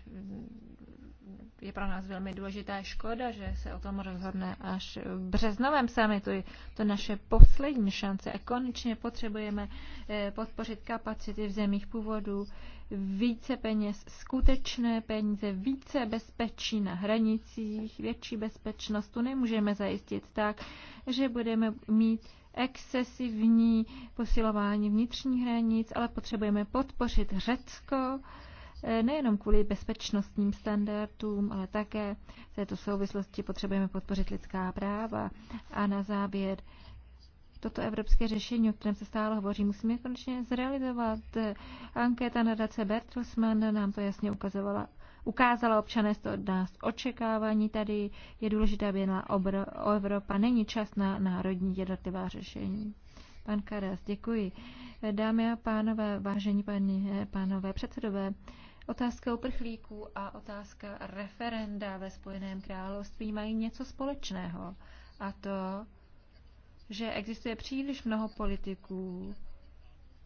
je pro nás velmi důležitá škoda, že se o tom rozhodne až v březnovém summitu. To naše poslední šance a konečně potřebujeme eh, podpořit kapacity v zemích původu, více peněz, skutečné peníze, více bezpečí na hranicích, větší bezpečnost. Tu nemůžeme zajistit tak, že budeme mít excesivní posilování vnitřních hranic, ale potřebujeme podpořit Řecko, Eh, nejenom kvůli bezpečnostním standardům, ale také v této souvislosti potřebujeme podpořit lidská práva. A na závěr, toto evropské řešení, o kterém se stále hovoří, musíme konečně zrealizovat. Anketa nadace Bertelsmann nám to jasně ukazovala. Ukázala občané to od nás očekávání. Tady je důležité, aby na Evropa není čas na národní jednotlivá řešení. Pan Karas, děkuji. Dámy a pánové, vážení paní, eh, pánové předsedové, Otázka uprchlíků a otázka referenda ve Spojeném království mají něco společného. A to, že existuje příliš mnoho politiků,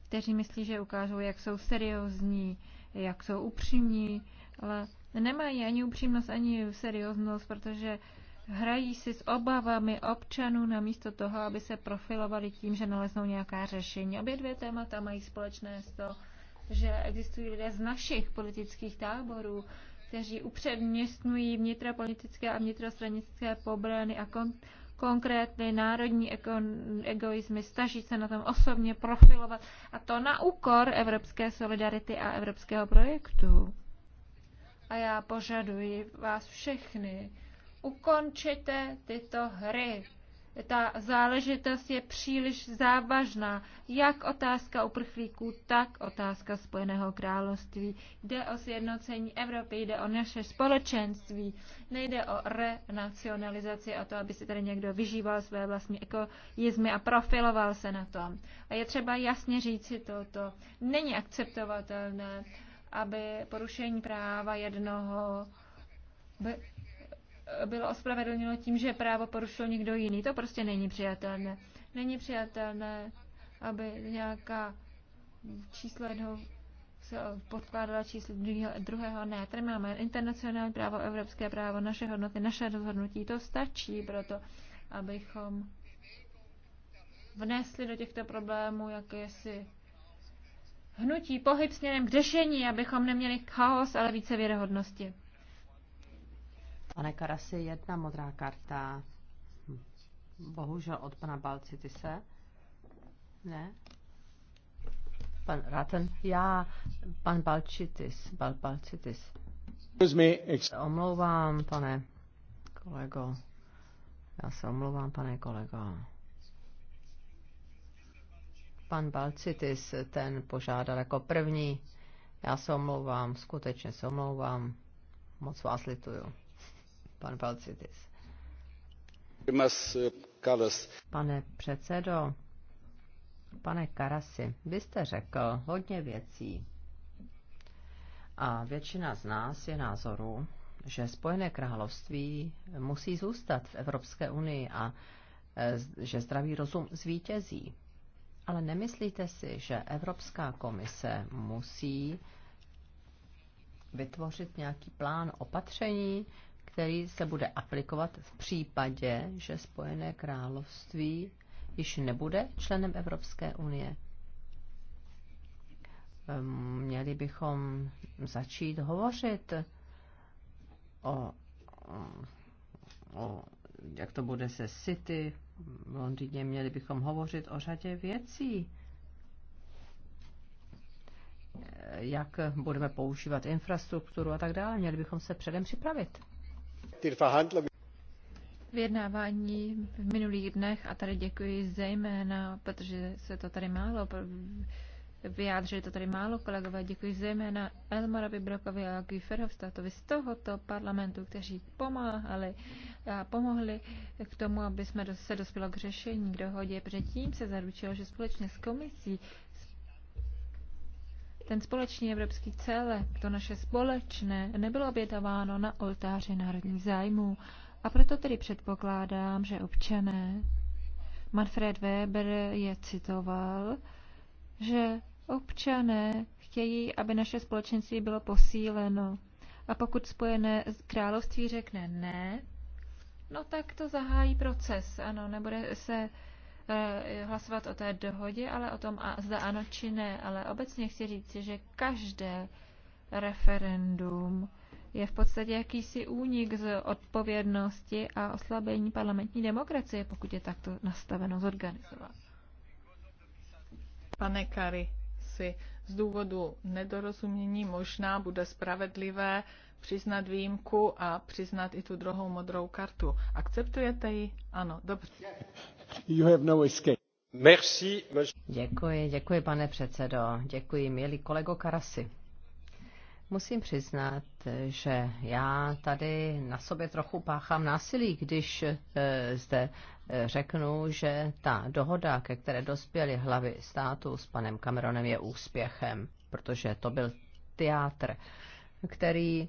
kteří myslí, že ukážou, jak jsou seriózní, jak jsou upřímní, ale nemají ani upřímnost, ani serióznost, protože hrají si s obavami občanů namísto toho, aby se profilovali tím, že naleznou nějaká řešení. Obě dvě témata mají společné s to, že existují lidé z našich politických táborů, kteří upřednostňují vnitropolitické a vnitrostranické poblény a kon- konkrétní národní egoismy, staží se na tom osobně profilovat a to na úkor evropské solidarity a evropského projektu. A já požaduji vás všechny, ukončete tyto hry ta záležitost je příliš závažná, jak otázka uprchlíků, tak otázka Spojeného království. Jde o sjednocení Evropy, jde o naše společenství, nejde o renacionalizaci, o to, aby si tady někdo vyžíval své vlastní ekoizmy a profiloval se na tom. A je třeba jasně říci toto. Není akceptovatelné, aby porušení práva jednoho bylo ospravedlněno tím, že právo porušil někdo jiný. To prostě není přijatelné. Není přijatelné, aby nějaká číslo jednoho se podkládala číslo druhého. Ne, tady máme internacionální právo, evropské právo, naše hodnoty, naše rozhodnutí. To stačí proto, abychom vnesli do těchto problémů jakési hnutí, pohyb směrem k řešení, abychom neměli chaos, ale více věrohodnosti. Pane Karasi, jedna modrá karta. Bohužel od pana se? Ne? Pan Raten? Já, pan Balčitis. Bal, Balčitis. Omlouvám, pane kolego. Já se omlouvám, pane kolego. Pan Balcitis, ten požádal jako první. Já se omlouvám, skutečně se omlouvám. Moc vás lituju pan Balcitis. Pane předsedo, pane Karasi, vy jste řekl hodně věcí a většina z nás je názoru, že Spojené království musí zůstat v Evropské unii a e, že zdravý rozum zvítězí. Ale nemyslíte si, že Evropská komise musí vytvořit nějaký plán opatření, který se bude aplikovat v případě, že Spojené království již nebude členem Evropské unie. Ehm, měli bychom začít hovořit o, o, o jak to bude se City v Londýně, měli bychom hovořit o řadě věcí jak budeme používat infrastrukturu a tak dále. Měli bychom se předem připravit. Vyjednávání v minulých dnech, a tady děkuji zejména, protože se to tady málo vyjádřili to tady málo kolegové, děkuji zejména Elmarovi Brokovi a Guy Verhofstadtovi z tohoto parlamentu, kteří pomáhali a pomohli k tomu, aby jsme se dospělo k řešení, k dohodě. Předtím se zaručilo, že společně s komisí ten společný evropský celek, to naše společné, nebylo obětováno na oltáři národních zájmů. A proto tedy předpokládám, že občané, Manfred Weber je citoval, že občané chtějí, aby naše společenství bylo posíleno. A pokud spojené království řekne ne, no tak to zahájí proces, ano, nebude se Eh, hlasovat o té dohodě, ale o tom, zda ano či ne. Ale obecně chci říct, že každé referendum je v podstatě jakýsi únik z odpovědnosti a oslabení parlamentní demokracie, pokud je takto nastaveno zorganizováno. Pane Kari, si z důvodu nedorozumění možná bude spravedlivé přiznat výjimku a přiznat i tu druhou modrou kartu. Akceptujete ji? Ano, dobře. You have no escape. Merci. Děkuji, děkuji, pane předsedo. Děkuji, milý kolego Karasi. Musím přiznat, že já tady na sobě trochu páchám násilí, když e, zde e, řeknu, že ta dohoda, ke které dospěly hlavy státu s panem Cameronem, je úspěchem, protože to byl teátr, který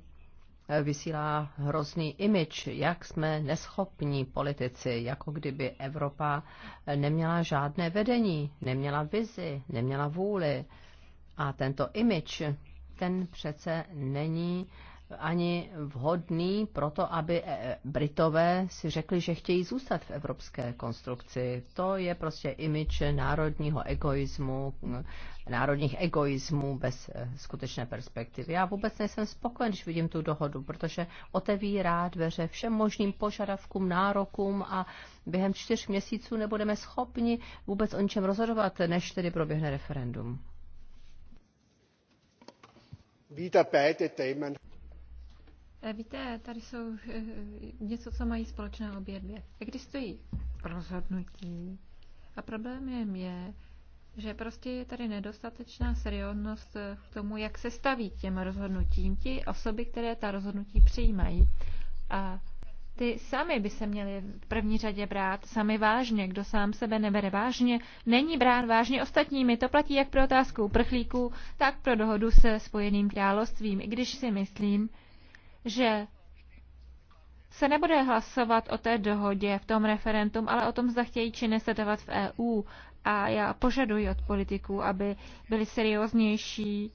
e, vysílá hrozný imič, jak jsme neschopní politici, jako kdyby Evropa neměla žádné vedení, neměla vizi, neměla vůli. A tento imič ten přece není ani vhodný pro to, aby eh, Britové si řekli, že chtějí zůstat v evropské konstrukci. To je prostě imič národního egoismu, eh, národních egoismů bez eh, skutečné perspektivy. Já vůbec nejsem spokojen, když vidím tu dohodu, protože otevírá dveře všem možným požadavkům, nárokům a během čtyř měsíců nebudeme schopni vůbec o ničem rozhodovat, než tedy proběhne referendum wieder beide Themen. Eh, víte, tady jsou eh, něco, co mají společné obě dvě. Existují rozhodnutí a problémem je, že prostě je tady nedostatečná serióznost eh, k tomu, jak se staví k těm rozhodnutím ti osoby, které ta rozhodnutí přijímají. A ty sami by se měli v první řadě brát sami vážně. Kdo sám sebe nebere vážně, není brán vážně ostatními. To platí jak pro otázku uprchlíků, tak pro dohodu se Spojeným královstvím. I když si myslím, že se nebude hlasovat o té dohodě v tom referendum, ale o tom, zda chtějí či v EU. A já požaduji od politiků, aby byli serióznější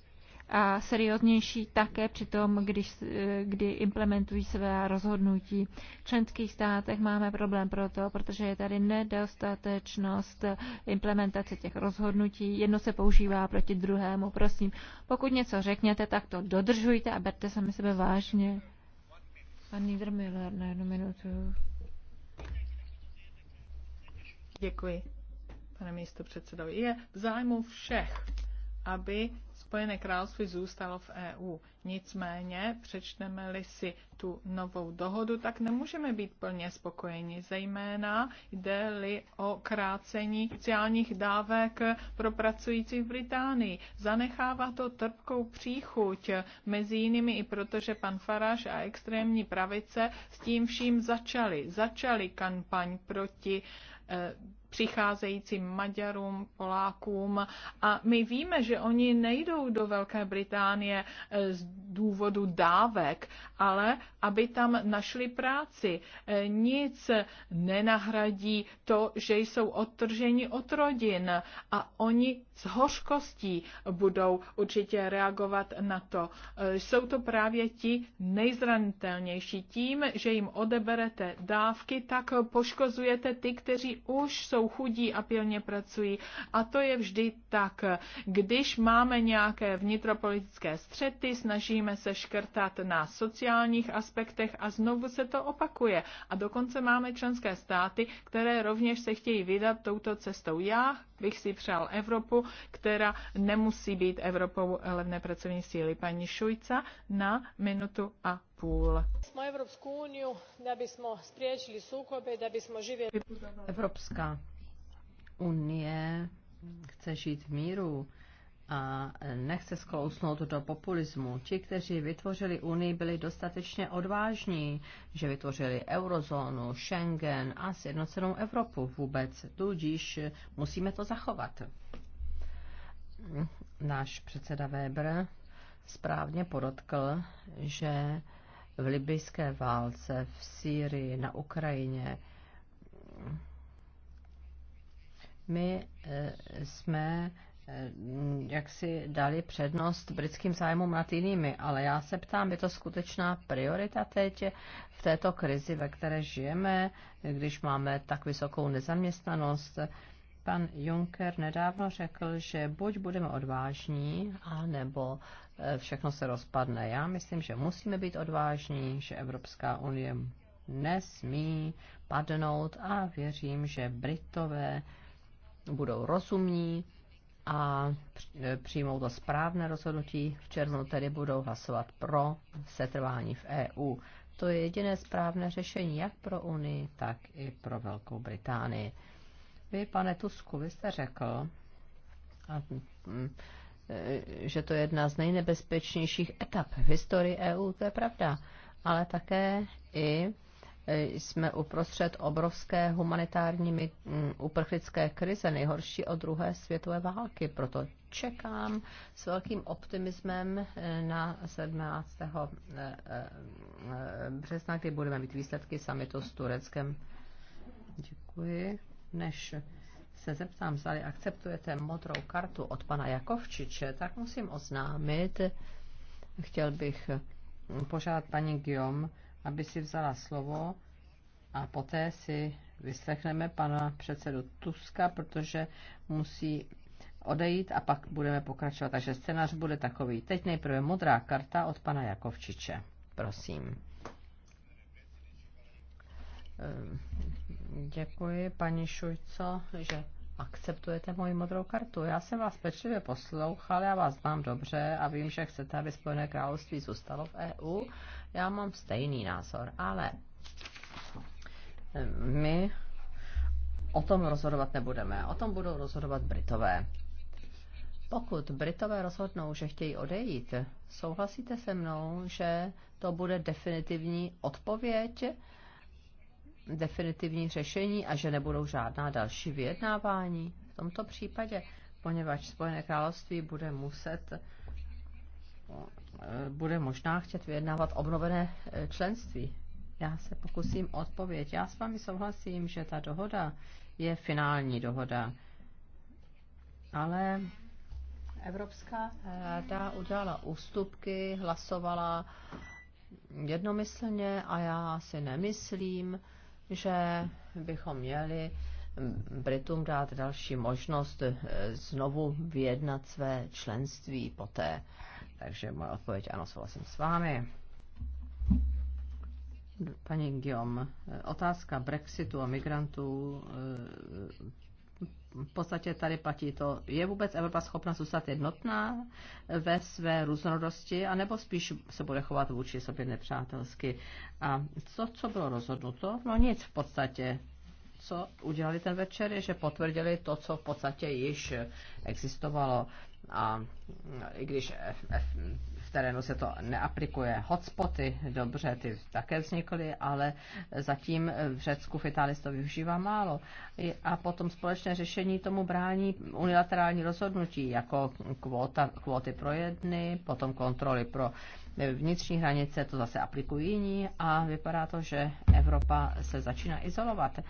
a serióznější také při tom, když, kdy implementují své rozhodnutí. V členských státech máme problém proto, protože je tady nedostatečnost implementace těch rozhodnutí. Jedno se používá proti druhému. Prosím, pokud něco řekněte, tak to dodržujte a berte sami sebe vážně. Pan Niedermüller na jednu minutu. Děkuji, pane místo předsedovi. Je v zájmu všech, aby Spojené království zůstalo v EU. Nicméně, přečteme-li si tu novou dohodu, tak nemůžeme být plně spokojeni, zejména jde-li o krácení sociálních dávek pro pracující v Británii. Zanechává to trpkou příchuť, mezi jinými i protože pan Farage a extrémní pravice s tím vším začali. Začali kampaň proti eh, přicházejícím Maďarům, Polákům. A my víme, že oni nejdou do Velké Británie eh, z důvodu dávek, ale aby tam našli práci. Eh, nic nenahradí to, že jsou odtrženi od rodin a oni s hořkostí budou určitě reagovat na to. Eh, jsou to právě ti nejzranitelnější. Tím, že jim odeberete dávky, tak poškozujete ty, kteří už jsou jsou chudí a pilně pracují. A to je vždy tak. Když máme nějaké vnitropolitické střety, snažíme se škrtat na sociálních aspektech a znovu se to opakuje. A dokonce máme členské státy, které rovněž se chtějí vydat touto cestou. Já bych si přál Evropu, která nemusí být Evropou levné pracovní síly. Paní Šujca na minutu a půl. Jsme Evropskou unii, aby jsme spriječili sukobe, aby jsme živjeli... Evropská Unie chce žít v míru a nechce sklousnout do populismu. Ti, kteří vytvořili Unii, byli dostatečně odvážní, že vytvořili eurozónu, Schengen a sjednocenou Evropu vůbec. Tudíž musíme to zachovat. Náš předseda Weber správně podotkl, že v libyjské válce, v Sýrii, na Ukrajině my eh, jsme eh, jak si dali přednost britským zájmům nad jinými, ale já se ptám, je to skutečná priorita teď v této krizi, ve které žijeme, když máme tak vysokou nezaměstnanost? Pan Juncker nedávno řekl, že buď budeme odvážní, anebo eh, všechno se rozpadne. Já myslím, že musíme být odvážní, že Evropská unie nesmí padnout a věřím, že Britové budou rozumní a e, přijmou to správné rozhodnutí. V červnu tedy budou hlasovat pro setrvání v EU. To je jediné správné řešení jak pro Unii, tak i pro Velkou Británii. Vy, pane Tusku, vy jste řekl, a, mm, e, že to je jedna z nejnebezpečnějších etap v historii EU, to je pravda, ale také i jsme uprostřed obrovské humanitární mm, uprchlické krize, nejhorší od druhé světové války. Proto čekám s velkým optimismem eh, na 17. Eh, eh, března, kdy budeme mít výsledky samitu s Tureckem. Děkuji. Než se zeptám, zda akceptujete modrou kartu od pana Jakovčiče, tak musím oznámit, chtěl bych požádat paní Guillaume, aby si vzala slovo a poté si vyslechneme pana předsedu Tuska, protože musí odejít a pak budeme pokračovat. Takže scénář bude takový. Teď nejprve modrá karta od pana Jakovčiče. Prosím. Ehm, děkuji, paní Šujco, že akceptujete moji modrou kartu. Já jsem vás pečlivě poslouchal, já vás znám dobře a vím, že chcete, aby Spojené království zůstalo v EU já mám stejný názor, ale eh, my o tom rozhodovat nebudeme. O tom budou rozhodovat Britové. Pokud Britové rozhodnou, že chtějí odejít, souhlasíte se mnou, že to bude definitivní odpověď, definitivní řešení a že nebudou žádná další vyjednávání? V tomto případě, poněvadž Spojené království bude muset Eh, bude možná chtět vyjednávat obnovené eh, členství. Já se pokusím odpověď. Já s vámi souhlasím, že ta dohoda je finální dohoda, ale Evropská eh, rada udělala ústupky, hlasovala jednomyslně a já si nemyslím, že bychom měli mm, Britům dát další možnost znovu vyjednat své členství poté. té takže moje odpověď ano, souhlasím s vámi. Paní Guillaume, otázka Brexitu a migrantů. Eh, v podstatě tady platí to, je vůbec Evropa schopna zůstat jednotná ve své různorodosti, anebo spíš se bude chovat vůči sobě nepřátelsky. A co, co bylo rozhodnuto? No nic v podstatě co udělali ten večer, je, že potvrdili to, co v podstatě již existovalo a i když v terénu se to neaplikuje. Hotspoty, dobře, ty také vznikly, ale zatím v Řecku, v Itálii se to využívá málo. A potom společné řešení tomu brání unilaterální rozhodnutí, jako kvota, kvóty pro jedny, potom kontroly pro vnitřní hranice, to zase aplikují jiní a vypadá to, že Evropa se začíná izolovat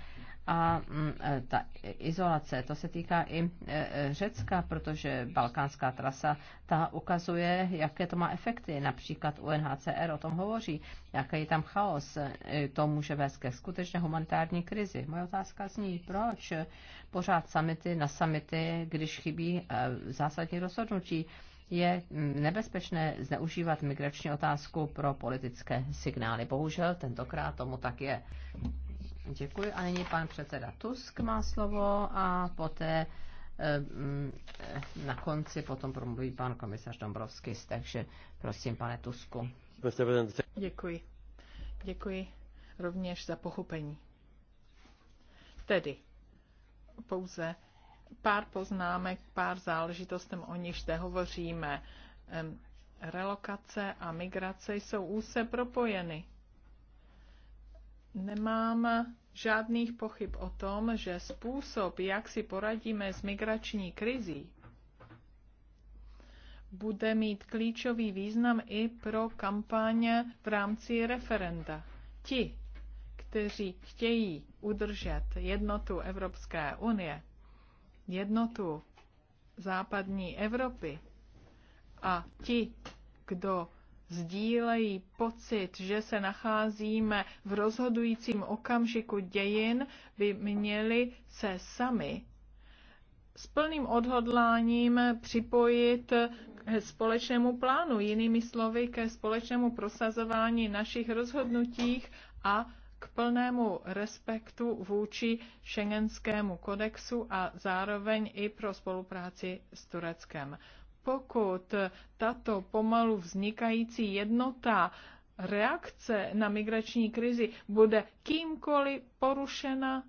a mm, e, ta izolace, to se týká i e, e, Řecka, protože balkánská trasa, ta ukazuje, jaké to má efekty. Například UNHCR o tom hovoří, jaký je tam chaos. To může vést ke skutečně humanitární krizi. Moje otázka zní, proč pořád samity na samity, když chybí zásadní rozhodnutí, je mm, nebezpečné zneužívat migrační otázku pro politické signály. Bohužel tentokrát tomu tak je. Děkuji. A nyní pan předseda Tusk má slovo a poté eh, mm, eh, na konci potom promluví pan komisař Dombrovský, takže prosím, pane Tusku. Děkuji. Děkuji rovněž za pochopení. Tedy pouze pár poznámek, pár záležitostem, o nichž zde hovoříme. Relokace a migrace jsou úse propojeny. Nemám žádných pochyb o tom, že způsob, jak si poradíme s migrační krizí, bude mít klíčový význam i pro kampaně v rámci referenda. Ti, kteří chtějí udržet jednotu Evropské unie, jednotu západní Evropy a ti, kdo sdílejí pocit, že se nacházíme v rozhodujícím okamžiku dějin, by měli se sami s plným odhodláním připojit k společnému plánu, jinými slovy ke společnému prosazování našich rozhodnutích a k plnému respektu vůči šengenskému kodexu a zároveň i pro spolupráci s Tureckem pokud tato pomalu vznikající jednota reakce na migrační krizi bude kýmkoliv porušena,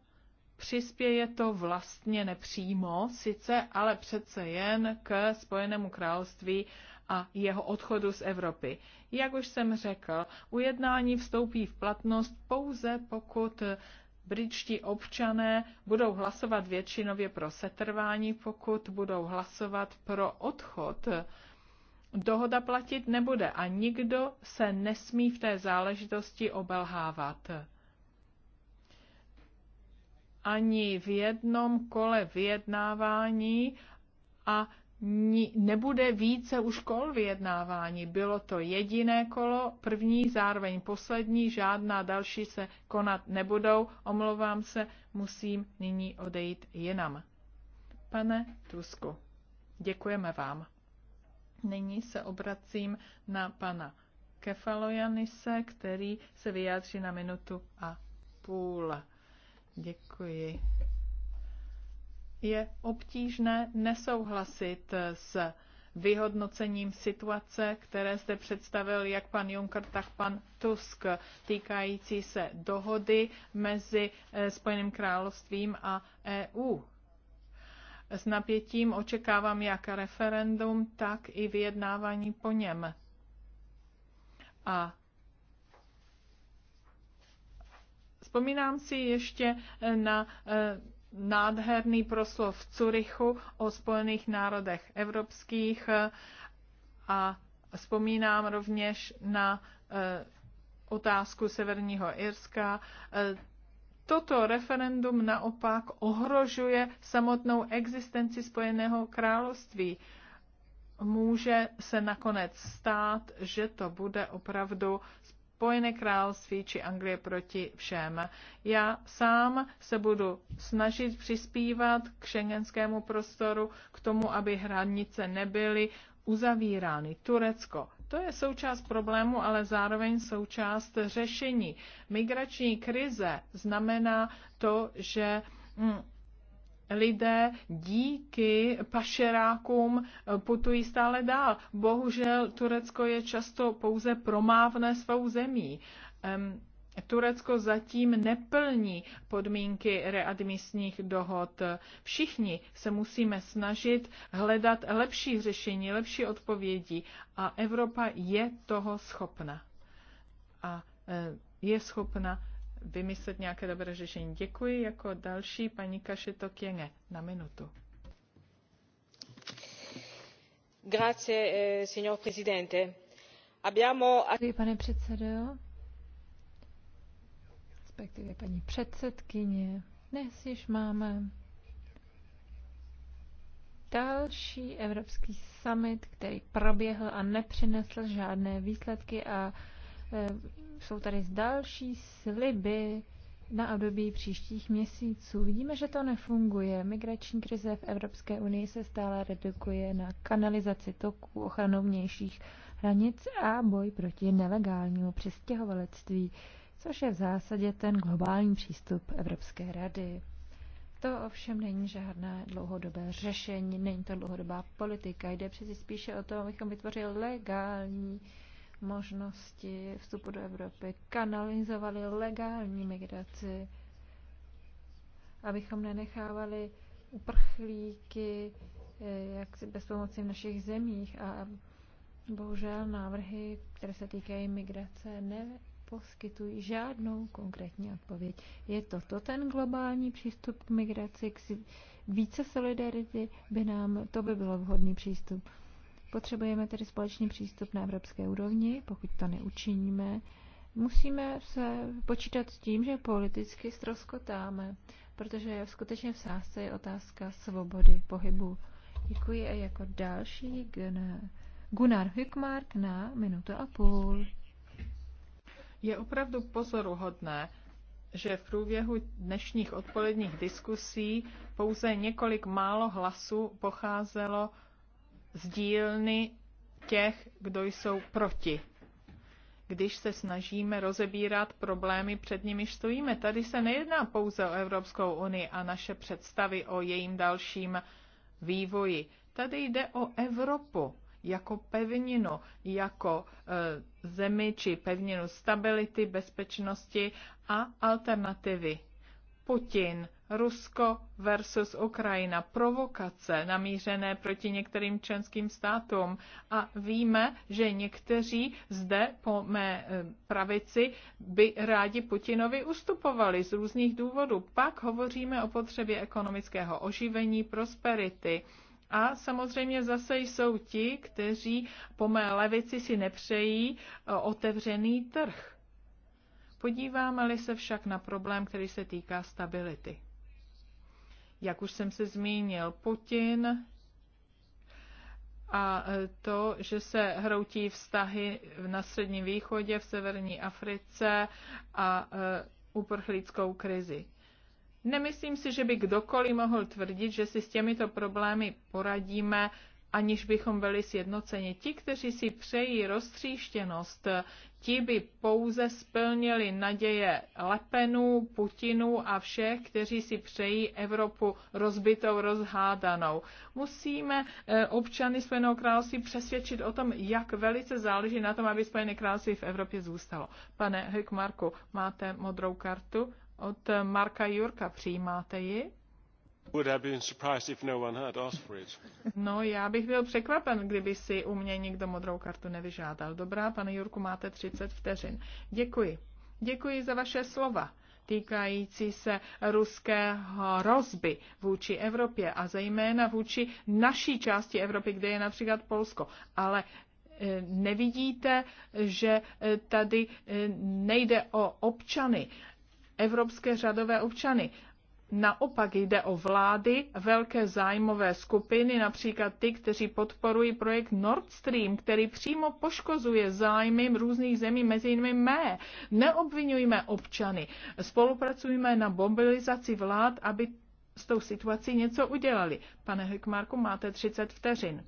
přispěje to vlastně nepřímo, sice, ale přece jen k Spojenému království a jeho odchodu z Evropy. Jak už jsem řekl, ujednání vstoupí v platnost pouze pokud britští občané budou hlasovat většinově pro setrvání, pokud budou hlasovat pro odchod. Dohoda platit nebude a nikdo se nesmí v té záležitosti obelhávat. Ani v jednom kole vyjednávání a nebude více už kol vyjednávání. Bylo to jediné kolo, první, zároveň poslední, žádná další se konat nebudou. Omlouvám se, musím nyní odejít jinam. Pane Tusku, děkujeme vám. Nyní se obracím na pana Kefalojanise, který se vyjádří na minutu a půl. Děkuji je obtížné nesouhlasit s vyhodnocením situace, které zde představil jak pan Juncker, tak pan Tusk, týkající se dohody mezi eh, Spojeným královstvím a EU. S napětím očekávám jak referendum, tak i vyjednávání po něm. A vzpomínám si ještě eh, na eh, nádherný proslov v Curychu o Spojených národech evropských eh, a vzpomínám rovněž na eh, otázku Severního Irska. Eh, toto referendum naopak ohrožuje samotnou existenci Spojeného království. Může se nakonec stát, že to bude opravdu Spojené království či Anglie proti všem. Já sám se budu snažit přispívat k šengenskému prostoru, k tomu, aby hranice nebyly uzavírány. Turecko. To je součást problému, ale zároveň součást řešení. Migrační krize znamená to, že mm, lidé díky pašerákům eh, putují stále dál. Bohužel Turecko je často pouze promávne svou zemí. Turecko zatím neplní podmínky readmisních dohod. Všichni se musíme snažit hledat lepší řešení, lepší odpovědi a Evropa je toho schopna. A eh, je schopna vymyslet nějaké dobré řešení. Děkuji. Jako další paní Kašito Kěne na minutu. Grazie, eh, signor presidente. Abbiamo... Děkuji, pane předsedo. Respektive paní předsedkyně. Dnes již máme další evropský summit, který proběhl a nepřinesl žádné výsledky a Eh, jsou tady další sliby na období příštích měsíců. Vidíme, že to nefunguje. Migrační krize v Evropské unii se stále redukuje na kanalizaci toků, ochranu vnějších hranic a boj proti nelegálnímu přistěhovalectví, což je v zásadě ten globální přístup Evropské rady. To ovšem není žádné dlouhodobé řešení, není to dlouhodobá politika. Jde přeci spíše o to, abychom vytvořili legální možnosti vstupu do Evropy, kanalizovali legální migraci, abychom nenechávali uprchlíky eh, jak bez pomoci v našich zemích a bohužel návrhy, které se týkají migrace, neposkytují žádnou konkrétní odpověď. Je to to ten globální přístup k migraci, k více solidarity by nám, to by bylo vhodný přístup. Potřebujeme tedy společný přístup na evropské úrovni, pokud to neučiníme. Musíme se počítat s tím, že politicky stroskotáme, protože skutečně v sásce je otázka svobody pohybu. Děkuji a jako další Gunnar Hükmark na minutu a půl. Je opravdu pozoruhodné, že v průběhu dnešních odpoledních diskusí pouze několik málo hlasů pocházelo z dílny těch, kdo jsou proti když se snažíme rozebírat problémy, před nimi stojíme. Tady se nejedná pouze o Evropskou unii a naše představy o jejím dalším vývoji. Tady jde o Evropu jako pevninu, jako e, zemi či pevninu stability, bezpečnosti a alternativy. Putin, Rusko versus Ukrajina, provokace namířené proti některým členským státům. A víme, že někteří zde po mé eh, pravici by rádi Putinovi ustupovali z různých důvodů. Pak hovoříme o potřebě ekonomického oživení, prosperity. A samozřejmě zase jsou ti, kteří po mé levici si nepřejí eh, otevřený trh. Podíváme-li se však na problém, který se týká stability jak už jsem se zmínil, Putin a e, to, že se hroutí vztahy na Středním východě, v severní Africe a e, uprchlíckou krizi. Nemyslím si, že by kdokoliv mohl tvrdit, že si s těmito problémy poradíme, aniž bychom byli sjednoceni. Ti, kteří si přejí roztříštěnost, Ti by pouze splnili naděje Lepenů, Putinů a všech, kteří si přejí Evropu rozbitou, rozhádanou. Musíme eh, občany Spojeného království přesvědčit o tom, jak velice záleží na tom, aby Spojené království v Evropě zůstalo. Pane Hekmarku, máte modrou kartu od Marka Jurka, přijímáte ji? No, já bych byl překvapen, kdyby si u mě nikdo modrou kartu nevyžádal. Dobrá, pane Jurku, máte 30 vteřin. Děkuji. Děkuji za vaše slova týkající se ruské hrozby vůči Evropě a zejména vůči naší části Evropy, kde je například Polsko. Ale e, nevidíte, že e, tady e, nejde o občany, evropské řadové občany. Naopak jde o vlády, velké zájmové skupiny, například ty, kteří podporují projekt Nord Stream, který přímo poškozuje zájmy různých zemí, mezi jinými mé. Neobvinujme občany. Spolupracujeme na mobilizaci vlád, aby s tou situací něco udělali. Pane Hekmarku, máte 30 vteřin.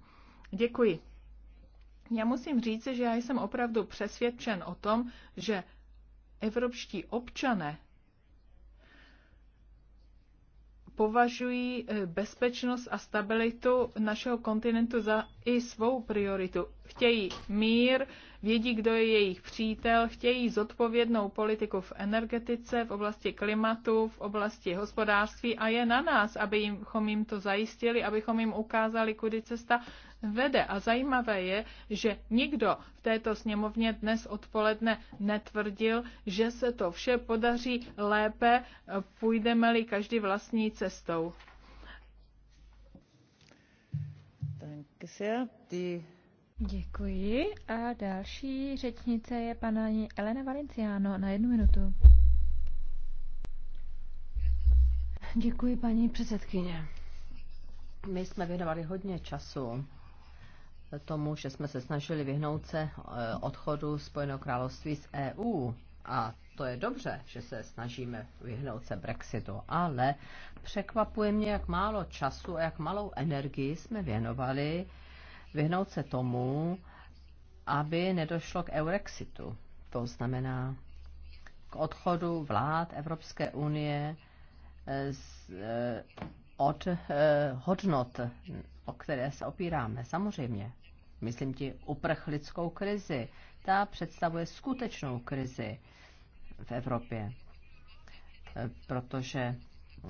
Děkuji. Já musím říct, že já jsem opravdu přesvědčen o tom, že evropští občané považují eh, bezpečnost a stabilitu našeho kontinentu za i svou prioritu. Chtějí mír, vědí, kdo je jejich přítel, chtějí zodpovědnou politiku v energetice, v oblasti klimatu, v oblasti hospodářství a je na nás, abychom jim to zajistili, abychom jim ukázali, kudy cesta vede. A zajímavé je, že nikdo v této sněmovně dnes odpoledne netvrdil, že se to vše podaří lépe, eh, půjdeme-li každý vlastní cestou. Děkuji a další řečnice je pana Elena Valenciano na jednu minutu. Děkuji, paní předsedkyně. My jsme věnovali hodně času tomu, že jsme se snažili vyhnout se eh, odchodu Spojeného království z EU. A to je dobře, že se snažíme vyhnout se Brexitu, ale překvapuje mě, jak málo času a jak malou energii jsme věnovali vyhnout se tomu, aby nedošlo k Eurexitu. To znamená k odchodu vlád Evropské unie eh, z, eh, od hodnot, o které se opíráme. Samozřejmě myslím ti uprchlickou krizi. Ta představuje skutečnou krizi v Evropě, e, protože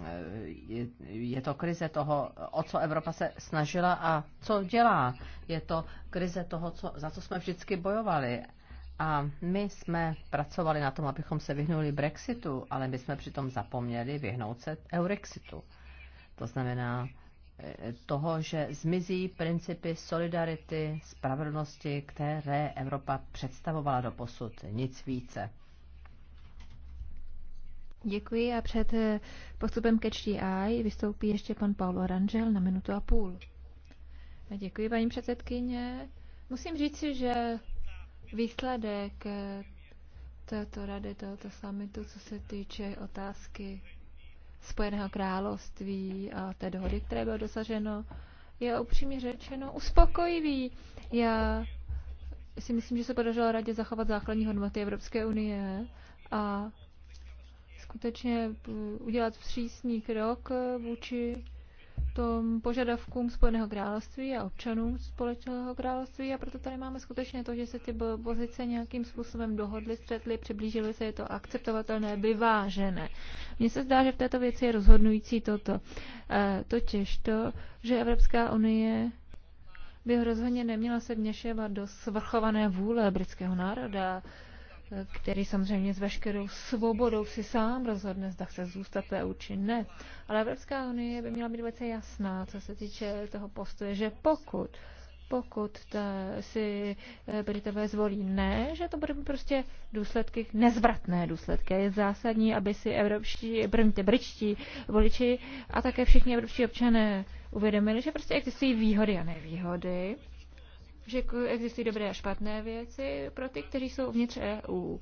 e, je to krize toho, o co Evropa se snažila a co dělá. Je to krize toho, co, za co jsme vždycky bojovali. A my jsme pracovali na tom, abychom se vyhnuli Brexitu, ale my jsme přitom zapomněli vyhnout se Eurexitu. To znamená, toho, že zmizí principy solidarity, spravedlnosti, které Evropa představovala do posud. Nic více. Děkuji a před eh, postupem ke HDI vystoupí ještě pan Paulo Rangel na minutu a půl. Děkuji, paní předsedkyně. Musím říci, že výsledek eh, této rady, tohoto summitu, co se týče otázky Spojeného království a té dohody, které bylo dosaženo, je upřímně řečeno uspokojivý. Já si myslím, že se podařilo radě zachovat základní hodnoty Evropské unie a skutečně udělat přísný krok vůči tom požadavkům Spojeného království a občanům Společného království a proto tady máme skutečně to, že se ty pozice nějakým způsobem dohodly, střetly, přiblížily se, je to akceptovatelné, vyvážené. Mně se zdá, že v této věci je rozhodnující toto. E, totiž to, že Evropská unie by rozhodně neměla se vněšovat do svrchované vůle britského národa, který samozřejmě s veškerou svobodou si sám rozhodne, zda chce zůstat v e či ne. Ale Evropská unie by měla být velice jasná, co se týče toho postoje, že pokud pokud ta, si eh, Britové zvolí ne, že to bude prostě důsledky, nezvratné důsledky. Je zásadní, aby si evropští, prvníte, britští voliči a také všichni evropští občané uvědomili, že prostě existují výhody a nevýhody že existují dobré a špatné věci pro ty, kteří jsou uvnitř EU.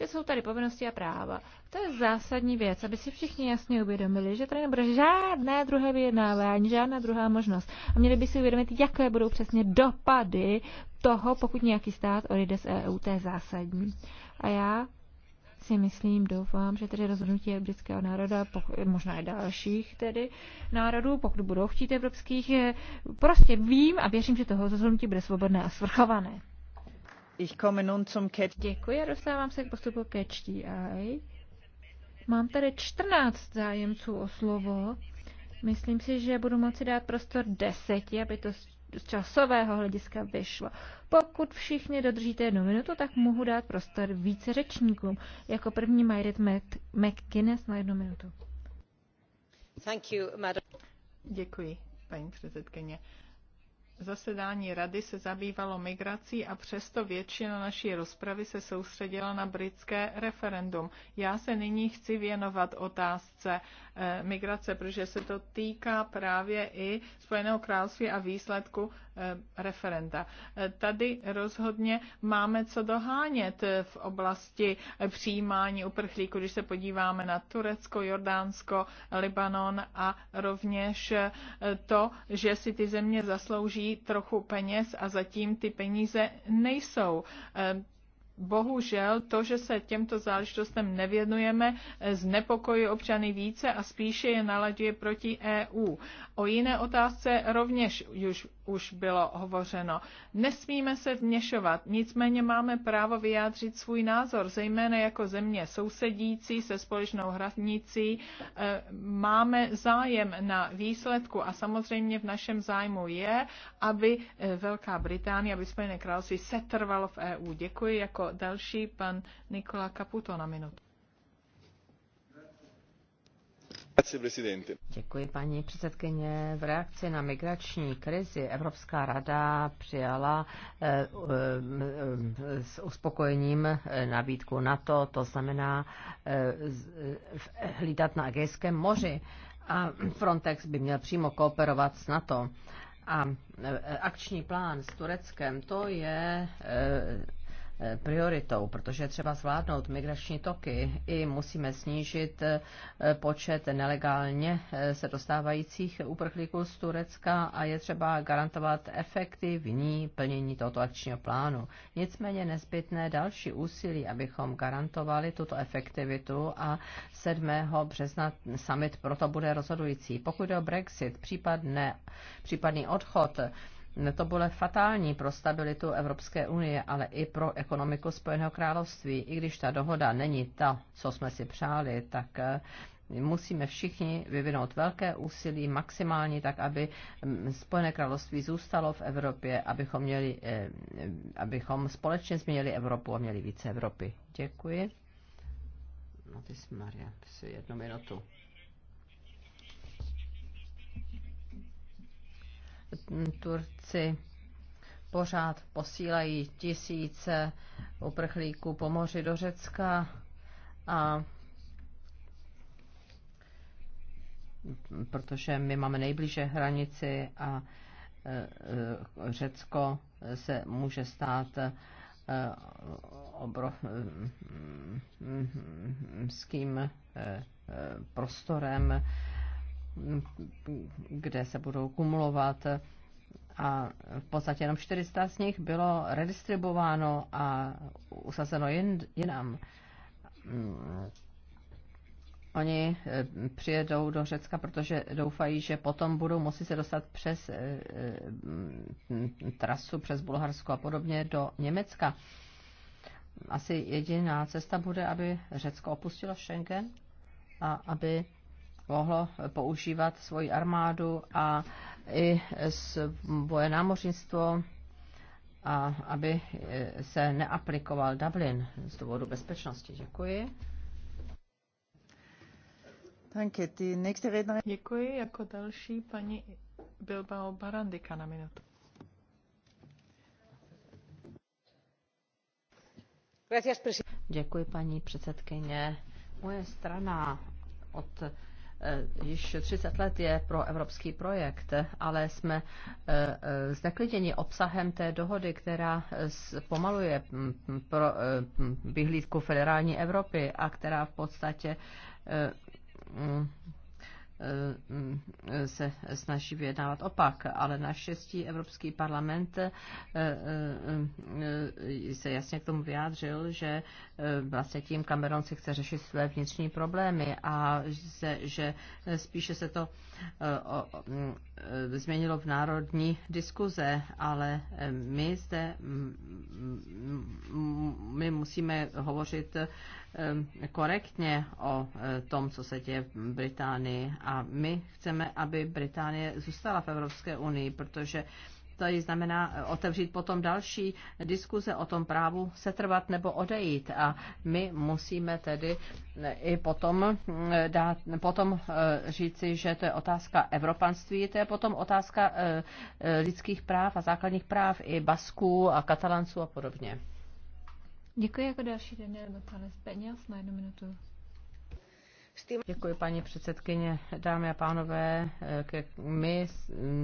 Že jsou tady povinnosti a práva. To je zásadní věc, aby si všichni jasně uvědomili, že tady nebude žádné druhé vyjednávání, žádná druhá možnost. A měli by si uvědomit, jaké budou přesně dopady toho, pokud nějaký stát odejde z EU. To je zásadní. A já si myslím, doufám, že tedy rozhodnutí britského národa, možná i dalších tedy národů, pokud budou chtít evropských, prostě vím a věřím, že toho rozhodnutí bude svobodné a svrchované. Ich komme nun zum Catch. Děkuji a dostávám se k postupu Catch Mám tady 14 zájemců o slovo. Myslím si, že budu moci dát prostor deseti, aby to z časového hlediska vyšlo. Pokud všichni dodržíte jednu minutu, tak mohu dát prostor více řečníkům. Jako první Majrit McGuinness na jednu minutu. Thank you, madam. Děkuji, paní předsedkyně. Uh, zasedání rady se zabývalo migrací a přesto většina naší rozpravy se soustředila na britské referendum. Já se nyní chci věnovat otázce eh, migrace, protože se to týká právě i Spojeného království a výsledku Eh, referenda. Eh, tady rozhodně máme co dohánět eh, v oblasti přijímání uprchlíků, když se podíváme na Turecko, Jordánsko, Libanon a rovněž to, že si ty země zaslouží trochu peněz a zatím ty peníze nejsou bohužel to, že se těmto záležitostem nevěnujeme, znepokojuje občany více a spíše je nalaďuje proti EU. O jiné otázce rovněž už už bylo hovořeno. Nesmíme se vměšovat, nicméně máme právo vyjádřit svůj názor, zejména jako země sousedící se společnou hranicí. Eh, máme zájem na výsledku a samozřejmě v našem zájmu je, aby eh, Velká Británie, aby Spojené království setrvalo v EU. Děkuji jako další pan Nikola Caputo na minutu. Děkuji, paní předsedkyně. V reakci na migrační krizi Evropská rada přijala eh, eh, s uspokojením eh, nabídku to, to znamená hlídat na Egejském moři a Frontex by měl přímo kooperovat s NATO. A akční plán s Tureckem, to je prioritou, protože třeba zvládnout migrační toky i musíme snížit eh, počet nelegálně eh, se dostávajících uprchlíků z Turecka a je třeba garantovat efektivní plnění tohoto akčního plánu. Nicméně nezbytné další úsilí, abychom garantovali tuto efektivitu a 7. března summit proto bude rozhodující. Pokud jde o Brexit, případné, případný odchod to bude fatální pro stabilitu Evropské unie, ale i pro ekonomiku Spojeného království. I když ta dohoda není ta, co jsme si přáli, tak eh, musíme všichni vyvinout velké úsilí, maximální, tak aby mm, Spojené království zůstalo v Evropě, abychom, měli, eh, abychom společně změnili Evropu a měli více Evropy. Děkuji. No ty jsi, Maria, jednu minutu. Turci pořád posílají tisíce uprchlíků po moři do Řecka a protože my máme nejbliže hranici a Řecko se může stát obrovským prostorem kde se budou kumulovat a v podstatě jenom 400 z nich bylo redistribováno a usazeno jin, jinam. Mm. Oni eh, přijedou do Řecka, protože doufají, že potom budou moci se dostat přes eh, eh, trasu, přes Bulharsko a podobně do Německa. Asi jediná cesta bude, aby Řecko opustilo Schengen a aby mohlo používat svoji armádu a i svoje námořnictvo, a aby se neaplikoval Dublin z důvodu bezpečnosti. Děkuji. Děkuji. Jako další paní Bilbao Barandika na minutu. Děkuji, paní předsedkyně. Moje strana od Eh, již 30 let je pro evropský projekt, ale jsme eh, eh, zneklidněni obsahem té dohody, která pomaluje mm, mm, pro mm, vyhlídku federální Evropy a která v podstatě Eh, se snaží vyjednávat opak, ale naštěstí Evropský parlament eh, eh, se jasně k tomu vyjádřil, že vlastně tím Cameron si chce řešit své vnitřní problémy a že spíše se to změnilo v národní diskuze, ale my zde mm, mm, mm, my musíme hovořit Eh, korektně o eh, tom, co se děje v Británii. A my chceme, aby Británie zůstala v Evropské unii, protože to znamená eh, otevřít potom další diskuze o tom právu setrvat nebo odejít. A my musíme tedy i potom, dát, potom říci, že to je otázka evropanství, to je potom otázka lidských práv a základních práv i Basků a Katalanců a podobně. Děkuji jako další Daniel González Peněz na jednu minutu. Děkuji, paní předsedkyně. Dámy a pánové, my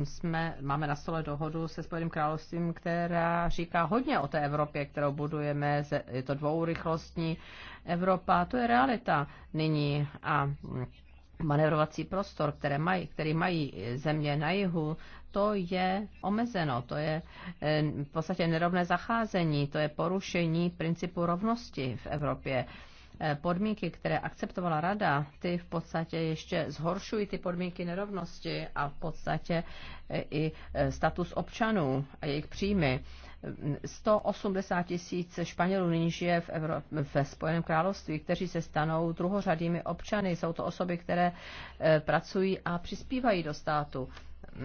jsme, máme na stole dohodu se Spojeným královstvím, která říká hodně o té Evropě, kterou budujeme. Je to dvourychlostní Evropa, to je realita nyní. A manevrovací prostor, které mají, který mají země na jihu, to je omezeno, to je eh, v podstatě nerovné zacházení, to je porušení principu rovnosti v Evropě eh, podmínky, které akceptovala rada, ty v podstatě ještě zhoršují ty podmínky nerovnosti a v podstatě eh, i status občanů a jejich příjmy. 180 mm, tisíc Španělů nyní žije v Evro- ve Spojeném království, kteří se stanou druhořadými občany. Jsou to osoby, které pracují a přispívají do státu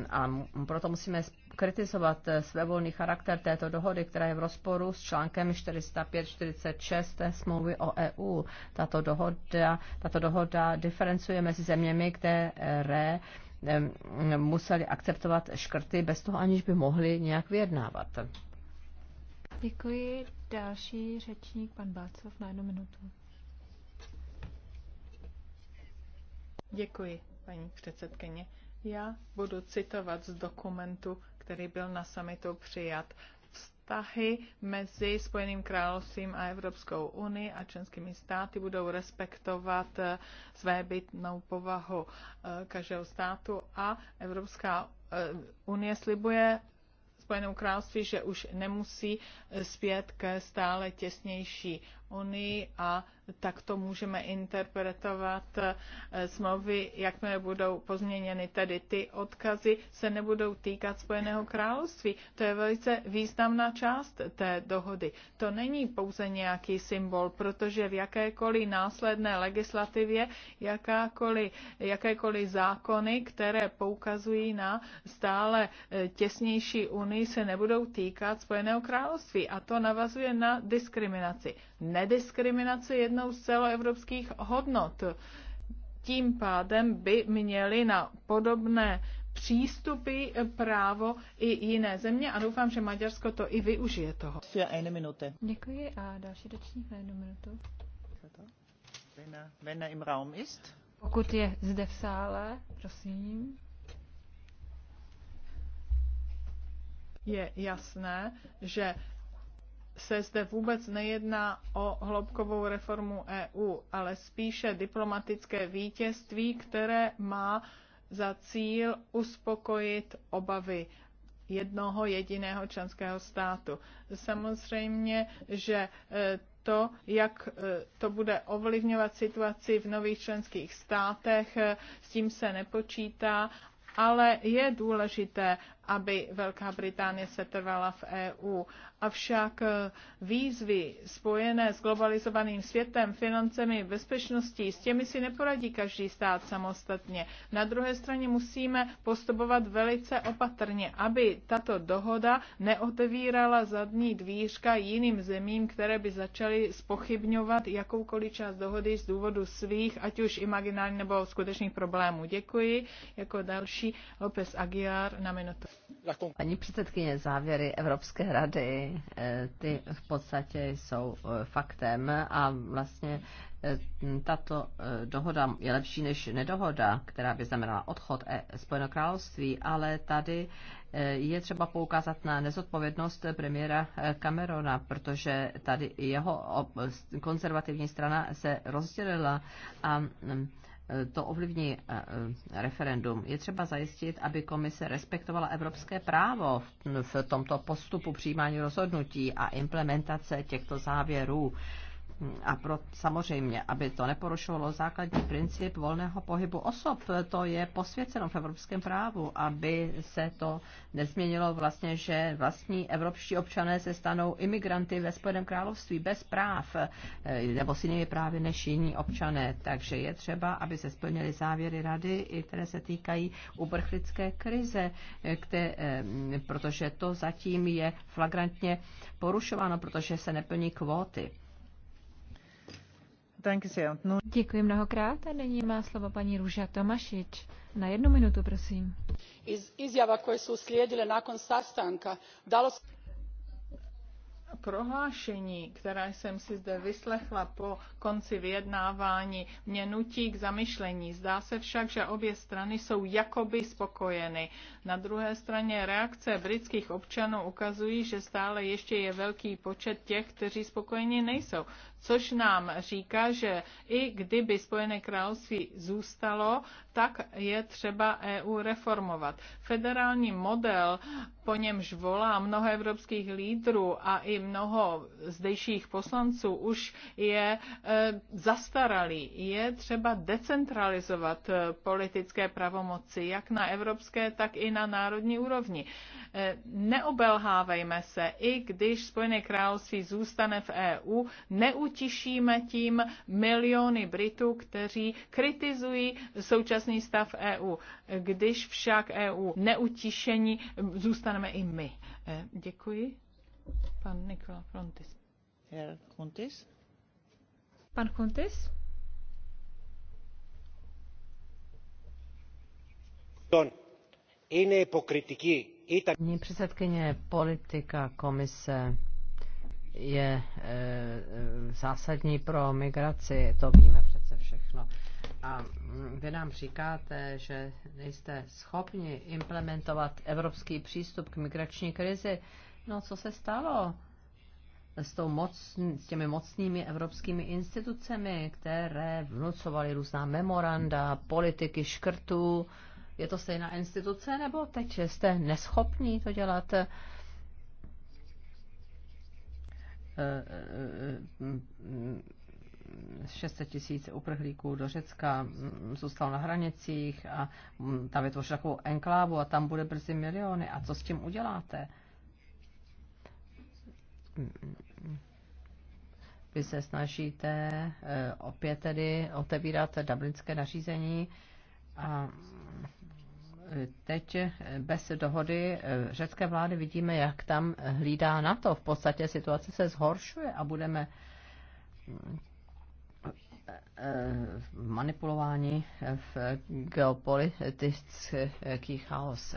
a proto musíme kritizovat eh, svévolný charakter této dohody, která je v rozporu s článkem 405-46 smlouvy o EU. Tato dohoda, tato dohoda diferencuje mezi zeměmi, které museli akceptovat škrty bez toho, aniž by mohli nějak vyjednávat. Děkuji. Další řečník, pan Bácov, na jednu minutu. Děkuji, paní předsedkyně. Já budu citovat z dokumentu, který byl na samitu přijat. Vztahy mezi Spojeným královstvím a Evropskou unii a členskými státy budou respektovat eh, své bytnou povahu eh, každého státu a Evropská eh, unie slibuje Spojenému království, že už nemusí zpět k stále těsnější unii a takto můžeme interpretovat eh, smlouvy, jakmile budou pozměněny. Tedy ty odkazy se nebudou týkat Spojeného království. To je velice významná část té dohody. To není pouze nějaký symbol, protože v jakékoliv následné legislativě, jakákoliv, jakékoliv zákony, které poukazují na stále eh, těsnější unii, se nebudou týkat Spojeného království. A to navazuje na diskriminaci nediskriminace jednou z celoevropských hodnot. Tím pádem by měli na podobné přístupy právo i jiné země a doufám, že Maďarsko to i využije toho. Děkuji a další dočník na jednu minutu. Pokud je zde v sále, prosím. Je jasné, že se zde vůbec nejedná o hloubkovou reformu EU, ale spíše diplomatické vítězství, které má za cíl uspokojit obavy jednoho jediného členského státu. Samozřejmě, že e, to, jak e, to bude ovlivňovat situaci v nových členských státech, e, s tím se nepočítá, ale je důležité aby Velká Británie se trvala v EU. Avšak eh, výzvy spojené s globalizovaným světem, financemi, bezpečností, s těmi si neporadí každý stát samostatně. Na druhé straně musíme postupovat velice opatrně, aby tato dohoda neotevírala zadní dvířka jiným zemím, které by začaly spochybňovat jakoukoliv část dohody z důvodu svých, ať už imaginárních nebo skutečných problémů. Děkuji. Jako další López Aguiar na minutu. Paní předsedkyně, závěry Evropské rady, eh, ty v podstatě jsou eh, faktem a vlastně eh, tato dohoda je lepší než nedohoda, která by znamenala odchod Spojeného království, ale tady je třeba poukázat na nezodpovědnost premiéra Camerona, protože tady jeho konzervativní strana se rozdělila a mm, to ovlivní eh, eh, referendum. Je třeba zajistit, aby komise respektovala evropské právo v tomto postupu přijímání rozhodnutí a implementace těchto závěrů. A pro, samozřejmě, aby to neporušovalo základní princip volného pohybu osob, to je posvěceno v evropském právu, aby se to nezměnilo vlastně, že vlastní evropští občané se stanou imigranty ve Spojeném království bez práv eh, nebo s jinými právy než jiní občané. Takže je třeba, aby se splnily závěry rady, které se týkají uprchlické krize, eh, které, eh, protože to zatím je flagrantně porušováno, protože se neplní kvóty. No. Děkuji mnohokrát a nyní má slovo paní Růža Tomašič. Na jednu minutu, prosím. Iz izjava koje su uslijedile nakon sastanka dalo prohlášení, které jsem si zde vyslechla po konci vyjednávání, mě nutí k zamyšlení. Zdá se však, že obě strany jsou jakoby spokojeny. Na druhé straně reakce britských občanů ukazují, že stále ještě je velký počet těch, kteří spokojeni nejsou což nám říká, že i kdyby Spojené království zůstalo, tak je třeba EU reformovat. Federální model, po němž volá mnoho evropských lídrů a i mnoho zdejších poslanců, už je e, zastaralý. Je třeba decentralizovat e, politické pravomoci, jak na evropské, tak i na národní úrovni. E, neobelhávejme se, i když Spojené království zůstane v EU, neutíkáme neutěšíme tím miliony Britů, kteří kritizují současný stav EU. Když však EU neutišení, zůstaneme i my. E, děkuji. Pan Nikola Frontis. Herr Kuntis. Pan Kuntis. Don. Jiné pokrytiky. Paní předsedkyně, politika komise je eh, eh, zásadní pro migraci, to víme přece všechno. A mm, vy nám říkáte, že nejste schopni implementovat evropský přístup k migrační krizi. No, co se stalo s, tou moc, s těmi mocnými evropskými institucemi, které vnucovaly různá memoranda, politiky škrtů? Je to stejná instituce, nebo teď jste neschopní to dělat? 600 eh, eh, eh, tisíc uprchlíků do Řecka mm, zůstal na hranicích a mm, tam vytvořil takovou enklávu a tam bude brzy miliony. A co s tím uděláte? Mm. Vy se snažíte opět tedy otevírat dublinské nařízení a teď bez dohody eh, řecké vlády vidíme, jak tam hlídá to, V podstatě situace se zhoršuje a budeme eh, manipulování v geopolitický chaos.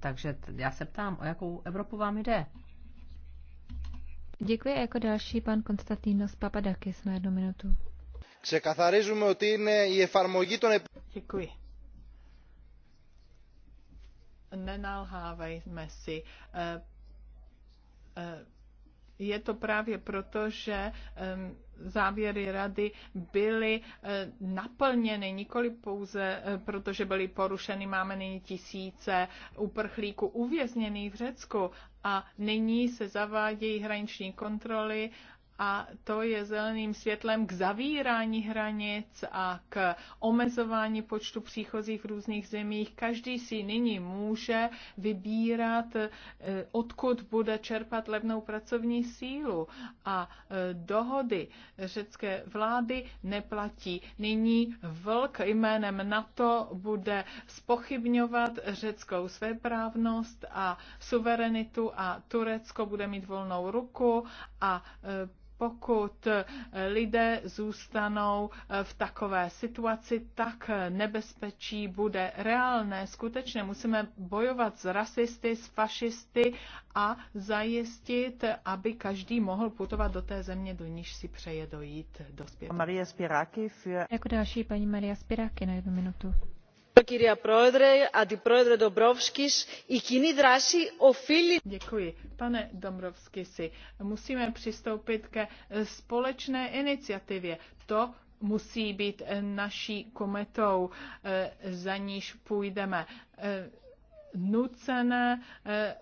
Takže já se ptám, o jakou Evropu vám jde? Děkuji jako další pan Konstantinos Papadakis na jednu minutu ξεκαθαρίζουμε ότι είναι η εφαρμογή των... Děkuji. Nenalhávejme si. Eh, eh, je to právě proto, že závěry rady byly eh, naplněny, nikoli pouze proto, že byly porušeny. Máme nyní tisíce uprchlíků uvězněných v Řecku a nyní se zavádějí hraniční kontroly a to je zeleným světlem k zavírání hranic a k omezování počtu příchozích v různých zemích. Každý si nyní může vybírat, e, odkud bude čerpat levnou pracovní sílu a e, dohody řecké vlády neplatí. Nyní vlk jménem NATO bude spochybňovat řeckou svéprávnost a suverenitu a Turecko bude mít volnou ruku a e, pokud eh, lidé zůstanou eh, v takové situaci, tak eh, nebezpečí bude reálné. Skutečně musíme bojovat s rasisty, s fašisty a zajistit, aby každý mohl putovat do té země, do níž si přeje dojít dospět. Maria Spiraky. Für... Jako další paní Maria Spiraky na jednu minutu. Děkuji. Pane Dombrovskisi, musíme přistoupit ke společné iniciativě. To musí být naší kometou, eh, za níž půjdeme. Eh, nucené eh,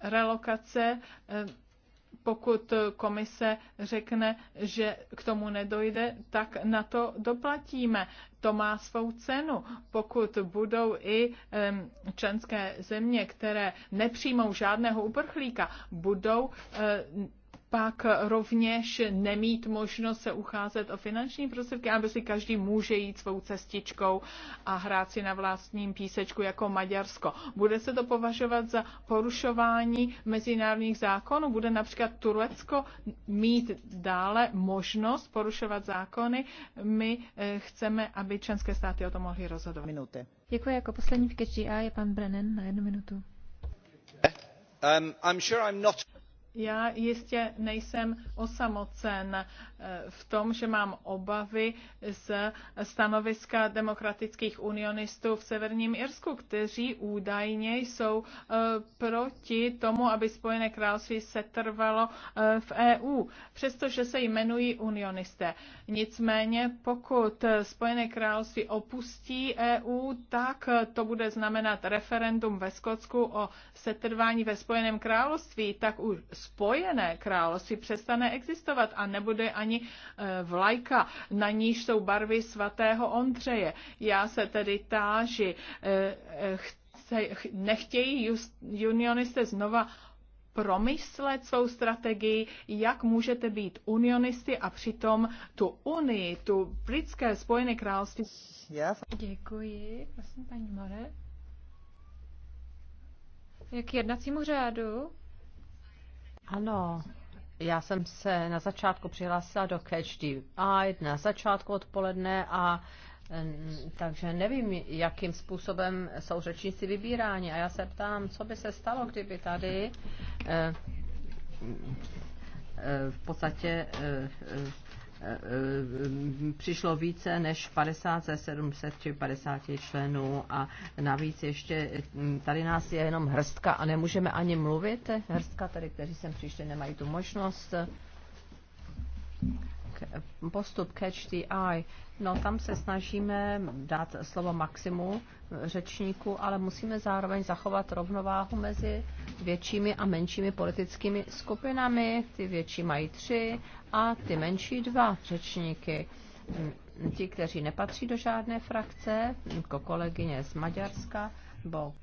relokace pokud komise řekne, že k tomu nedojde, tak na to doplatíme. To má svou cenu. Pokud budou i členské země, které nepřijmou žádného uprchlíka, budou eh, pak rovněž nemít možnost se ucházet o finanční prostředky, aby si každý může jít svou cestičkou a hrát si na vlastním písečku jako Maďarsko. Bude se to považovat za porušování mezinárodních zákonů? Bude například Turecko mít dále možnost porušovat zákony? My eh, chceme, aby členské státy o tom mohly rozhodovat. Minuty. Děkuji. Jako poslední v A je pan Brennan na jednu minutu. Eh, um, I'm sure I'm not... Já jistě nejsem osamocen eh, v tom, že mám obavy z stanoviska demokratických unionistů v Severním Irsku, kteří údajně jsou eh, proti tomu, aby Spojené království setrvalo eh, v EU, přestože se jmenují unionisté. Nicméně, pokud Spojené království opustí EU, tak to bude znamenat referendum ve Skotsku o setrvání ve Spojeném království, tak už spojené království přestane existovat a nebude ani eh, vlajka, na níž jsou barvy svatého Ondřeje. Já se tedy táži, eh, eh, nechtějí unionisté znova promyslet svou strategii, jak můžete být unionisty a přitom tu Unii, tu britské spojené království. Yes. Děkuji. Prosím, paní More. Jak jednacímu řádu ano, já jsem se na začátku přihlásila do Catch the Eye, na začátku odpoledne a mm, takže nevím, jakým způsobem jsou řečníci vybíráni. A já se ptám, co by se stalo, kdyby tady eh, mm, eh, v podstatě eh, eh Eh, eh, přišlo více než 50 ze 700 či 50 členů a navíc ještě hm, tady nás je jenom hrstka a nemůžeme ani mluvit. Hrstka tady, kteří sem přišli, nemají tu možnost. Postup Catch the Eye. No tam se snažíme dát slovo maximu řečníku, ale musíme zároveň zachovat rovnováhu mezi většími a menšími politickými skupinami. Ty větší mají tři a ty menší dva řečníky. Mm, ti, kteří nepatří do žádné frakce, jako kolegyně z Maďarska, bo,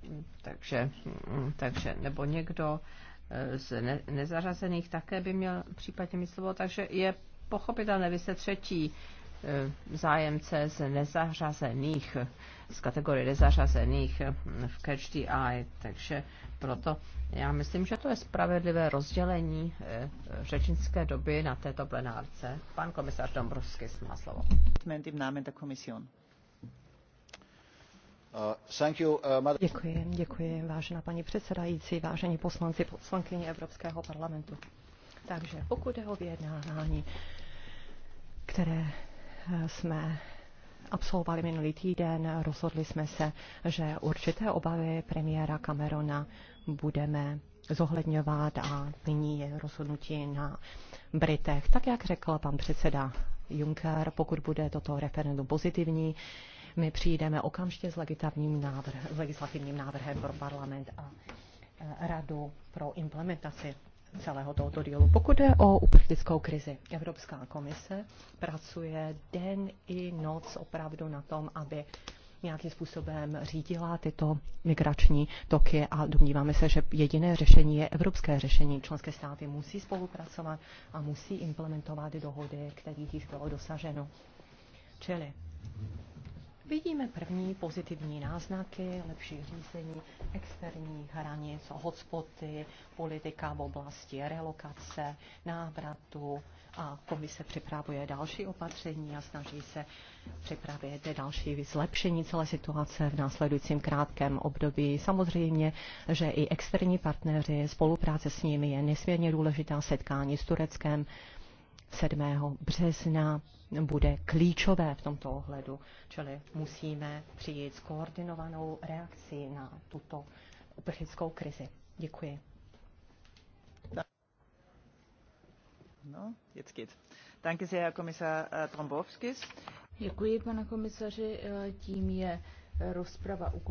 takže, mm, takže, nebo někdo e, z ne, nezařazených také by měl případně mít slovo, takže je pochopitelné, vy se třetí e, zájemce z nezařazených z kategorie nezařazených v Catch the Eye, takže proto já myslím, že to je spravedlivé rozdělení eh, řečnické doby na této plenárce. Pan komisař Dombrovský má slovo. Děkuji, děkuji, vážená paní předsedající, vážení poslanci, poslankyně Evropského parlamentu. Takže pokud je o vyjednávání, které eh, jsme absolvovali minulý týden, rozhodli jsme se, že určité obavy premiéra Camerona budeme zohledňovat a nyní je rozhodnutí na Britech. Tak, jak řekl pan předseda Juncker, pokud bude toto referendum pozitivní, my přijdeme okamžitě s legislativním, návrh, s legislativním návrhem pro parlament a e, radu pro implementaci celého tohoto dílu. Pokud je o uprchlickou krizi, Evropská komise pracuje den i noc opravdu na tom, aby nějakým způsobem řídila tyto migrační toky a domníváme se, že jediné řešení je evropské řešení. Členské státy musí spolupracovat a musí implementovat dohody, kterých již bylo dosaženo. Čili Vidíme první pozitivní náznaky lepší řízení externích hranic, hotspoty, politika v oblasti relokace, návratu a komise připravuje další opatření a snaží se připravit další zlepšení celé situace v následujícím krátkém období. Samozřejmě, že i externí partneři, spolupráce s nimi je nesmírně důležitá setkání s Tureckem 7. března bude klíčové v tomto ohledu, čili musíme přijít s koordinovanou reakcí na tuto uprchlickou krizi. Děkuji. No, jetzt geht's. Danke sehr, Herr Kommissar äh, Trombowskis. Děkuji, pane komisaři. Äh, tím je äh, rozprava ukončena.